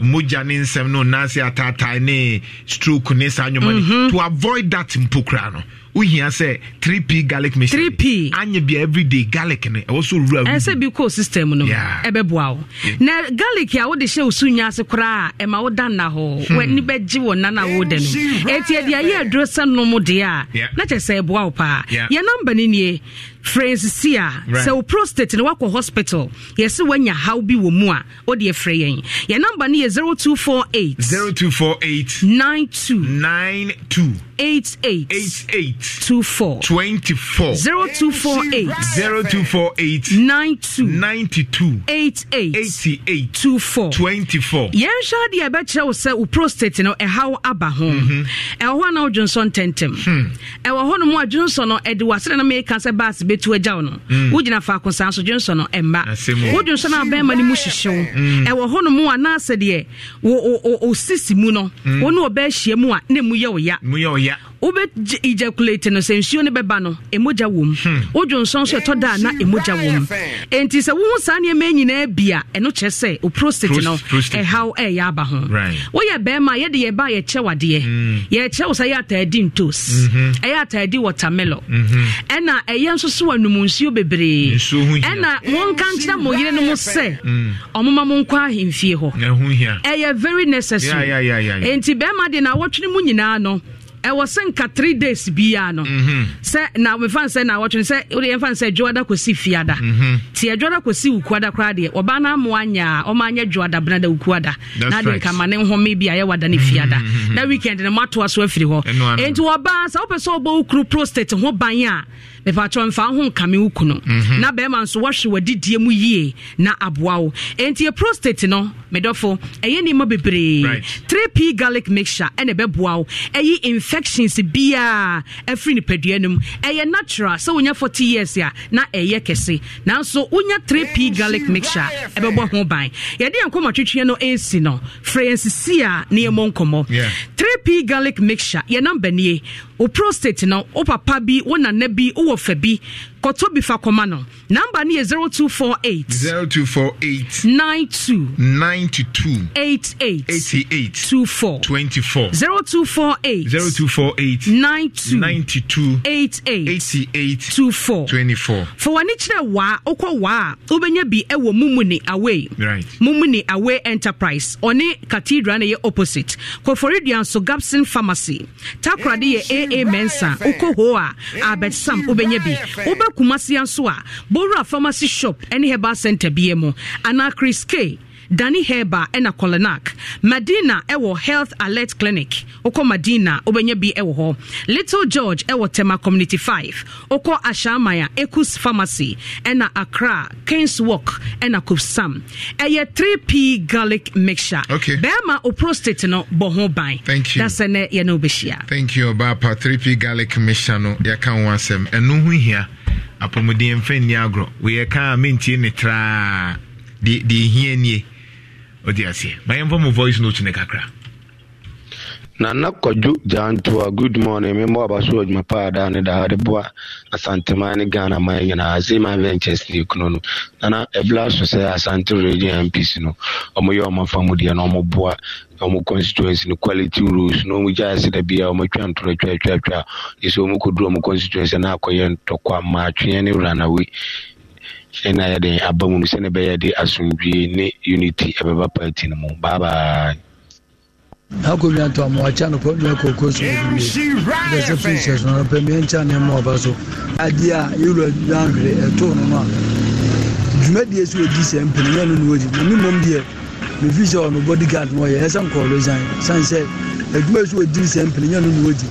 mogya ne nsɛm no naase ataatae ne stroke ne saa nnwoma mm -hmm. to avoid that mpo koraa no wohia sɛ 3p garlic machine 3p anyɛ bia everyday garlic ne ɛwɔ so wura ɛsɛ bi kɔɔ system no ɛbɛboa wo na garlic a wode hyɛ wo so nya ase koraa a ɛma woda nna hɔ hmm. w'ani bɛgye wɔ nna no a woda no ɛti ɛde ayɛ aduro sɛ nom deɛ a na kyɛ sɛ ɛboa wo paa yɛ namba no nie frɛ sisi a sɛ wo prostate no woakɔ hospital yɛsɛ woanya haw bi wɔ mu a wode frɛ yɛn yɛ namba no yɛ eight 0248 92 92 88 88 24 24 two 0248 eight 92 88 88 24 24 yɛnhwɛ adeɛ ɛbɛkyerɛ wo sɛ wo prostate no ɛhaw aba ho mhm. ɛwɔ hɔ a na wodwonsɔ ntɛntɛm hmm. ɛwɔ hɔ no mu a dwonsɔ no ɛde wasɛne no meeka sɛ bas bɛ bɛtu agyaw no mm. wogyina faako saa nso dwensɔ no ɛmma wodwensɔ no a bɛrima no mu hyehyew mm. ɛwɔ hɔ no mu anaasɛ deɛ ɔsisi mu no mm. wo ne ɔbɛahyia mu a na mu yɛ wo ya wobɛ ejaculate no sɛ nsuo no bɛba no ɛmogya wɔ wodwo hmm. ɛtɔ da na ɛmogya enti sɛ wohu saa nneɛma nyinaa bi a ɛno kyerɛ sɛ o prostate no ɛhaw ɛyɛ aba ho woyɛ bɛrima a yɛde yɛba yɛkyɛ wadeɛ hmm. yɛkyɛ wo sɛ yɛ ataadi ntos mhm. ɛyɛ ataadi watermelon mhm. ɛna ɛyɛ nso so wanom nsuo bebree ɛna wɔnka nkyerɛ mo yere no mu sɛ hmm. ɔmoma mo nkɔ ahemfie hɔ ɛwɔ sɛ nka three days biara no mhm. sɛ na mefa nsɛ na wɔtwene sɛ wode yɛmfa nsɛ adwoada kɔsi fiada mhm. nti adwoada kɔsi wukuada koraa deɛ ɔba no amoa nyɛ a ɔma nyɛ adwoada benada wukuada na de nka ma ne nhome bi a yɛwada ne fiada mhm, na weekend no moatoa so afiri hɔ ɛnti wɔbaa sɛ wopɛ sɛ wobɔ wo kuru prostate ho ban a mepakyɛ mfa ho nkame wo kunu mhm. na bɛrima nso wɔhwe w'adidie mu yie na aboa wo ɛnti yɛ prostate no medɔfo ɛyɛ nneɛma bebree 3p garlic mixture ɛna ɛbɛboa wo ɛyi infections biaa ɛfiri nipadua no mu ɛyɛ natural sɛ wonya 40 years a na ɛyɛ kɛse nanso wonya 3p garlic mixture ɛbɛbɔ ho ban yɛde yɛn nkɔmɔtwetwe no ɛnsi no frɛ yɛn sisi a ne yɛmmɔ nkɔmmɔ 3p garlic mixture yɛ namba nie wo prostate no wo papa bi wo nana bi wowɔ fa bi kɔtɔ bi fa kɔma no namba no yɛ 0248 0248 92 92 88 88 24 24 0248 0248 92 92 88 88 24 24 fa w'ani kyerɛ waa wokɔ waa a wobɛnya bi ɛwɔ mumuni away right. mumuni away enterprise ɔne cathedral no yɛ opposite kɔfɔredua nso gapson pharmacy takorade yɛ aa mensa wokɔ hoo a sam wobɛnya bi wobɛ wogyina kumase nso a bowura pharmacy shop ne herbal center bia mu anaa chris k Danny Herba ɛna Kolonak Madina ɛwɔ Health Alert Clinic okɔ Madina obɛnya bi ɛwɔ hɔ Little George ɛwɔ Tema Community Five okɔ Ashamaya Ekus Pharmacy ɛna Accra Kings Walk ɛna Kopsam ɛyɛ 3 p garlic mixture. Okay. Bɛɛma o no bɔ ho ban. Thank you. Dasɛ nɛ yɛn n'o Thank you Ɔbaapa 3 p garlic mixture no yɛ ka ho asɛm ɛnu ho hia apɔmuden mfɛn ni agorɔ wɔyɛ kaa mentie ne traa de de ehia nie ɔdi aseɛ mayɛn fɔ mo voice note ne kakra. na na Kwaju Jantua, good morning. mi Me mo abaso adwuma paa daa ne daa de boa asanteman ne Ghana man nyinaa Zema Ventures ne kunu no. Nana ɛbla so sɛ Asante Radio MPC no ɔmo yɛ ɔmo afa mu deɛ na ɔmo boa ɔmo constituency ni quality rules na ɔmo gya ase da bi a ɔmo atwa ntoro atwa atwa atwa ɛsɛ ɔmo kɔduru ɔmo constituency na akɔyɛ ntɔkwa mmaa atwene ne runaway ɛna yɛde aba mu sɛne bɛyɛ de asomdwie ne unity ɛbɛba party no mu baabae akɔ wia nto ama wakyɛ no pɔdua kɔkɔ so ɛdɛ sɛ firi hyɛ so no pɛ miɛnkyɛ nneɛma ɔba so adeɛ a yɛwura danhwere ɛtoo no no a dwumadie sɛ ɔdi sɛ mpene ne ɛno eh, e ne wɔdi eh, e e na memom deɛ mefi sɛ ɔno body guard no ɔyɛ ɛsɛ nkɔɔlo san san sɛ adwuma sɛ ɔdi sɛ mpene ne ɛno ne wɔdi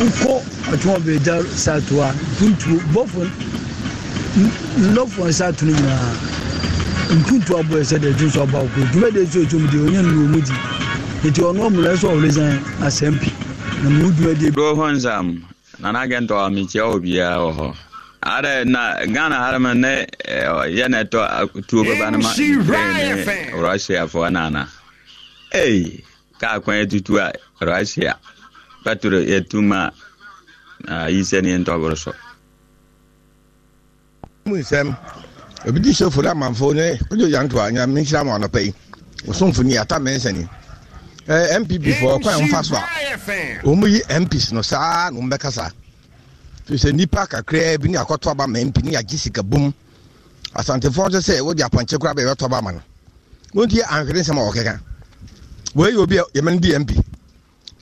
nkɔ atwomabɛgya sato a mpuntuo bɔfo lɔfo sato no nyinaa mpuntuo abɔɛ sɛ deɛ adwo so aba wo kɔ dwumadie sɛ ɔtwom deɛ ɔnyɛ no ne di nti ɔno ɔmmerɛ sɛ ɔwole sɛn asɛm pi na mu dwumadi bro hɔ nsam na na agɛ ntɔ amekyia wɔ biara wɔ hɔ ara na ghana ha ma ne yɛ na ɛtɔ tuo bɛba no ma russiafoɔ naana ei kaa kwan atutu a russia petro yɛtu ma yi sɛ ne yɛntɔboro so mu nsɛm obi di sofo no amanfoɔ ne wode yantoa nya menhyira ma ɔnɔpɛ yi ɔsomfo ni ata mensɛni npp fo ɔkɔ yɛn nfa so a wɔn yi mps no saa na wɔn bɛka saa sɛ nipa kakra bi ne akɔtɔ aba ma mp ne yagye sika bom asantefoɔ nso sɛ wɔde apɔnkye koraa bɛyɛ tɔ aba ma no wɔn ti yɛ ahwere nsɛm a wɔkeka wɔn yɛ obi a yɛmɛ no di mp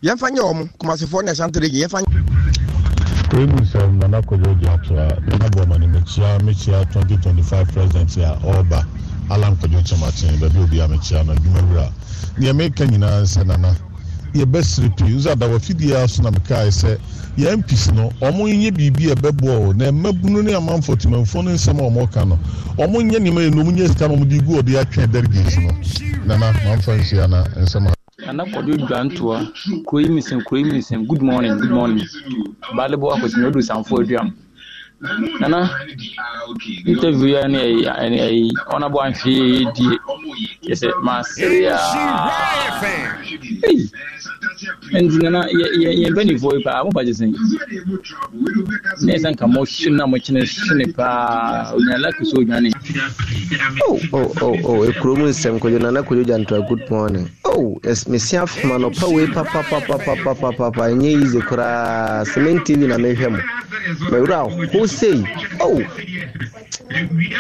yɛmfa nyɛ wɔn kɔmasefoɔ ne asante regi yɛmfa nyɛ. ebi sɛ nana kɔjɔ di ato a nana bɔ ɔma ne mekyia mekyia twenty twenty five president a ɔreba alan kwadwo kyɛmakyɛn baabi obi a mekyia no adwumawura nea meka nyinaa sɛ nana yɛbɛsere pii wosɛ adawa fidie a so na mekae sɛ yɛn mpisi no ɔmo nyɛ biribi a ɛbɛboa o na mmabunu ne amanfo temamfo ne nsɛm a ɔmo ka no ɔmo nyɛ nneɛma yɛ na nyɛ sika na ɔmo de gu ɔde atwɛn delegates no nana mamfa nhyia na nsɛm a nana kɔdu dwantoa kuro yi misɛm kuro good morning good morning baalibu akwesi na odu sanfo aduam nana interview ya ne ɛyi ɔnabɔ anhwɛ yɛyɛ die yɛ sɛ maaserea nana yɛn yi paa mopagye sɛn na ɛsɛ nka mɔhye no a mokyene paa onya lake sɛ odwane oh, oh, oh, eh, ɛkuro nsɛm kodwo nana kodwo gyantoa good morning oh yes mesia foma no pa wei papapapapapapa ɛnyɛ easy koraa sɛ mentv na mehwɛ mo mawura whole sei oh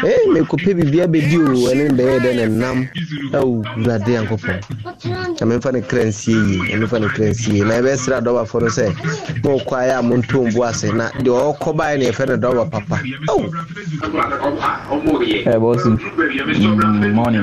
ee eh, mekɔpɛ biribia bɛdi o ɛne bɛyɛ dɛ ne nam ao wurade nyankopɔn na memfa ne kra nsie yie memfa ne kra nsie na ɛbɛsrɛ dɔbafo no sɛ na ɔkɔ ayɛ a montom bo ase na deɛ ɔkɔ baɛ ne yɛfɛ ne dɔba papa ao eh, ɛbɔsi mm, morning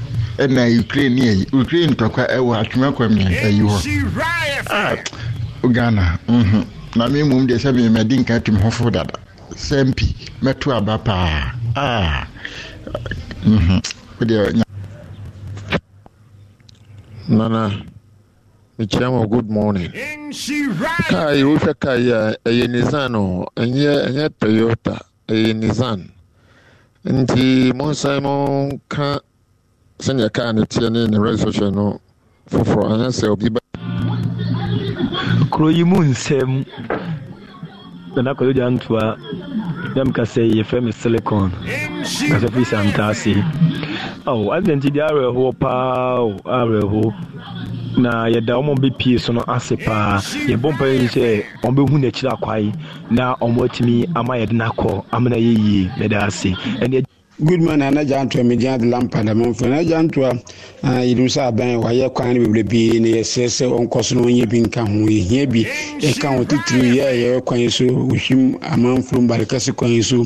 na ukraine yɛ ukraine tɔkwa ɛwɔ atwuma kwamia ɛyi hɔ ah, ghana mhm na me mmom deɛ sɛ memadi nka atum hɔfo dada sɛ mpi mɛto aba paa ah. mhm wodeɛ nana mekyerɛ mɔ good morning kaa wohwɛ kaa a ɛyɛ nizan o ɛnyɛ toyota ɛyɛ nisan nti monsan monka sɛnea kaa ne teɛ ne ne resolution no foforɔ ɛnyɛ sɛ obi ba. kuro yi mu nsɛm nana kɔdɔ gya ntoa na meka sɛ yɛfrɛ me silicon kasɛ firi santaase ao asɛnti deɛ awerɛhoɔ paa awerɛho na yɛda ɔmo bɛpie so no ase paa yɛbɔ mpa yi sɛ ɔmbɛhu n'akyiri akwae na ɔmo atumi ama yɛde no akɔ amena yɛyie mɛda ase ɛne good man ana gya ntoa megya de lampa da mamfo na gya ntoa yɛnim sɛ aban wayɛ kwan no bebrebee na yɛsrɛ sɛ ɔnkɔ so na ɔnyɛ bi nka ho yɛhia bi ɛka ho titiri yɛ yɛwɛ kwan so ɔhwim amanfrom barekɛse kwan so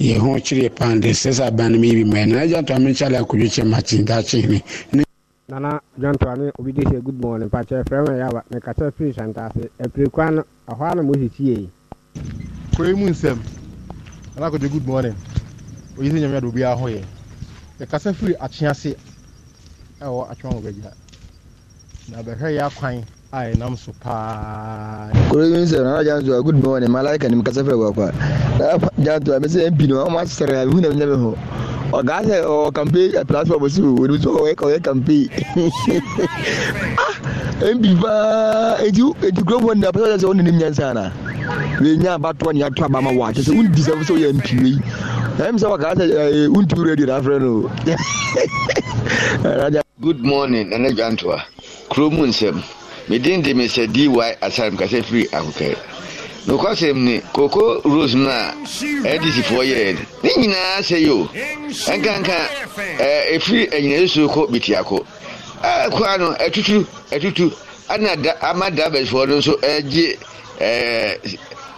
yɛ ho kyerɛ pan de sɛ sɛ aban no meyɛ bi ma na gya ntoa menkyale akɔdwe kyɛ makye nana dwontoa ne obi de sɛ good morning pakyɛ ah, eh, frɛ eh, me yɛaba mekasa firi santase apiri kwan no ɛhɔ a na mosisiei kɔi mu nsɛm ana good morning eh, oyi sɛ nyame ade obiara ho yɛ yɛkasa firi atwe ase ɛwɔ atwe wɔ bagya na bɛhwɛ yɛ akwan a ɛnam so paa korobi sɛ nana gya nso a good morning malaika nim kasa firi kwakwa gya nto a mɛsɛ mpi no ɔma sere a mehu ah, na menyɛ me ho ɔgaa sɛ ɔwɔ campaign platform so wɔnim so ɔyɛ campaign mpi paa eti eti kurobo nda pɛsɛ sɛ ɔne ne nyansa ana wenya abatoa ne ato abama wɔ akyɛ sɛ wondi sɛ sɛ woyɛ mpi wei ɛm sɛ wakaa sɛ wontu radio na afrɛ no good morning nana dwantoa kuro mu nsɛm meden de mi sɛ dy asare mekasɛ firi akokɛ nokɔsɛm ne koko rose no a ɛdisifoɔ yɛɛ ne nyinaa sɛ yo ɛnkanka ɛfiri anyina so kɔ bitiakɔ ɛkɔa no ɛtutu ɛtutu ana ama dabɛsfoɔ no nso ɛgye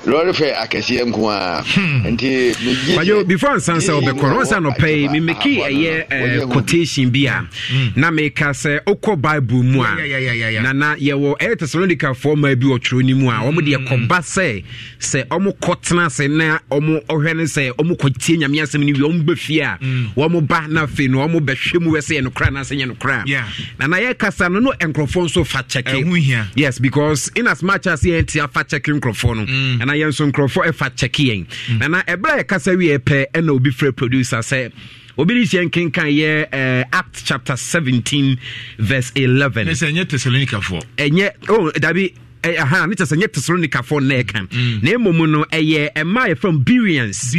lɔre fɛ akɛseɛ nko a nti bagyo before ansan sɛ wobɛkɔ no nsa nɔpɛ yi memeki ɛyɛ quotation bi a hmm. na meka sɛ wokɔ bible mu a nana yɛwɔ ɛyɛ tessalonicafoɔ ma bi wɔtwerɛ ni mu a ɔmo deɛ kɔba sɛ sɛ ɔmo kɔtena ase na ɔmo ɔhwɛ ne sɛ ɔmo kɔtie nyame asɛm no wi ɔmo ba fie a wɔmo ba na afei no ɔmo bɛhwɛ mu wɛ sɛ yɛ nokora anaasɛ nyɛ nokora nana yɛkasa no no nkurɔfoɔ nso fa kyɛke eh, yes because in as much as yɛntia fa kyɛke nkurɔfoɔ hmm. no anaa yɛn nso nkurɔfoɔ ɛfa kyɛke yɛn mm. nana ɛberɛ a yɛkasa wie pɛ ɛna obi frɛ producer sɛ obi ne hyɛ nkenkan yɛ uh, act chapter 17 verse 11 ɛsɛ ɛnyɛ tesalonikafoɔ ɛnyɛ oh, dabi eh, aha ne kyɛ sɛ nyɛ tesalonikafoɔ na ɛka mm. na mmom no ɛyɛ ɛma yɛfrɛm birians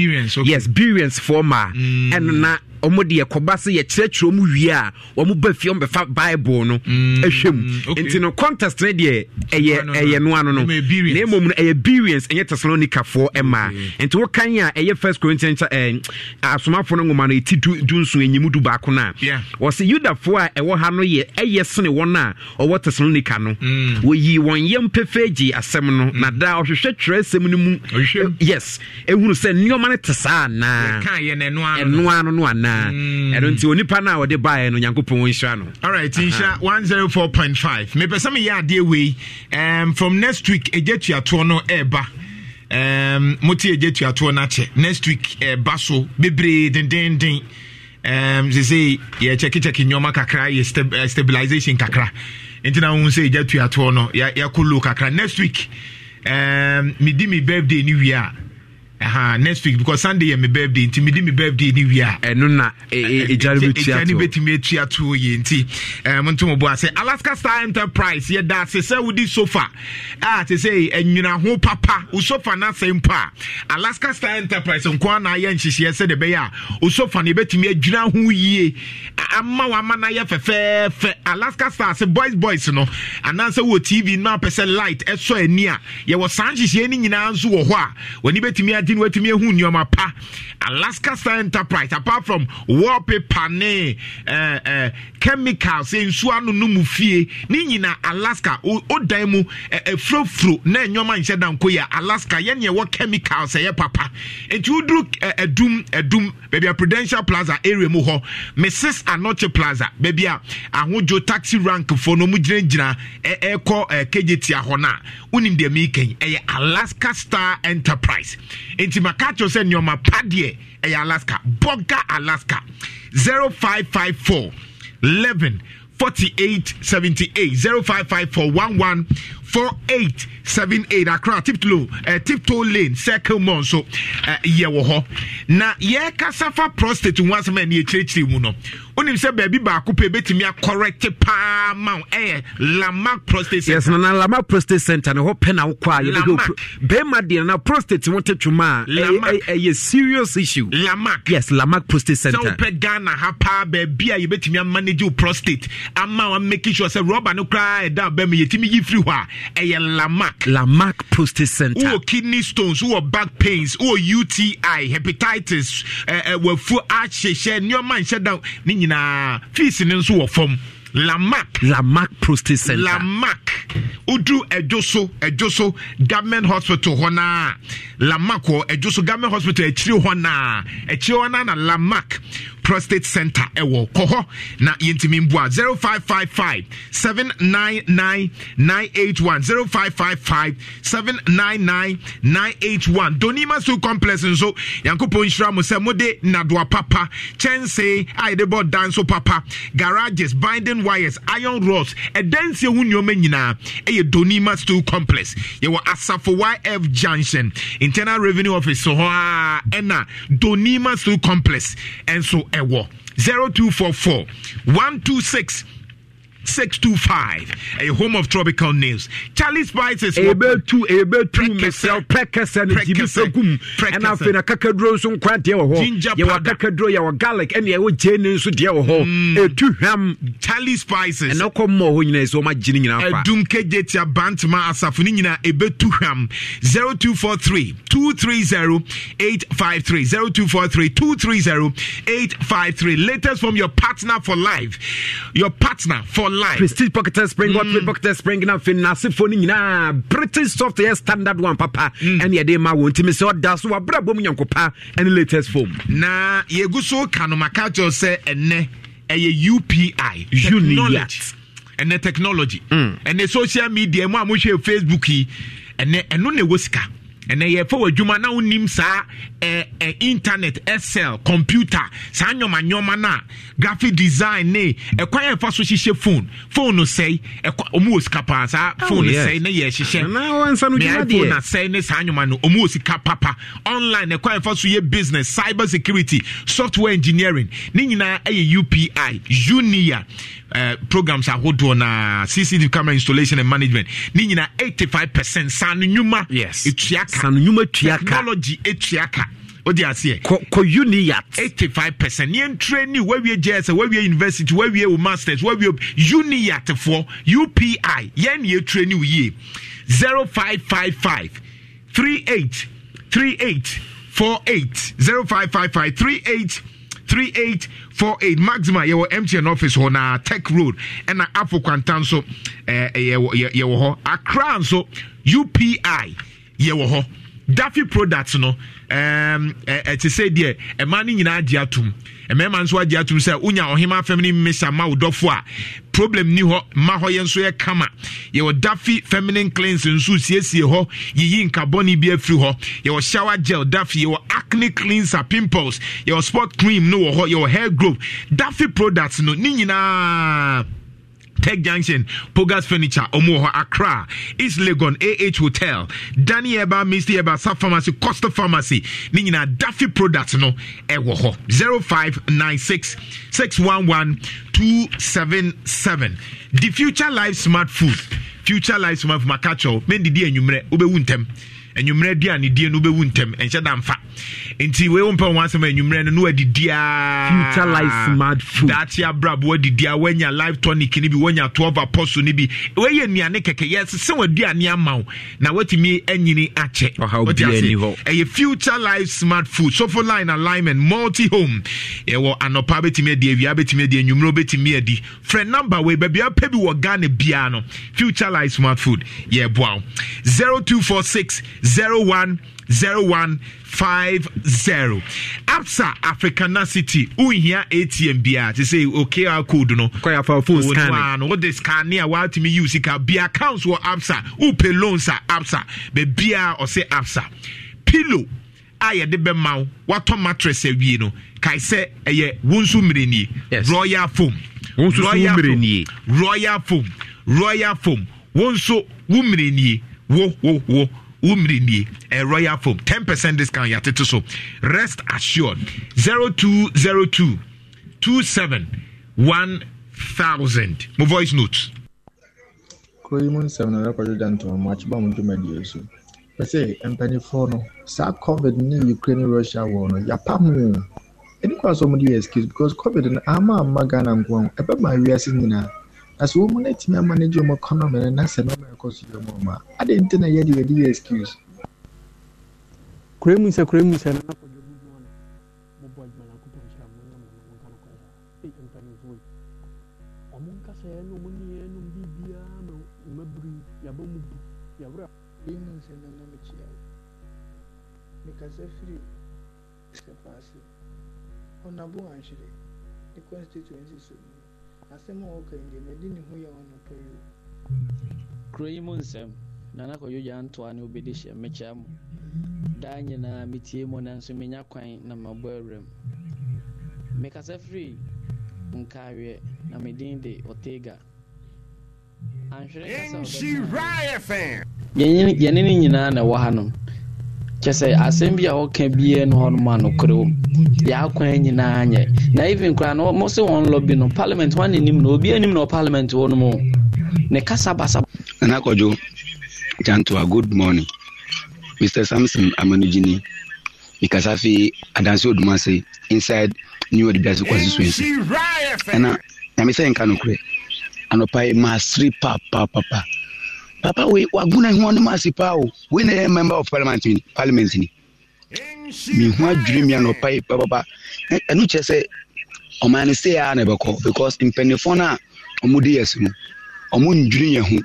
yes birians foɔ maa mm. ɛno na ɔmo deɛ kɔba se yɛkyerɛkyerɛ mu wie a ɔmo ba fie ɔmo bɛfa bible no ɛhwɛ mm, mu mm, nti no contest ne deɛ ɛyɛ ɛyɛ noa no no na mmom no ɛyɛ billions ɛnyɛ tesalonikafoɔ ɛmaa nti wokan a ɛyɛ first corinthians ɛɛ eh, asomafoɔ no nwoma no eti du du nson enyim du baako na wɔsi yudafoɔ a ɛwɔ ha no yɛ ɛyɛ sene wɔn a ɔwɔ tesalonika no mm. woyi wɔn yɛm pɛfɛ gye na daa ɔhwehwɛ twerɛ asɛm eh, yes ehunu sɛ nneɛma no te saa no no anaa hmm. ɛno nti onipa no a wɔde baeɛ no nyankopɔn nhyira no alright nhyira 104.5 mepɛ sɛ meyɛ adeɛ wei um, from next week ɛgyatuatoɔ no ɛɛba um, mote ɛgyatuatoɔ no akyɛ next week ɛɛba so bebree dendenden um, sesei yɛkyɛkekyɛke nnwɔma kakra yɛ stab, uh, stabilization kakra nti na wohu sɛ ɛgyatuatoɔ no yɛakɔ low kakra next week um, medi me birthday no wie uh, next week because sunday yɛ me birthday nti mede me birthday ne wie a ɛno na ɛgyane bɛtumi atua too yɛ nti mo nto mɔboa sɛ alaska star enterprise yɛda ase sɛ wode sofa a te sɛ anwina ho papa wo sofa na se pa alaska star enterprise nko a na ayɛ de sɛde ɛbɛyɛ a wo sofa no yɛbɛtumi adwina ho yie ama wama no ayɛ fɛfɛɛfɛ alaska star se boys boys no anaasɛ wɔ tv na apɛ sɛ light ɛsɔ ani a yɛwɔ saa nhyehyɛɛ ni nyinaa nso wɔ hɔ a w'ani bɛtumi ade 2019 watumi ehu nneɛma pa alaska star enterprise apart from wallpaper ne ɛɛ eh, ɛɛ eh, chemicals nsuo ano no mu fie ne nyinaa alaska o dan mu ɛɛ eh, efurofuro na nneɛma nhyɛ danko yɛ alaska yɛn nea ɛwɔ chemicals ɛyɛ papa nti woduru ɛɛ ɛdum ɛdum baabi a prudential plaza area mu hɔ mrs anɔkye plaza baabi a ahodwo taxi rank fo na wɔn gyinagyina ɛɛ ɛɛkɔ ɛɛ kegye hɔ na wonim deɛ meekɛn ɛyɛ alaska star enterprise enti maka kyerɛ sɛ nneɔma pa deɛ ɛyɛ alaska bɔga alaska 0554 11 4878 0554 11 4878 akra tiptoe uh, tiptoe lane circle mall so uh, eh, yɛwɔ hɔ na yɛrekasa fa prostate ho asɛm a ɛne yɛkyerɛkyerɛ mu no wonim sɛ baabi baako pɛ bɛtumi akɔrɛte paa ma wo ɛyɛ lamac prostate yes nana lamac prostate center ne hɔ pɛ na wokɔ a yɛbɛhɛ deɛ na prostate ho te a ɛyɛ serious issue lamac yes lamac prostate center wopɛ ghana ha paa baabi a yɛbɛtumi amanage wo prostate ama wa making sure sɛ rɔba no koraa ɛda bɛ mu yɛtumi yi firi hɔ a ɛyɛ lamac lamac prostate center wowɔ kidney stones wowɔ back pains wowɔ uti hepatitis uh, uh, wafuo ahyehyɛ nneɔma nhyɛ da ne nyina nyinaa fees no nso wɔ fam lamac lamac prostate center lamac Udu ɛdwo so government hospital hɔ naa lamac wɔ ɛdwo government hospital akyiri hɔ naa akyiri hɔ naa na lamac prostate center ɛwɔ kɔ hɔ na yɛntumi mboa 0555 799981 0555 799981 donima so complex nso nyankopɔn nhyira mo sɛ mode nadoa papa kyɛnsee a yɛde bɔ dan so papa garages binding wires iron rods ɛdansie ho nneɔma nyinaa ɛyɛ donima stool complex yɛwɔ asafo yf junction internal revenue office so hɔ a ɛna donima stool complex ɛnso ɛwɔ two six. 625 a home of tropical nails charlie spices Able ebetu ebetu mesel prekese ne tibi sekum ɛna afei na kakaduro nso nkwa deɛ ho. hɔ yɛwɔ kakaduro yɛwɔ garlic ɛne yɛwɔ gyeene nso deɛ wɔ hɔ mm. etu hwam charlie spices ɛna ɔkɔ mmɔ hɔ nyinaa ɛsɛ ɔma gye ne nyinaa fa ɛdum kegyeti abantama asafo ne nyinaa ebetu hwam 0243 230 853 0243 230 853 latest from your partner for life your partner for life online prestige pocket and spring mm. play pocket and spring na afei n'asefoɔ british software standard one papa ɛne mm. yɛde ma wɔn miss what does? so wabrabɔ mu nyankopa ɛne latest form na ye guso ka no maka kyerɛ e sɛ ɛnɛ ɛyɛ upi uniat ɛnɛ technology ɛnɛ mm. social media mu a mohwɛ facebook yi ɛnɛ ɛno na ɛwɔ sika ɛnɛ yɛfa wɔ adwuma na wonim saa eh internet excel computer saa nyɔma nyɔma no graphic design ne ɛkwan a ɛfa so hyehyɛ phone phone no sɛe ɔmu wɔ sika paa saa oh, phone no sɛe ne yɛ hyehyɛ me iphone asɛe ne saa nyɔma no ɔmu wɔ sika papa online ɛkwan a ɛfa so yɛ business cyber security software engineering ne nyinaa ɛyɛ upi junior Uh, programs ahodoɔ na cctv camera installation and management ne nyinaa 85 percent sano nnwuma yes. ɛtuaka technology ɛtuaka wodi aseɛ kɔ uniat 85 percent neɛ ntrani wawie gs wawie university wawie wo masters wawie uniatfoɔ upi yɛn ne yɛtrani wo yie 0555 38 38 48 0555 38 3848 maxima yɛwɔ mtn office on a tech road ɛna apple kwanta nso eh, eh yɛwɔ hɔ akra nso upi yɛwɔ hɔ daffy products no ɛte sɛ deɛ ɛma no nyinaa agye atom mmarima nso agye atom sɛ wonya ɔhema feminine mesa ma wo dɔfo a problem ni hɔ ma hɔ yɛ nso yɛ kama yɛwɔ dafi feminine cleanse nso siesie hɔ yiyi nkabɔne bi afiri hɔ yɛwɔ shower gel dafi yɛwɔ acne cleanser pimples yɛwɔ sport cream no wɔ hɔ yɛwɔ hair growth dafi products no ne nyinaa tech junction pogas furniture ɔmo accra east legon ah hotel danny eba mr eba sub pharmacy costa pharmacy ne nyinaa daffy product no ɛwɔ hɔ 0596 611 277 the future life smart food future life smart food maka kyɛw mɛndidi anwummerɛ wobɛwu ntɛm anwummerɛ aduane die no wobɛwu ntɛm ɛnhyɛ da mfa nti wei wo mpɛ wo asɛm anwummerɛ no na wadidiadaakye abrabɔ adidi a woanya live tonic no bi woanya 12 apostle no bi woyɛ nnuane kɛkɛ yɛsese waduane ama wo na woatumi anyini akyɛ ɛyɛ future life smart food sofo line alignment multi home yɛwɔ anɔpa bɛtumi adi awia bɛtumi adi anwummerɛ bɛtumi adi frɛ number wei baabia pɛ bi wɔ ghana biaa no future life smart food yɛboa wo 0246 010150 apsa africana city wohia atm biaa te sɛ okr code no no wode scanne a woatumi yi wo sika bia accounts wɔ apsa wopɛ loans a apsa baabiaa ɔsɛ apsa pilo a yɛde bɛma wo watɔ matress awie e no kae sɛ ɛyɛ wo nso mmerenie royal foam royal foam royal foam wo nso wo mmerenie wo wo wo womiri die a royal foam 10% discount yɛatete so rest assured 0202 27 1000 mo voice note kuro yi mu nsɛm na ɛrekɔdo da ntoma mu akyeba mu dwumadie so pɛ sɛ mpanimfoɔ no saa covid ne ukraine russia wɔ no yapa mu ɛni kɔ asɔ mu de yɛ excuse because covid no ama ama ghana nkoa ho ɛbɛma wiase nyinaa as woman let me manage your economy and that's a number because your mama. I didn't think I had the excuse. Kremu is a kremu is a kasa firi sɛ paase ɔnabo anhwere ne constituency so asɛm a ne ho yɛ ɔnɔpɛ yi kuro mu nsɛm nana kɔdwogya ntoa ne wobɛdi hyɛ mekyia mu daa nyinaa metie mu nanso menya kwan na mabɔ awuram mekasa firi nkaweɛ na medin de otega anhwerɛ yɛne ne nyinaa na ɛwɔ ha nom kyɛ sɛ asɛm bi a wɔka biara no hɔnom a nokorɛ wɔ mu deɛ nyinaa nyɛ na even koraa no mo se wɔn lɔ bi no parliament wɔn anim na obi anim na parliament wɔ nom ne kasa basa. nana akɔjo jantoa good morning mr samson amanugini mikasa fi adansi oduma se inside new adibiase constituency ɛna nyamisa nka nokorɛ anɔpa yi maa siri Pa, pa, pa. papa we wagbona ho no ase paa o wei na yɛ member of parliament ni parliament ni mehu adwiri mi anɔpa yi e papapa ɛno e, e kyerɛ sɛ ɔman ne se a na ɛbɛkɔ because ɔmo de no ɔmo ndwiri ho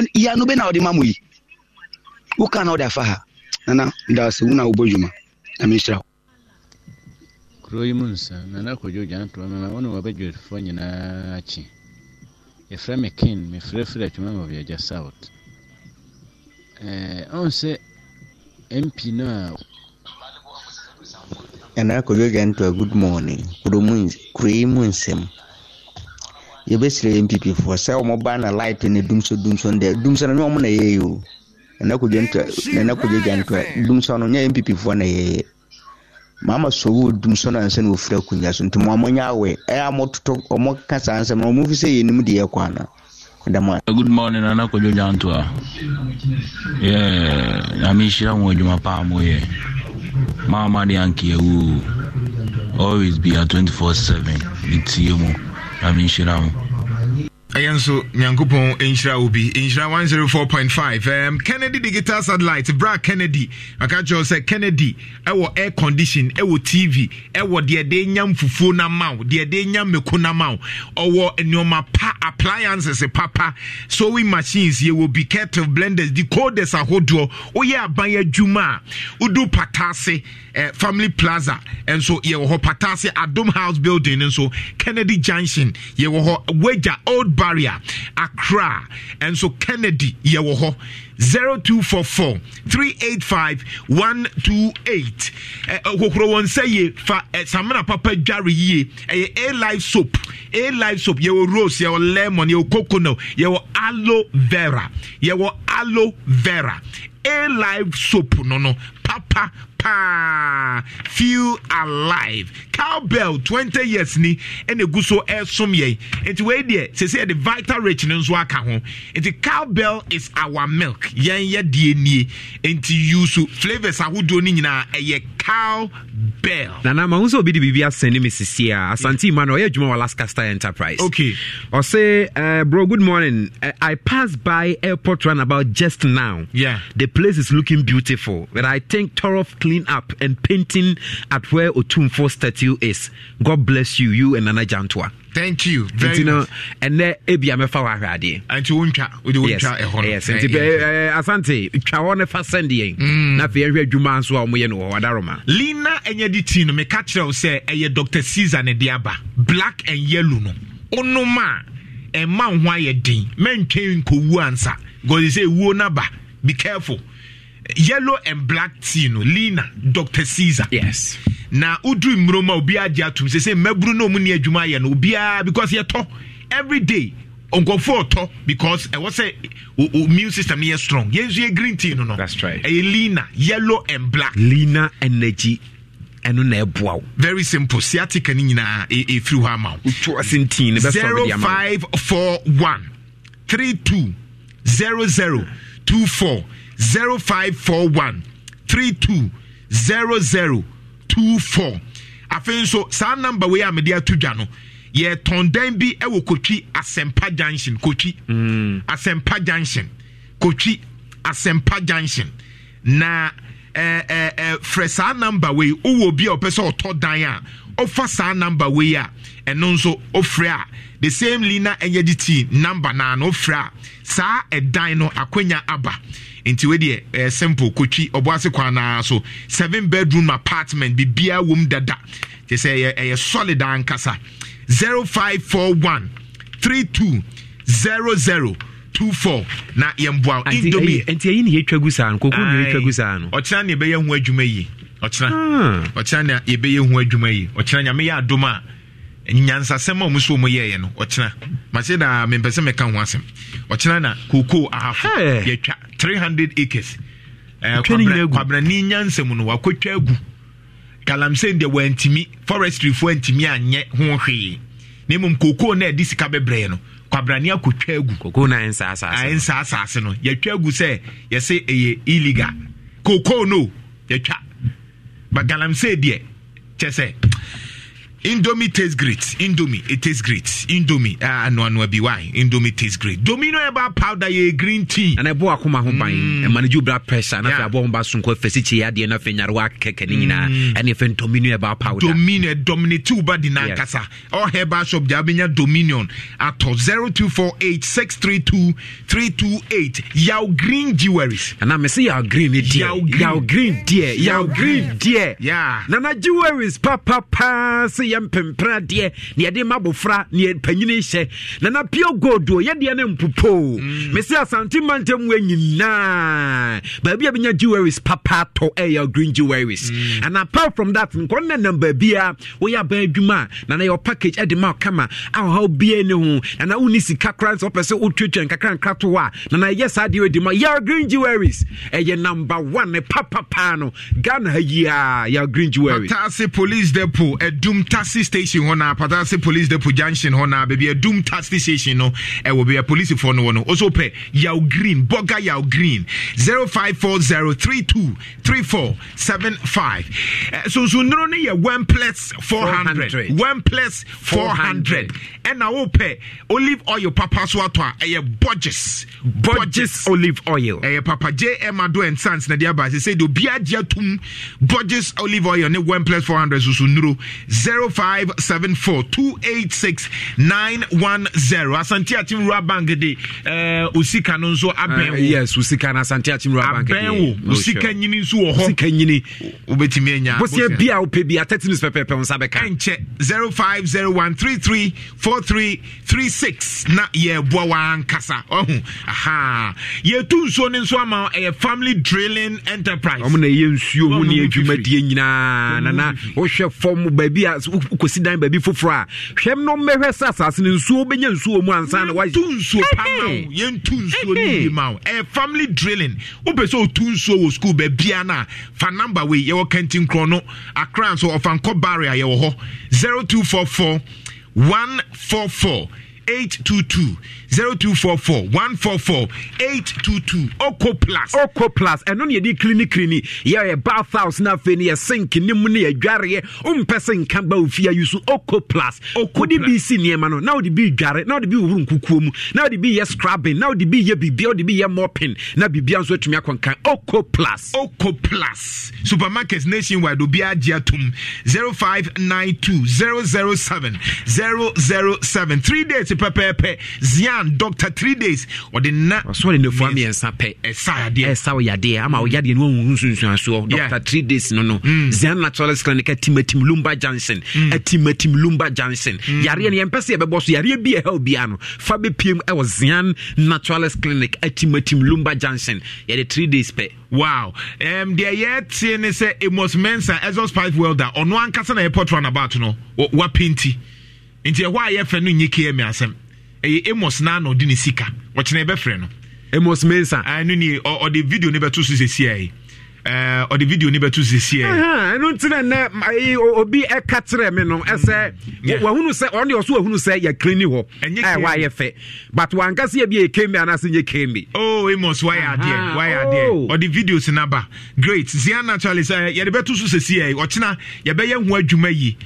bɛ no bɛ na ɔde ma mo yi woka na ɔde afa ha nana na dwuma na kuro yi mu nsa nana nyinaa akyi Ephraim Ekin mefurefura atwuma ma Buyanja South ɔn sɛ mp no a ɛnaakɔdwaga ntoa good morning kuro yi mu nsɛm yɛbɛsrɛ yɛ mpp foɔ sɛ ɔmɔba na light ne dumso dumso dɛ dumso no nyɛ ɔmo na yɛyɛ o ɛnaakɔdwa ntoa dumso no nyɛ mpp na yɛyɛ Mama sɔrɔ wɔ dum sɔnna nsɛn na ofura akonnwa so nti mo a mɔnyɛ awɛ ɛyɛ e, a mɔtotɔ ɔmɔ ka nsɛm ɔmɔ fi sɛ yɛ nim deɛ ɛkɔ ana dama. good morning nana kojú ojú àǹtò a yẹ àmì ìṣirà wọn ìjọba paamu yẹ maama de ànkì ẹwú always be at twenty four seven ní tiẹ̀ mu àmì ìṣirà wọn ɛyɛ nso nyankopɔn nhyira wo bi nhyira 104.5 um, kennedy digital satellite bra kennedy aka kyerɛw sɛ kennedy ɛwɔ air condition ɛwɔ tv ɛwɔ deɛ de nya mfufuo no ma wo deɛ de nya mmeko no ma wo ɔwɔ nneɔma pa appliances papa sewing machines yɛwɔ bi kettle blenders decoders ahodoɔ woyɛ aban adwuma a wodu pata ase uh, family plaza and nso yɛwɔ hɔ patase adom house building and so kennedy junction yɛwɔ hɔ wager old barrier accra and so kennedy yɛwɔ hɔ 0244 385 128 hohoro wɔn sɛ ye fa eh, samina papa dware ye ɛyɛ eh, a life soap a life soap yɛwɔ rose yɛwɔ lemon yɛwɔ coconut yɛwɔ aloe vera yɛwɔ aloe vera a life soap no no papa paa feel alive cowbell 20 years ni ene guso so ɛsom yɛn nti die se se the vital rich ne nso aka ho nti cowbell is our milk yɛn yɛ deɛ nie nti yusu flavours ahodoɔ no nyinaa ɛyɛ cowbell. nana maa n sɛ obi de biribi asɛn ne mi sisi a asante emmanuel ɔyɛ adwuma wɔ alaska star enterprise. okay ɔsɛ uh, eh, bro good morning uh, i passed by airport runabout just now. yeah the place is looking beautiful but i think doing clean up and painting at where Otumfo statue is. God bless you, you and Nana Jantua. Thank you very much. ɛnɛ ebi amɛfa wɔ ahwɛ adeɛ. nti o ntwa o de o ntwa ɛhɔ no. yes nti bɛ ɛɛ asante twa hɔ ne fa sɛndeɛ. n'afɛ yɛhwɛ adwuma nso a wɔn yɛ no wɔ wadaroma. lina ɛnyɛdi tii no me kyerɛ o sɛ ɛyɛ dr caesar ne de black and yellow no onom e a ɛma ho Men den mɛntwɛn nkɔwu ansa gɔdze sɛ ewuo naba be careful yellow and black tea no lina dr caesar yes na udru mmuroma obi agye atom sɛ sɛ mmaburu na ɔmu ne adwuma yɛ no obiara because yɛtɔ every day nkɔfo ɔtɔ because ɛwɔ eh, sɛ o immune system no yɛ strong yɛn nso yɛ green tea no no that's right ɛyɛ lina yellow and black lina energy ɛno na ɛboa wo very simple siatica no nyinaa ɛfiri e, e, hɔ ama wo wotwa sentin no bɛsɛ 0541 32 0024 0541 32 0024 afei nso saa namba wei a mede ato dwa no yɛtɔn dan bi wɔ kotwi asɛmpa junction kotwi mm. asɛmpa junction kotwi asɛmpa junction na eh, eh, eh, frɛ saa namba wei wowɔ bi a ɔpɛ sɛ ɔtɔ dan a ɔfa saa namba wei a ɛno nso ɔfrɛ a the same lina energy team namba naa no ɔfrɛ a saa ɛdan no akwanya aba nti wedeɛ ɛyɛ simple kotwi ɔboase kwan naa so seven bedroom apartment biribiara wɔm dada te sɛ ɛyɛ ɛyɛ solid ankasa zero five four one three two zero zero. two four na yɛn bua indomie. nti ni yɛtwa gu saa ni yɛtwa gu saa no. ɔkyerɛ na yɛbɛyɛ ho adwuma yi ɔkyerɛ ah. ɔkyerɛ yɛbɛyɛ ho adwuma yi ɔkyerɛ nyame yɛ adum a. nyansasɛm a ɔmo so ɔmo yɛɛ no ɔkyena mase da mempɛ sɛ mɛka ho asɛm ɔkyena na koko ahafo yɛtwa 300 acres eh, kwabrani nyansɛm no wakotwa agu galamsey deɛ forestry forestryfoɔ antimi anyɛ ho hwee na mmom koko na ɛde sika bɛbrɛɛ no kwabrani akotwa agu koko na ɛnsa asase no yɛtwa agu sɛ yɛsɛ ɛyɛ illegal koko no yɛtwa ba galamsey deɛ kyɛ sɛ Indomie tastes great. Indomie, it tastes great. Indomie, ah, no, no, be why. Indomie tastes great. Domino eba powder, ye green tea. And ebo akuma a kuma home buying, mm. and manage your blood pressure, and I bought Basun called Fesichi, Adi, and nothing, ni Kekanina, mm. and if Domino eba powder. Domino, Domino, two body Nankasa, or Heba Shop, Jabinia Dominion, at 0248 632 328. Yao Green Jewelries. And I'm say Yao Green, dear. Yao Green, dear. Yao Green, dear. Yeah. na Jewelries, papa, pa, see yɛ mpempradeɛ ne yɛde ma abɔfra ne panyini hyɛ nana pio gold o yɛdeɛ no mpopoo mese mm. asante mantam wa nyinaa baabi a bɛnya jeweries papa atɔ ɛyɛ eh, green jeweries mm. and apart from that nkɔ ne nam baabia woyɛ aban adwuma a nana yɛ package ɛde ma kama a ɔhaw ne ho nana wonni sika kora sɛ wopɛ sɛ wotwatwa nkakrankra to a nana ɛyɛ saa deɛ wadi ma yɛ green jeweries ɛyɛ number one Papa no ghana ha yi a yɛ green jeweries police depo ɛdumta taxi station hɔ na patase police depot junction hɔ na baabi adum taxi station no ɛwɔ baabi apolisifoɔ no wɔ no also pɛ yaw green boga yaw green zero five four zero three two three four seven five sunsunnuro no yɛ one plus four hundred one plus four hundred ɛna o pɛ olive oil papa so ato a ɛyɛ Borges Borges olive oil ɛyɛ papa J M Ado and Sons na de aba sɛ sɛ de obi agye atum Borges olive oil ne one plus four hundred sunsunnuro zero. 0574 286 910 asante atim rural bank de uh, eh, osika no nso abɛn wo uh, yes osika no asante atim rural bank abɛn wo osika nyini nso wɔ hɔ osika nyini wobɛtumi anya bosia bia wopɛ bia 30 news pɛpɛpɛ wo nsa bɛka nkyɛ 0501334336 na yɛboa wankasa ɔho aha yɛtu nsuo no nso ama family drilling enterprise ɔmo na ɛyɛ nsuo ho ne adwumadie nyinaa nana wohwɛ fam kɔsi dan baabi foforɔ a hwɛm no mmɛhwɛ sɛ asase no nsuo bɛnya nsuo mu ansa na family drilling wopɛ sɛ ɔtu nsuo wɔ school baabia no a fa number wei yɛwɔ kantin korɔ no akra nso ɔfa nkɔ barrier yɛwɔ hɔ 0244 144 822 0244 144 822 Oco Plus. Oco Plus. Ɛno ne yɛde clinic ni yɛyɛ bath house na afei ne yɛ sink ne mu ne yɛdwareɛ wompɛ sɛ nka ba ofie ayi so Oco Plus. Wode bi si nneɛma no na wode bi dware Now wode bi wohoro nkukuo mu na wode bi yɛ scrubbing na wode bi be. biribia wode bi yɛ mopping na biribia nso atumi akɔnkan Oco Plus. Oco Plus. Supermarkets nationwide obiara gye atom 0592 007 007 Three days pɛpɛɛpɛ zian doctor three days ɔde na ɔsɔre ne fua mmiɛnsa pɛ ɛsa yadeɛ ɛsa o yadeɛ ama o yadeɛ no ohun nsunsuansoɔ doctor three days no no mm. zian naturalist clinic atimatim lumba Johnson mm. atimatim lumba Johnson. mm. yareɛ no yɛn mpɛ sɛ yɛbɛbɔ so yareɛ bi ɛhɛ obiara no fa bɛpiem ɛwɔ zian naturalist clinic atimatim lumba Johnson yɛde three days pɛ wow um, deɛ yɛtie ne sɛ amos mensa exos pipe welder ɔno ankasa na yɛpɔ roundabout no wapinti wa nti ɛhɔ a yɛfrɛ no nye km asɛm ɛyɛ amos na na ɔde ne sika wɔkyerɛ ɛbɛfrɛ no amos mensa ɛno nie ɔde video ne bɛto so sɛsi ayi ɔde video ni bɛto sisi ɛ. ɛnu ntina nɛ obi ɛka kyerɛ mi no ɛsɛ mm, wahunu sɛ ɔno deɛ ɔso wahunu sɛ yɛ clinic hɔ ɛ wayɛ fɛ but wankasi yɛ bi yɛ kemi anase nye kemi. o oh, amos wayɛ adeɛ wayɛ adeɛ ɔde videos naba great zia naturally sɛ yɛde bɛto so sisi ɛ ɔkyina yɛbɛyɛ ho adwuma yi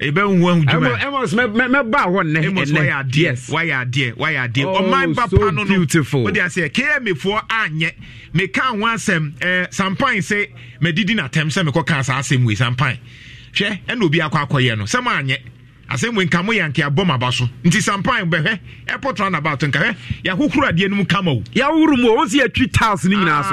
ebe nwa hu juma emos me me ba ho ne emos why are dear why are dear why are dear o man ba pa no beautiful what they say km for anye me kan ho asem eh sampan say me didi na tem say me ko kan sa asem we sampan hwɛ ɛna obi akɔ akɔyɛ no sɛm anyɛ asɛm wei nka mo yɛ anka yɛabɔ maba so nti sampan bɛhwɛ airport runabout nka hwɛ yɛahohoro adeɛ no mu kama o yɛahohoro mu o wɔn si yɛtwi tiles no nyinaa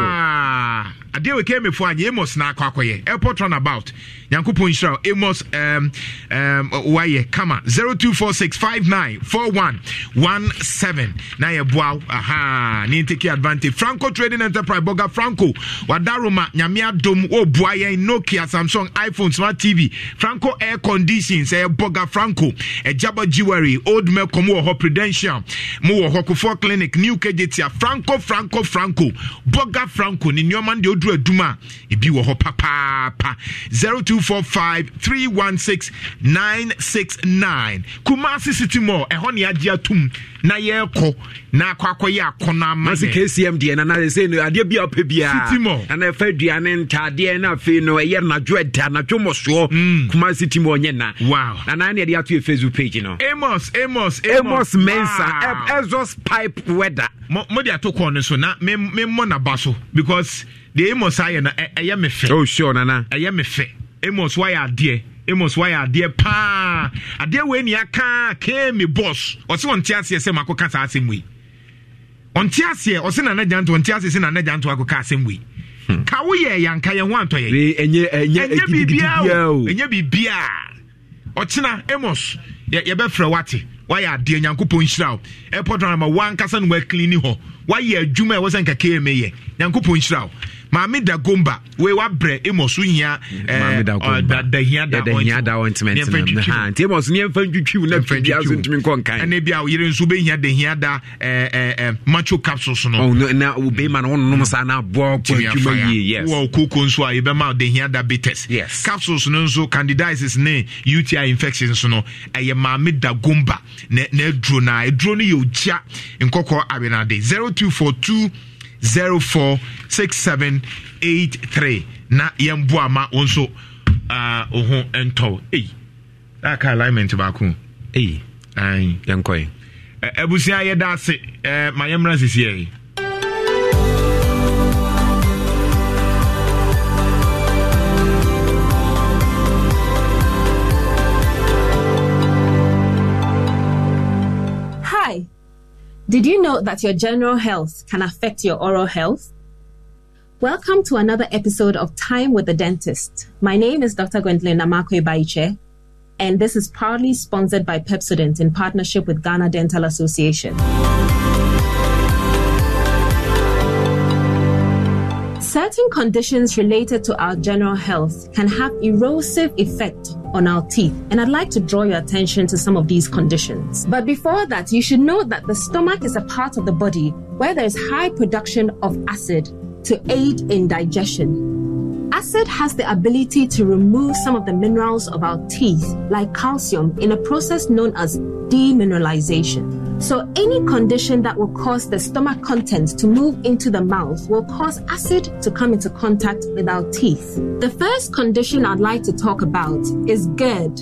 so adeɛ wɔkɛ mefo anyɛ amos na akɔ akɔyɛ airport run runabout nyankopɔn nhyira amos um, um, wayɛ kama seven na yɛboa aha ne take advantage franco trading enterprise boga franco wadaroma nyame adom wɔboa yɛn nokia samsung iphone smart tv franco air conditions ɛyɛ boga franco ɛjaba jewelry old melcom wɔ hɔ prudential mo wɔ hɔ kofoɔ clinic new kgta franco franco franco boga franco ne nneɔma no deɛ wɔduru adum a ebi wɔ hɔ papaapa 0245 316 969 kumasi city mall ɛhɔ ne agye atum na yɛrekɔ na akɔ akɔyɛ akɔnɔ ama yɛ. kcm deɛ nana ɛsɛ no adeɛ bi a ɔpɛ biara city mall ana ɛfɛ aduane ntaadeɛ na afei no ɛyɛ nadwo ɛda nadwo mɔsoɔ mm. kumasi city mall nyɛ na. wow Na ne yɛde ato yɛ facebook page no. amos amos amos mensa exhaust pipe weather. mo mo de so na me me mmɔ naba so because. deɛ amos ayɛ no ɛyɛ me oh, nana ɛyɛ me fɛ amos wayɛ adeɛ amos wayɛ adeɛ paa adeɛ wei ni aka kee me boss ɔnte aseɛ sɛ mako saa asɛm wei ɔnte aseɛ ɔsɛ nana gyanto ɔnte aseɛ sɛ nana gyanto akɔ asɛm wei hmm. ka woyɛ yanka yɛn ho antɔ yɛ ɛnyɛ ɔkyena amos yɛbɛfrɛ wate wayɛ adeɛ nyankopɔn nhyira wo wankasa no maame da gomba wei wabrɛ amos hia dahia danti amos ne yɛmfa ntwitwiw na fibia so ntumi nkɔ nkaɛne bia woyere nso wobɛhia dahia da eh, eh, eh, macho capsules no oh, na wobɛima no wononom saa na aboa kɔadwuma yie wowɔ koko nso a yɛbɛma dahia da bites capsules no nso candidiasis ne uti infections no ɛyɛ maame da gomba na aduro no a aduro no yɛ ogya nkɔkɔ awenade 0242 046783 na yɛmboa ma wo nso wo ho ntɔw ei aka alignment baako ei yɛnkɔe abusua yɛda ase e, ma yɛmmra sisiɛ Did you know that your general health can affect your oral health? Welcome to another episode of Time with the Dentist. My name is Dr. Gwendolyn Namakwe Baiche, and this is proudly sponsored by Pepsodent in partnership with Ghana Dental Association. Certain conditions related to our general health can have erosive effect on our teeth. And I'd like to draw your attention to some of these conditions. But before that, you should know that the stomach is a part of the body where there is high production of acid to aid in digestion. Acid has the ability to remove some of the minerals of our teeth, like calcium, in a process known as demineralization. So, any condition that will cause the stomach contents to move into the mouth will cause acid to come into contact with our teeth. The first condition I'd like to talk about is GERD,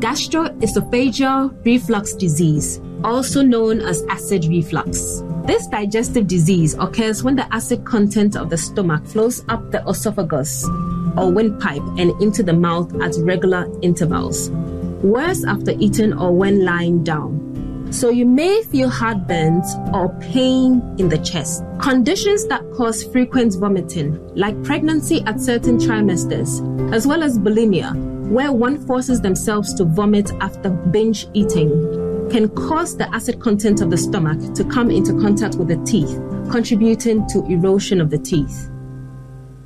gastroesophageal reflux disease, also known as acid reflux. This digestive disease occurs when the acid content of the stomach flows up the esophagus or windpipe and into the mouth at regular intervals, worse after eating or when lying down. So you may feel heartburn or pain in the chest. Conditions that cause frequent vomiting, like pregnancy at certain trimesters, as well as bulimia, where one forces themselves to vomit after binge eating, can cause the acid content of the stomach to come into contact with the teeth, contributing to erosion of the teeth.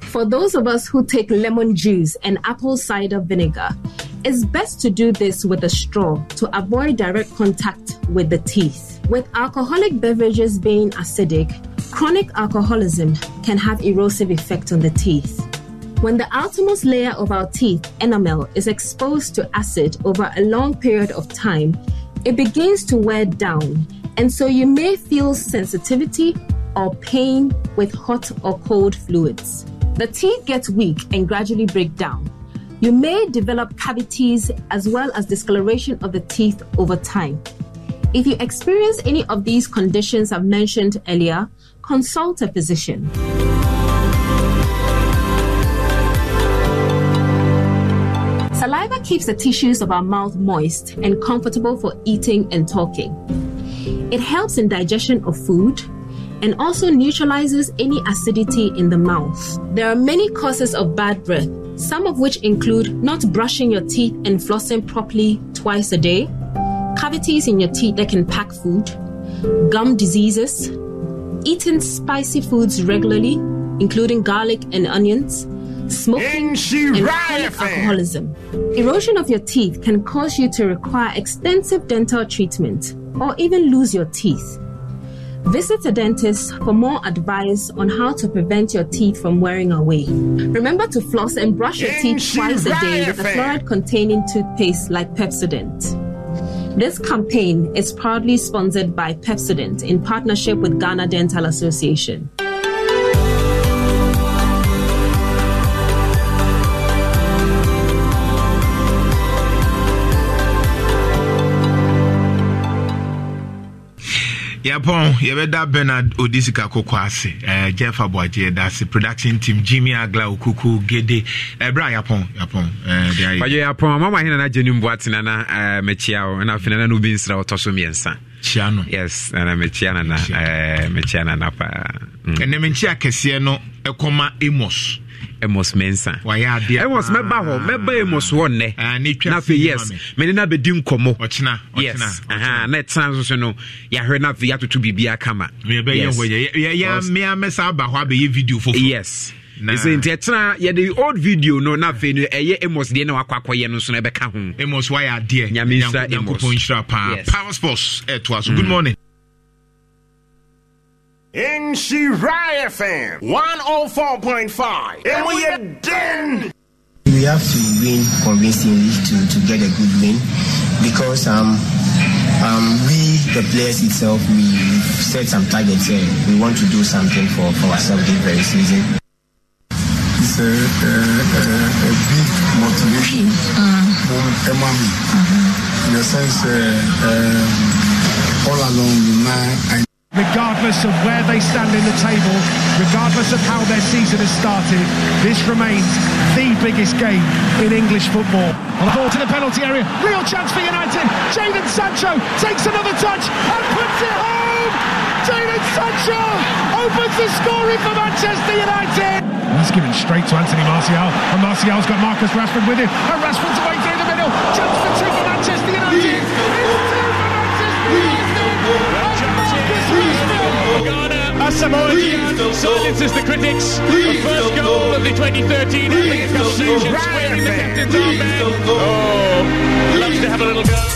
For those of us who take lemon juice and apple cider vinegar, it's best to do this with a straw to avoid direct contact with the teeth. With alcoholic beverages being acidic, chronic alcoholism can have erosive effect on the teeth. When the outermost layer of our teeth, enamel, is exposed to acid over a long period of time, it begins to wear down, and so you may feel sensitivity or pain with hot or cold fluids. The teeth get weak and gradually break down. You may develop cavities as well as discoloration of the teeth over time. If you experience any of these conditions I've mentioned earlier, consult a physician. Saliva keeps the tissues of our mouth moist and comfortable for eating and talking. It helps in digestion of food and also neutralizes any acidity in the mouth. There are many causes of bad breath, some of which include not brushing your teeth and flossing properly twice a day, cavities in your teeth that can pack food, gum diseases, eating spicy foods regularly, including garlic and onions, smoking, and alcoholism. Erosion of your teeth can cause you to require extensive dental treatment or even lose your teeth. Visit a dentist for more advice on how to prevent your teeth from wearing away. Remember to floss and brush your teeth twice a day with a fluoride containing toothpaste like Pepsodent. This campaign is proudly sponsored by Pepsodent in partnership with Ghana Dental Association. yɛpɔn yɛbɛda bernard odi sika kɔkɔ ase eh, jeff aboagye yɛda ase production team jimmy agla okuku gede ɛberɛ eh, a yɛpɔn yɛpɔn eh, ɔyɛ yɛpɔn ama ma hena no agye no na uh, makyia wo na afei nana no wobi nsra wɔtɔ so mmiɛnsa kyia no yes ana mekyia nana mekyia nana paa ɛnɛ menkyia kɛseɛ no ɛkɔma amos ɛmɔs mensa ɛmɔs mɛba hɔ mɛba ɛmɔs hɔ nnɛ na afei yes mene no bɛdi nkɔmmɔ yes na ɛtena nso so no yɛahwɛ no afei yɛatoto biribia kama meamɛsa aba hɔ abɛyɛ video foforɔ yes ɛsɛ nti ɛtena yɛde old video no na afei no ɛyɛ amos deɛ na wakɔ akɔyɛ no nso no ɛbɛka ho amos wayɛ adeɛ nyame nsira amos paa power sports ɛtoa so good mm. morning in Shirai FM 104.5. And we are done. We have to win convincingly to, to get a good win because um, um, we, the players itself, we set some targets here. We want to do something for, for ourselves this very season. It's a, a, a, a big motivation from Emami. Mm-hmm. In a sense, uh, um, all along, I Regardless of where they stand in the table, regardless of how their season has started, this remains the biggest game in English football. On the ball to the penalty area, real chance for United. Jadon Sancho takes another touch and puts it home. Jadon Sancho opens the scoring for Manchester United. And that's given straight to Anthony Martial, and Martial's got Marcus Rashford with him, and Rashford's away through the middle. Chance for two for Manchester United. It's two for Manchester United. Samoa Silence is the critics. The first goal of the 2013 African Cup Nations wearing the captain's armband. Oh, loves to have a little go.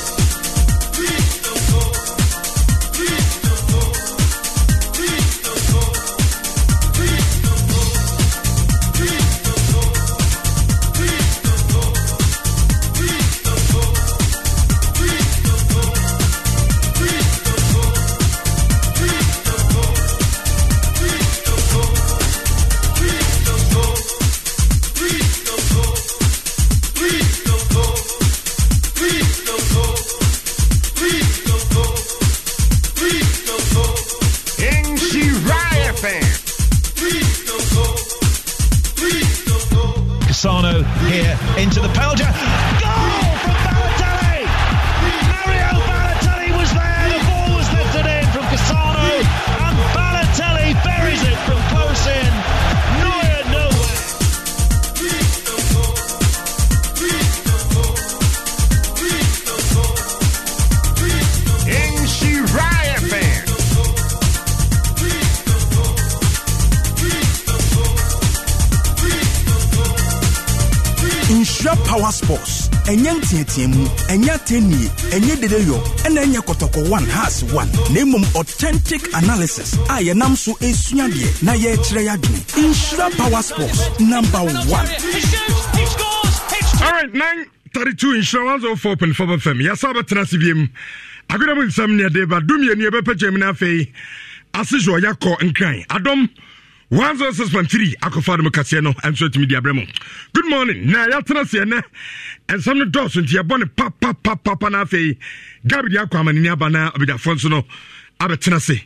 mu ɛnyɛ atɛnnie ɛnyɛ dedeyɔ ɛna ɛnyɛ kɔtɔkɔ one has one na mmom authentic analysis a yɛnam so esua deɛ na yɛrekyerɛ yɛ adwene nhyira power sports number one. All right, nine oh FM. Yasa bɛtena ase biem. Agodam nsɛm ne ba dumie ɛbɛpɛ kyɛm na afei. Ase so ɔyɛ nkran. Adom. 106.3 akɔfa de mu kaseɛ no ɛnso atumi di abrɛ mu good morning na yɛatena seɛ nɛ ɛnsɛm no dɔɔso nti yɛbɔ ne papapapapa no afei gabi de akɔ amanini aba na ɔbidafoɔ nso no abɛtena se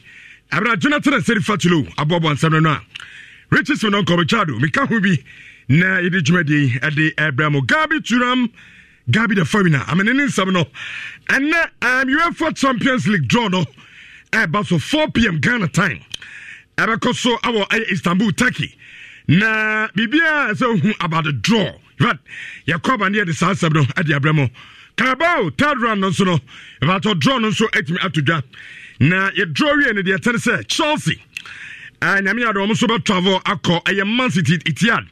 abra jonathan asɛri fatulo aboaboa nsɛm no no a riches no nkɔbɛtwado meka ho bi na yɛde dwumadie ɛde ɛbrɛ mu gabi turam gabi the famina amanini nsɛm no ɛnɛ um, uefa champions league draw no ɛba so 4 pm ghana time ɛbɛkɔ so awɔ istanbul turkey na biribiaa sɛ ohu about the draw but yɛkɔ aba ne yɛde saa asɛm no ade abrɛ mu carabao third round no nso no ɛbatɔ draw no nso atumi ato dwa na yɛdraw wie no deɛ ɛtɛne sɛ chelsea uh, nyame ade ɔmo nso bɛtravel akɔ ɛyɛ man city itiad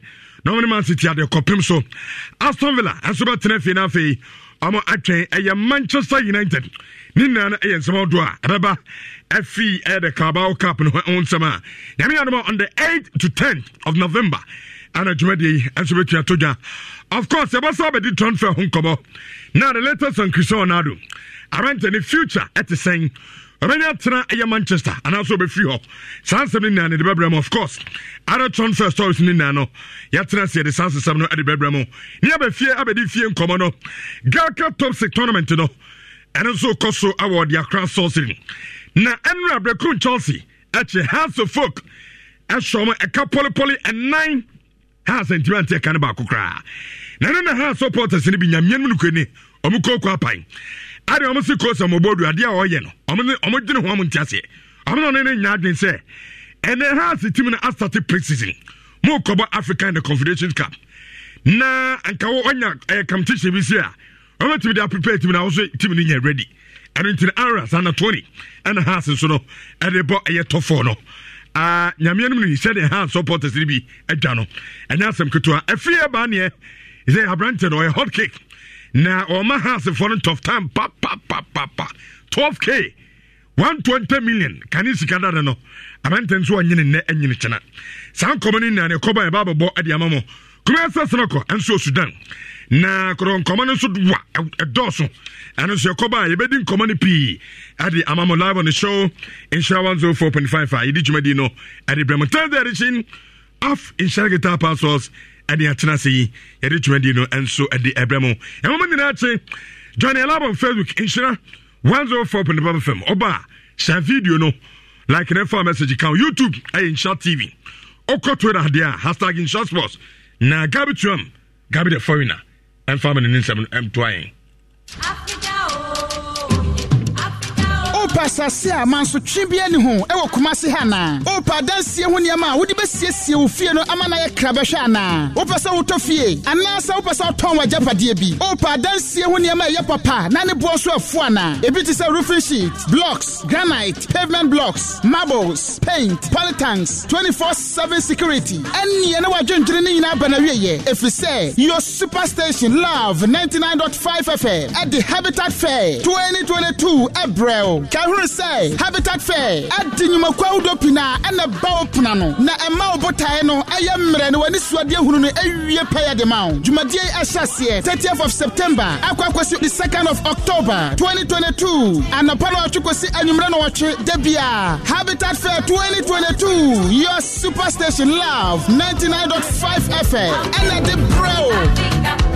na ɔmo ne man city ade kɔpem so aston villa nso bɛtena afei no afei ɔmo atwɛn ɛyɛ manchester united ne nyinaa no yɛ nsɛm ahodoɔ a ɛbɛba afii ɛyɛ the carabao cup no ho nsɛm a nyame yɛadoma on the 8 to 10 of november ana dwumadeɛ yi ɛnso bɛtua to dwa of course yɛbɛsa bɛdi transfer ho nkɔmmɔ na the latest on cristiano ronaldo aranta ne future ɛte sɛn ɔbɛnya tena ɛyɛ manchester anaasɛ ɔbɛfiri hɔ saa nsɛm no nyinaa no de bɛbrɛ mu of course ara transfer stories no nyinaa no yɛtena sɛ yɛde saa nsesɛm no de bɛbrɛ mu ne abɛfie abɛde fie nkɔmmɔ no galka top six tournament no ɛno nso kɔ so awɔ de akra sorcery na ɛnura abrɛkuru chelsea ɛkyɛ house of folk ɛhyɛm ɛka pɔlipɔli ɛnan house ntumi ante ɛka no baako koraa na ɛno na house supporters no bi nyamea no mu nukuri ni ɔmo kooko apan adi ɔmo si koos ɔmo bɔ adeɛ a ɔyɛ no ɔmo ne ɔmo dwene ho ɔmo nti aseɛ ɔmo na ɔno ne nya adwene sɛ ɛnɛ house team no asate pre-season mo kɔbɔ africa in the confederation cup na anka wɔ ɔnya ɛyɛ competition bi si a ɔno tumi de aprepare timi na woso timi no nya ready ɛno nti no aras ana 20 ɛna has nso no ɛde bɔ ɛyɛ tɔfoɔ no ah, nyamea no mu no sɛdeɛ has supporters no bi adwa no ɛnyɛ asɛm ketewa ɛfie baa neɛ sɛ aberante no ɔyɛ hot cake na ɔma hasefoɔ no tof time papapapapa 12k 120 million kane sika dada no aberante nso ɔnyene nnɛ anyene kyena saa nkɔmɔ no nyinaa ne ɛkɔba ɛbaabɛbɔ ade ama mɔ kumɛ sɛ senɔkɔ ɛnso sudan na korɔ nkɔmɔ no nso wa ɛdɔɔso ɛno nso yɛkɔba a yɛbɛdi nkɔmɔ no pii ɛde amamo live on the show nhyira 104.5 a yɛdi dwumadi no ɛde brɛ mu thursday edition of nhyira guitar pastors ɛde atena ase yi yɛde dwumadi no nso ɛde ɛbrɛ mu ɛmama nyinaa kye the live on facebook nhyira 104.5 fm ɔba hyɛ video no like ne fa message kan youtube ɛyɛ nhyira tv ɔkɔ twitter adeɛ a hashtag nhyira sports na gabi tuam gabi the foreigner I'm ne I'm ntoa asase a mansotwe bi ani ho wɔ kumase ha na wopa adansie ho nneɛma a wode bɛsiesie wo fie no ama na yɛ kra bɛhwɛ anaa wopɛ sɛ wotɔ fie anaasɛ wopɛ sɛ wotɔn w'agyapadeɛ bi wopa adansie ho nneɛma ɛyɛ papa na boɔ so afu anaa ebi te sɛ roofing sheet blocks granite pavement blocks marbles paint polytanks 24/7 security ɛnneɛ ne wadwendwene ne nyinaa banawieyɛ ɛfiri sɛ your superstation love 99.5 fm ɛde habitat fair 2022 ɛbrɛw kahoro ɛhunu habitat fair ɛdi nnwumakuo ahodoɔ pii na ɛna ɛba ɔpona no na ɛma ɔbotaeɛ no ɛyɛ mmerɛ no wɔne suadeɛ hunu no ɛwie pɛyɛ de ma wo dwumadie yi 30th of september akɔ akɔsi the 2nd of october 2022 anɔpa na ɔtwe kɔsi anwummerɛ na wɔtwe da bia habitat fair 2022 your superstation love 99.5 fm ɛna de brɛ o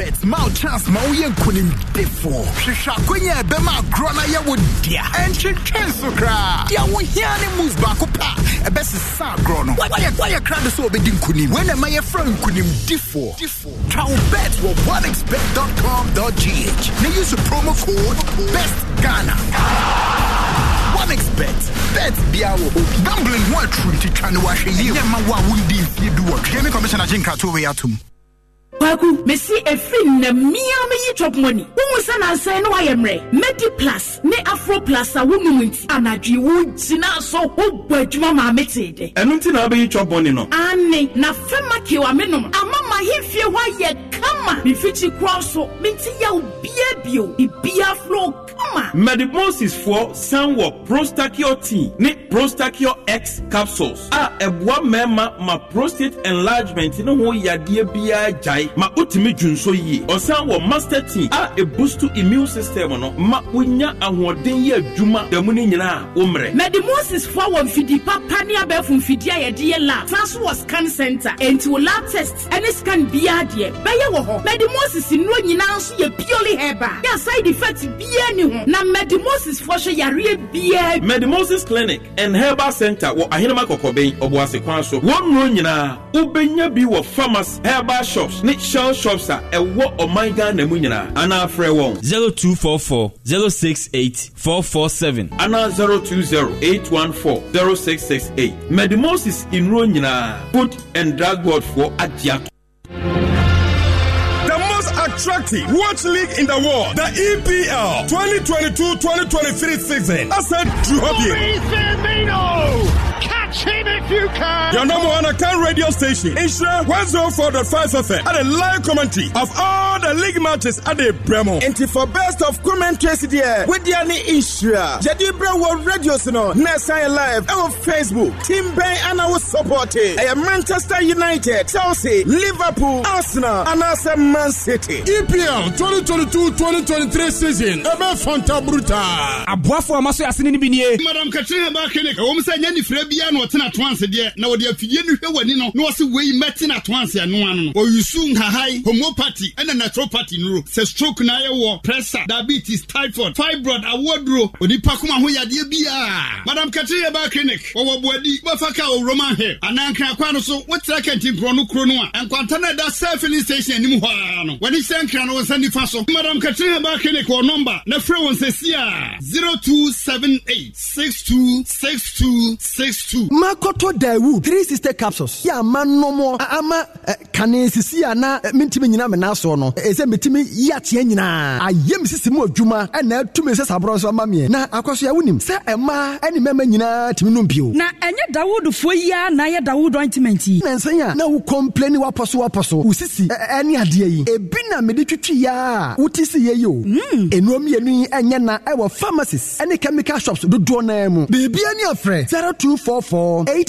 bet Mal chance Mal yen kunim hwehwɛ akwanya a ɛbɛma agorɔ no yɛ wo dea ɛnkyetwe nso koraa deɛ wo hia ne move baako pa a ɛbɛsesa agorɔ no woayɛ krado kunim wɔbɛdi nkonim wei na ɛma yɛfrɛ nkonimdifoɔ twa wo bet wɔ onexbet.com.gh na use promo code best ghana OneXBet. Bet. Bet biawo. Gambling ho atru nti twa ne wahwɛ yie. Ɛnyɛ ma wo a wondi mfie Gaming Commissioner Jinka Towe atum kwaku mesi efiri nnam mmea meyi chop money wohu sɛ nansan no wayɛ mmerɛ medi plus ne afro plus a wonum nti anadwe wo so wobɔ adwuma maa metee de ɛno nti na wobɛyi chop money no ane na fema fɛma kewa menom ama mahemfie wa ye kama mefikyi kwa so menti yɛwo bia bio bibia floo mɛdi moses foɔ san wɔ prostakio tea ne prostakio x capsules a ɛboa mmarima ma prostate enlargement ne ho yadeɛ biara gyae ma wotumi dwu nso yie ɔsan wɔ master tea a ɛbustu immune system no ma wonya ahoɔden yɛ adwuma da mu no nyinaa wo mmerɛ mɛdi moses foɔ wɔ mfidi papa ne abɛɛfo mfidi a yɛde yɛ lab san so wɔ scan center enti wo lab test ne scan biara deɛ bɛyɛ wɔ hɔ mɛdi nnuro nyinaa nso yɛ purely herbal yɛ side effect biara ni na medimosis fo so yareɛ biara medimosis clinic and herbal center wɔ ahenema kɔkɔbɛn ɔboase kwan so wɔn nnuro nyinaa wobɛnya bi wɔ farmers herbal shops ne shell shops a ɛwɔ ɔman ghana mu nyinaa anaa frɛ wɔn 0244 068 447 anaa 020 814 0668 medimosis nnuro nyinaa Put and drag word for agye ato active watch league in the world, the EPL 2022-2023 season. I said Drew Catch him if you can. Your number one account radio station, Isra 104.5 FM, at a live commentary of all the league matches at the Bremo. And for best of commentary, there with the any Israel. Jadi Radio Sino, Nessa Live, our Facebook, Team Bay, and our support. I Manchester United, Chelsea, Liverpool, Arsenal, and also Man City. EPL 2022-2023 season. Ebe Fanta Bruta. Abuafo amaso yasini ni binie. Madam Katrina Bakenik, omusa nyani ni frebiano na ɔtena atoanse deɛ na wɔde afidie no hwɛ w'ani no na wɔse wei mɛtena atoanse ano ano no ɔyusu nhahae homopathy ɛna naturopathy nuro sɛ stroke na ayɛwɔ pressure diabetes typhoid fibroid awoaduro onipa koma ho yadeɛ biaa madam katriya ba clinic wɔwɔ boadi wobɛfa ka wɔ roman hill anaa nkrakwa no so wotera kantimporɔ no kuro no a ɛnkwanta no ɛda sɛ filling station anim hɔ a no wɔne hyɛ nkra no wo nsa nifa so madam katriya ba clinic wɔ nɔmba na frɛ wɔn sɛsi a 0278 626262 makoto daiwood three sixty capsules yɛ ama nnɔmɔ ama kane sisi a na mentimi nyina me nasoɔ no ɛsɛ metumi yɛ ateɛ nyinaa ayɛ me sisi mu adwuma ɛna atumi sɛ saborɔ nso ama meɛ na akɔ so yɛwonim sɛ ɛma ɛne mɛma nyinaa tumi nom bio na ɛnyɛ dawoodfoɔ yi a na ayɛ dawood ointment yi nansɛn a na wo kɔmplani wapɔ so wapɔ so wo sisi ɛne adeɛ yi ebi na mede twitwiyɛ a wote si yɛ yi o ɛnuo mmienu yi ɛnyɛ na ɛwɔ pharmacies ɛne chemical shops dodoɔ naa mu biribia ne afrɛ 0244 Eight.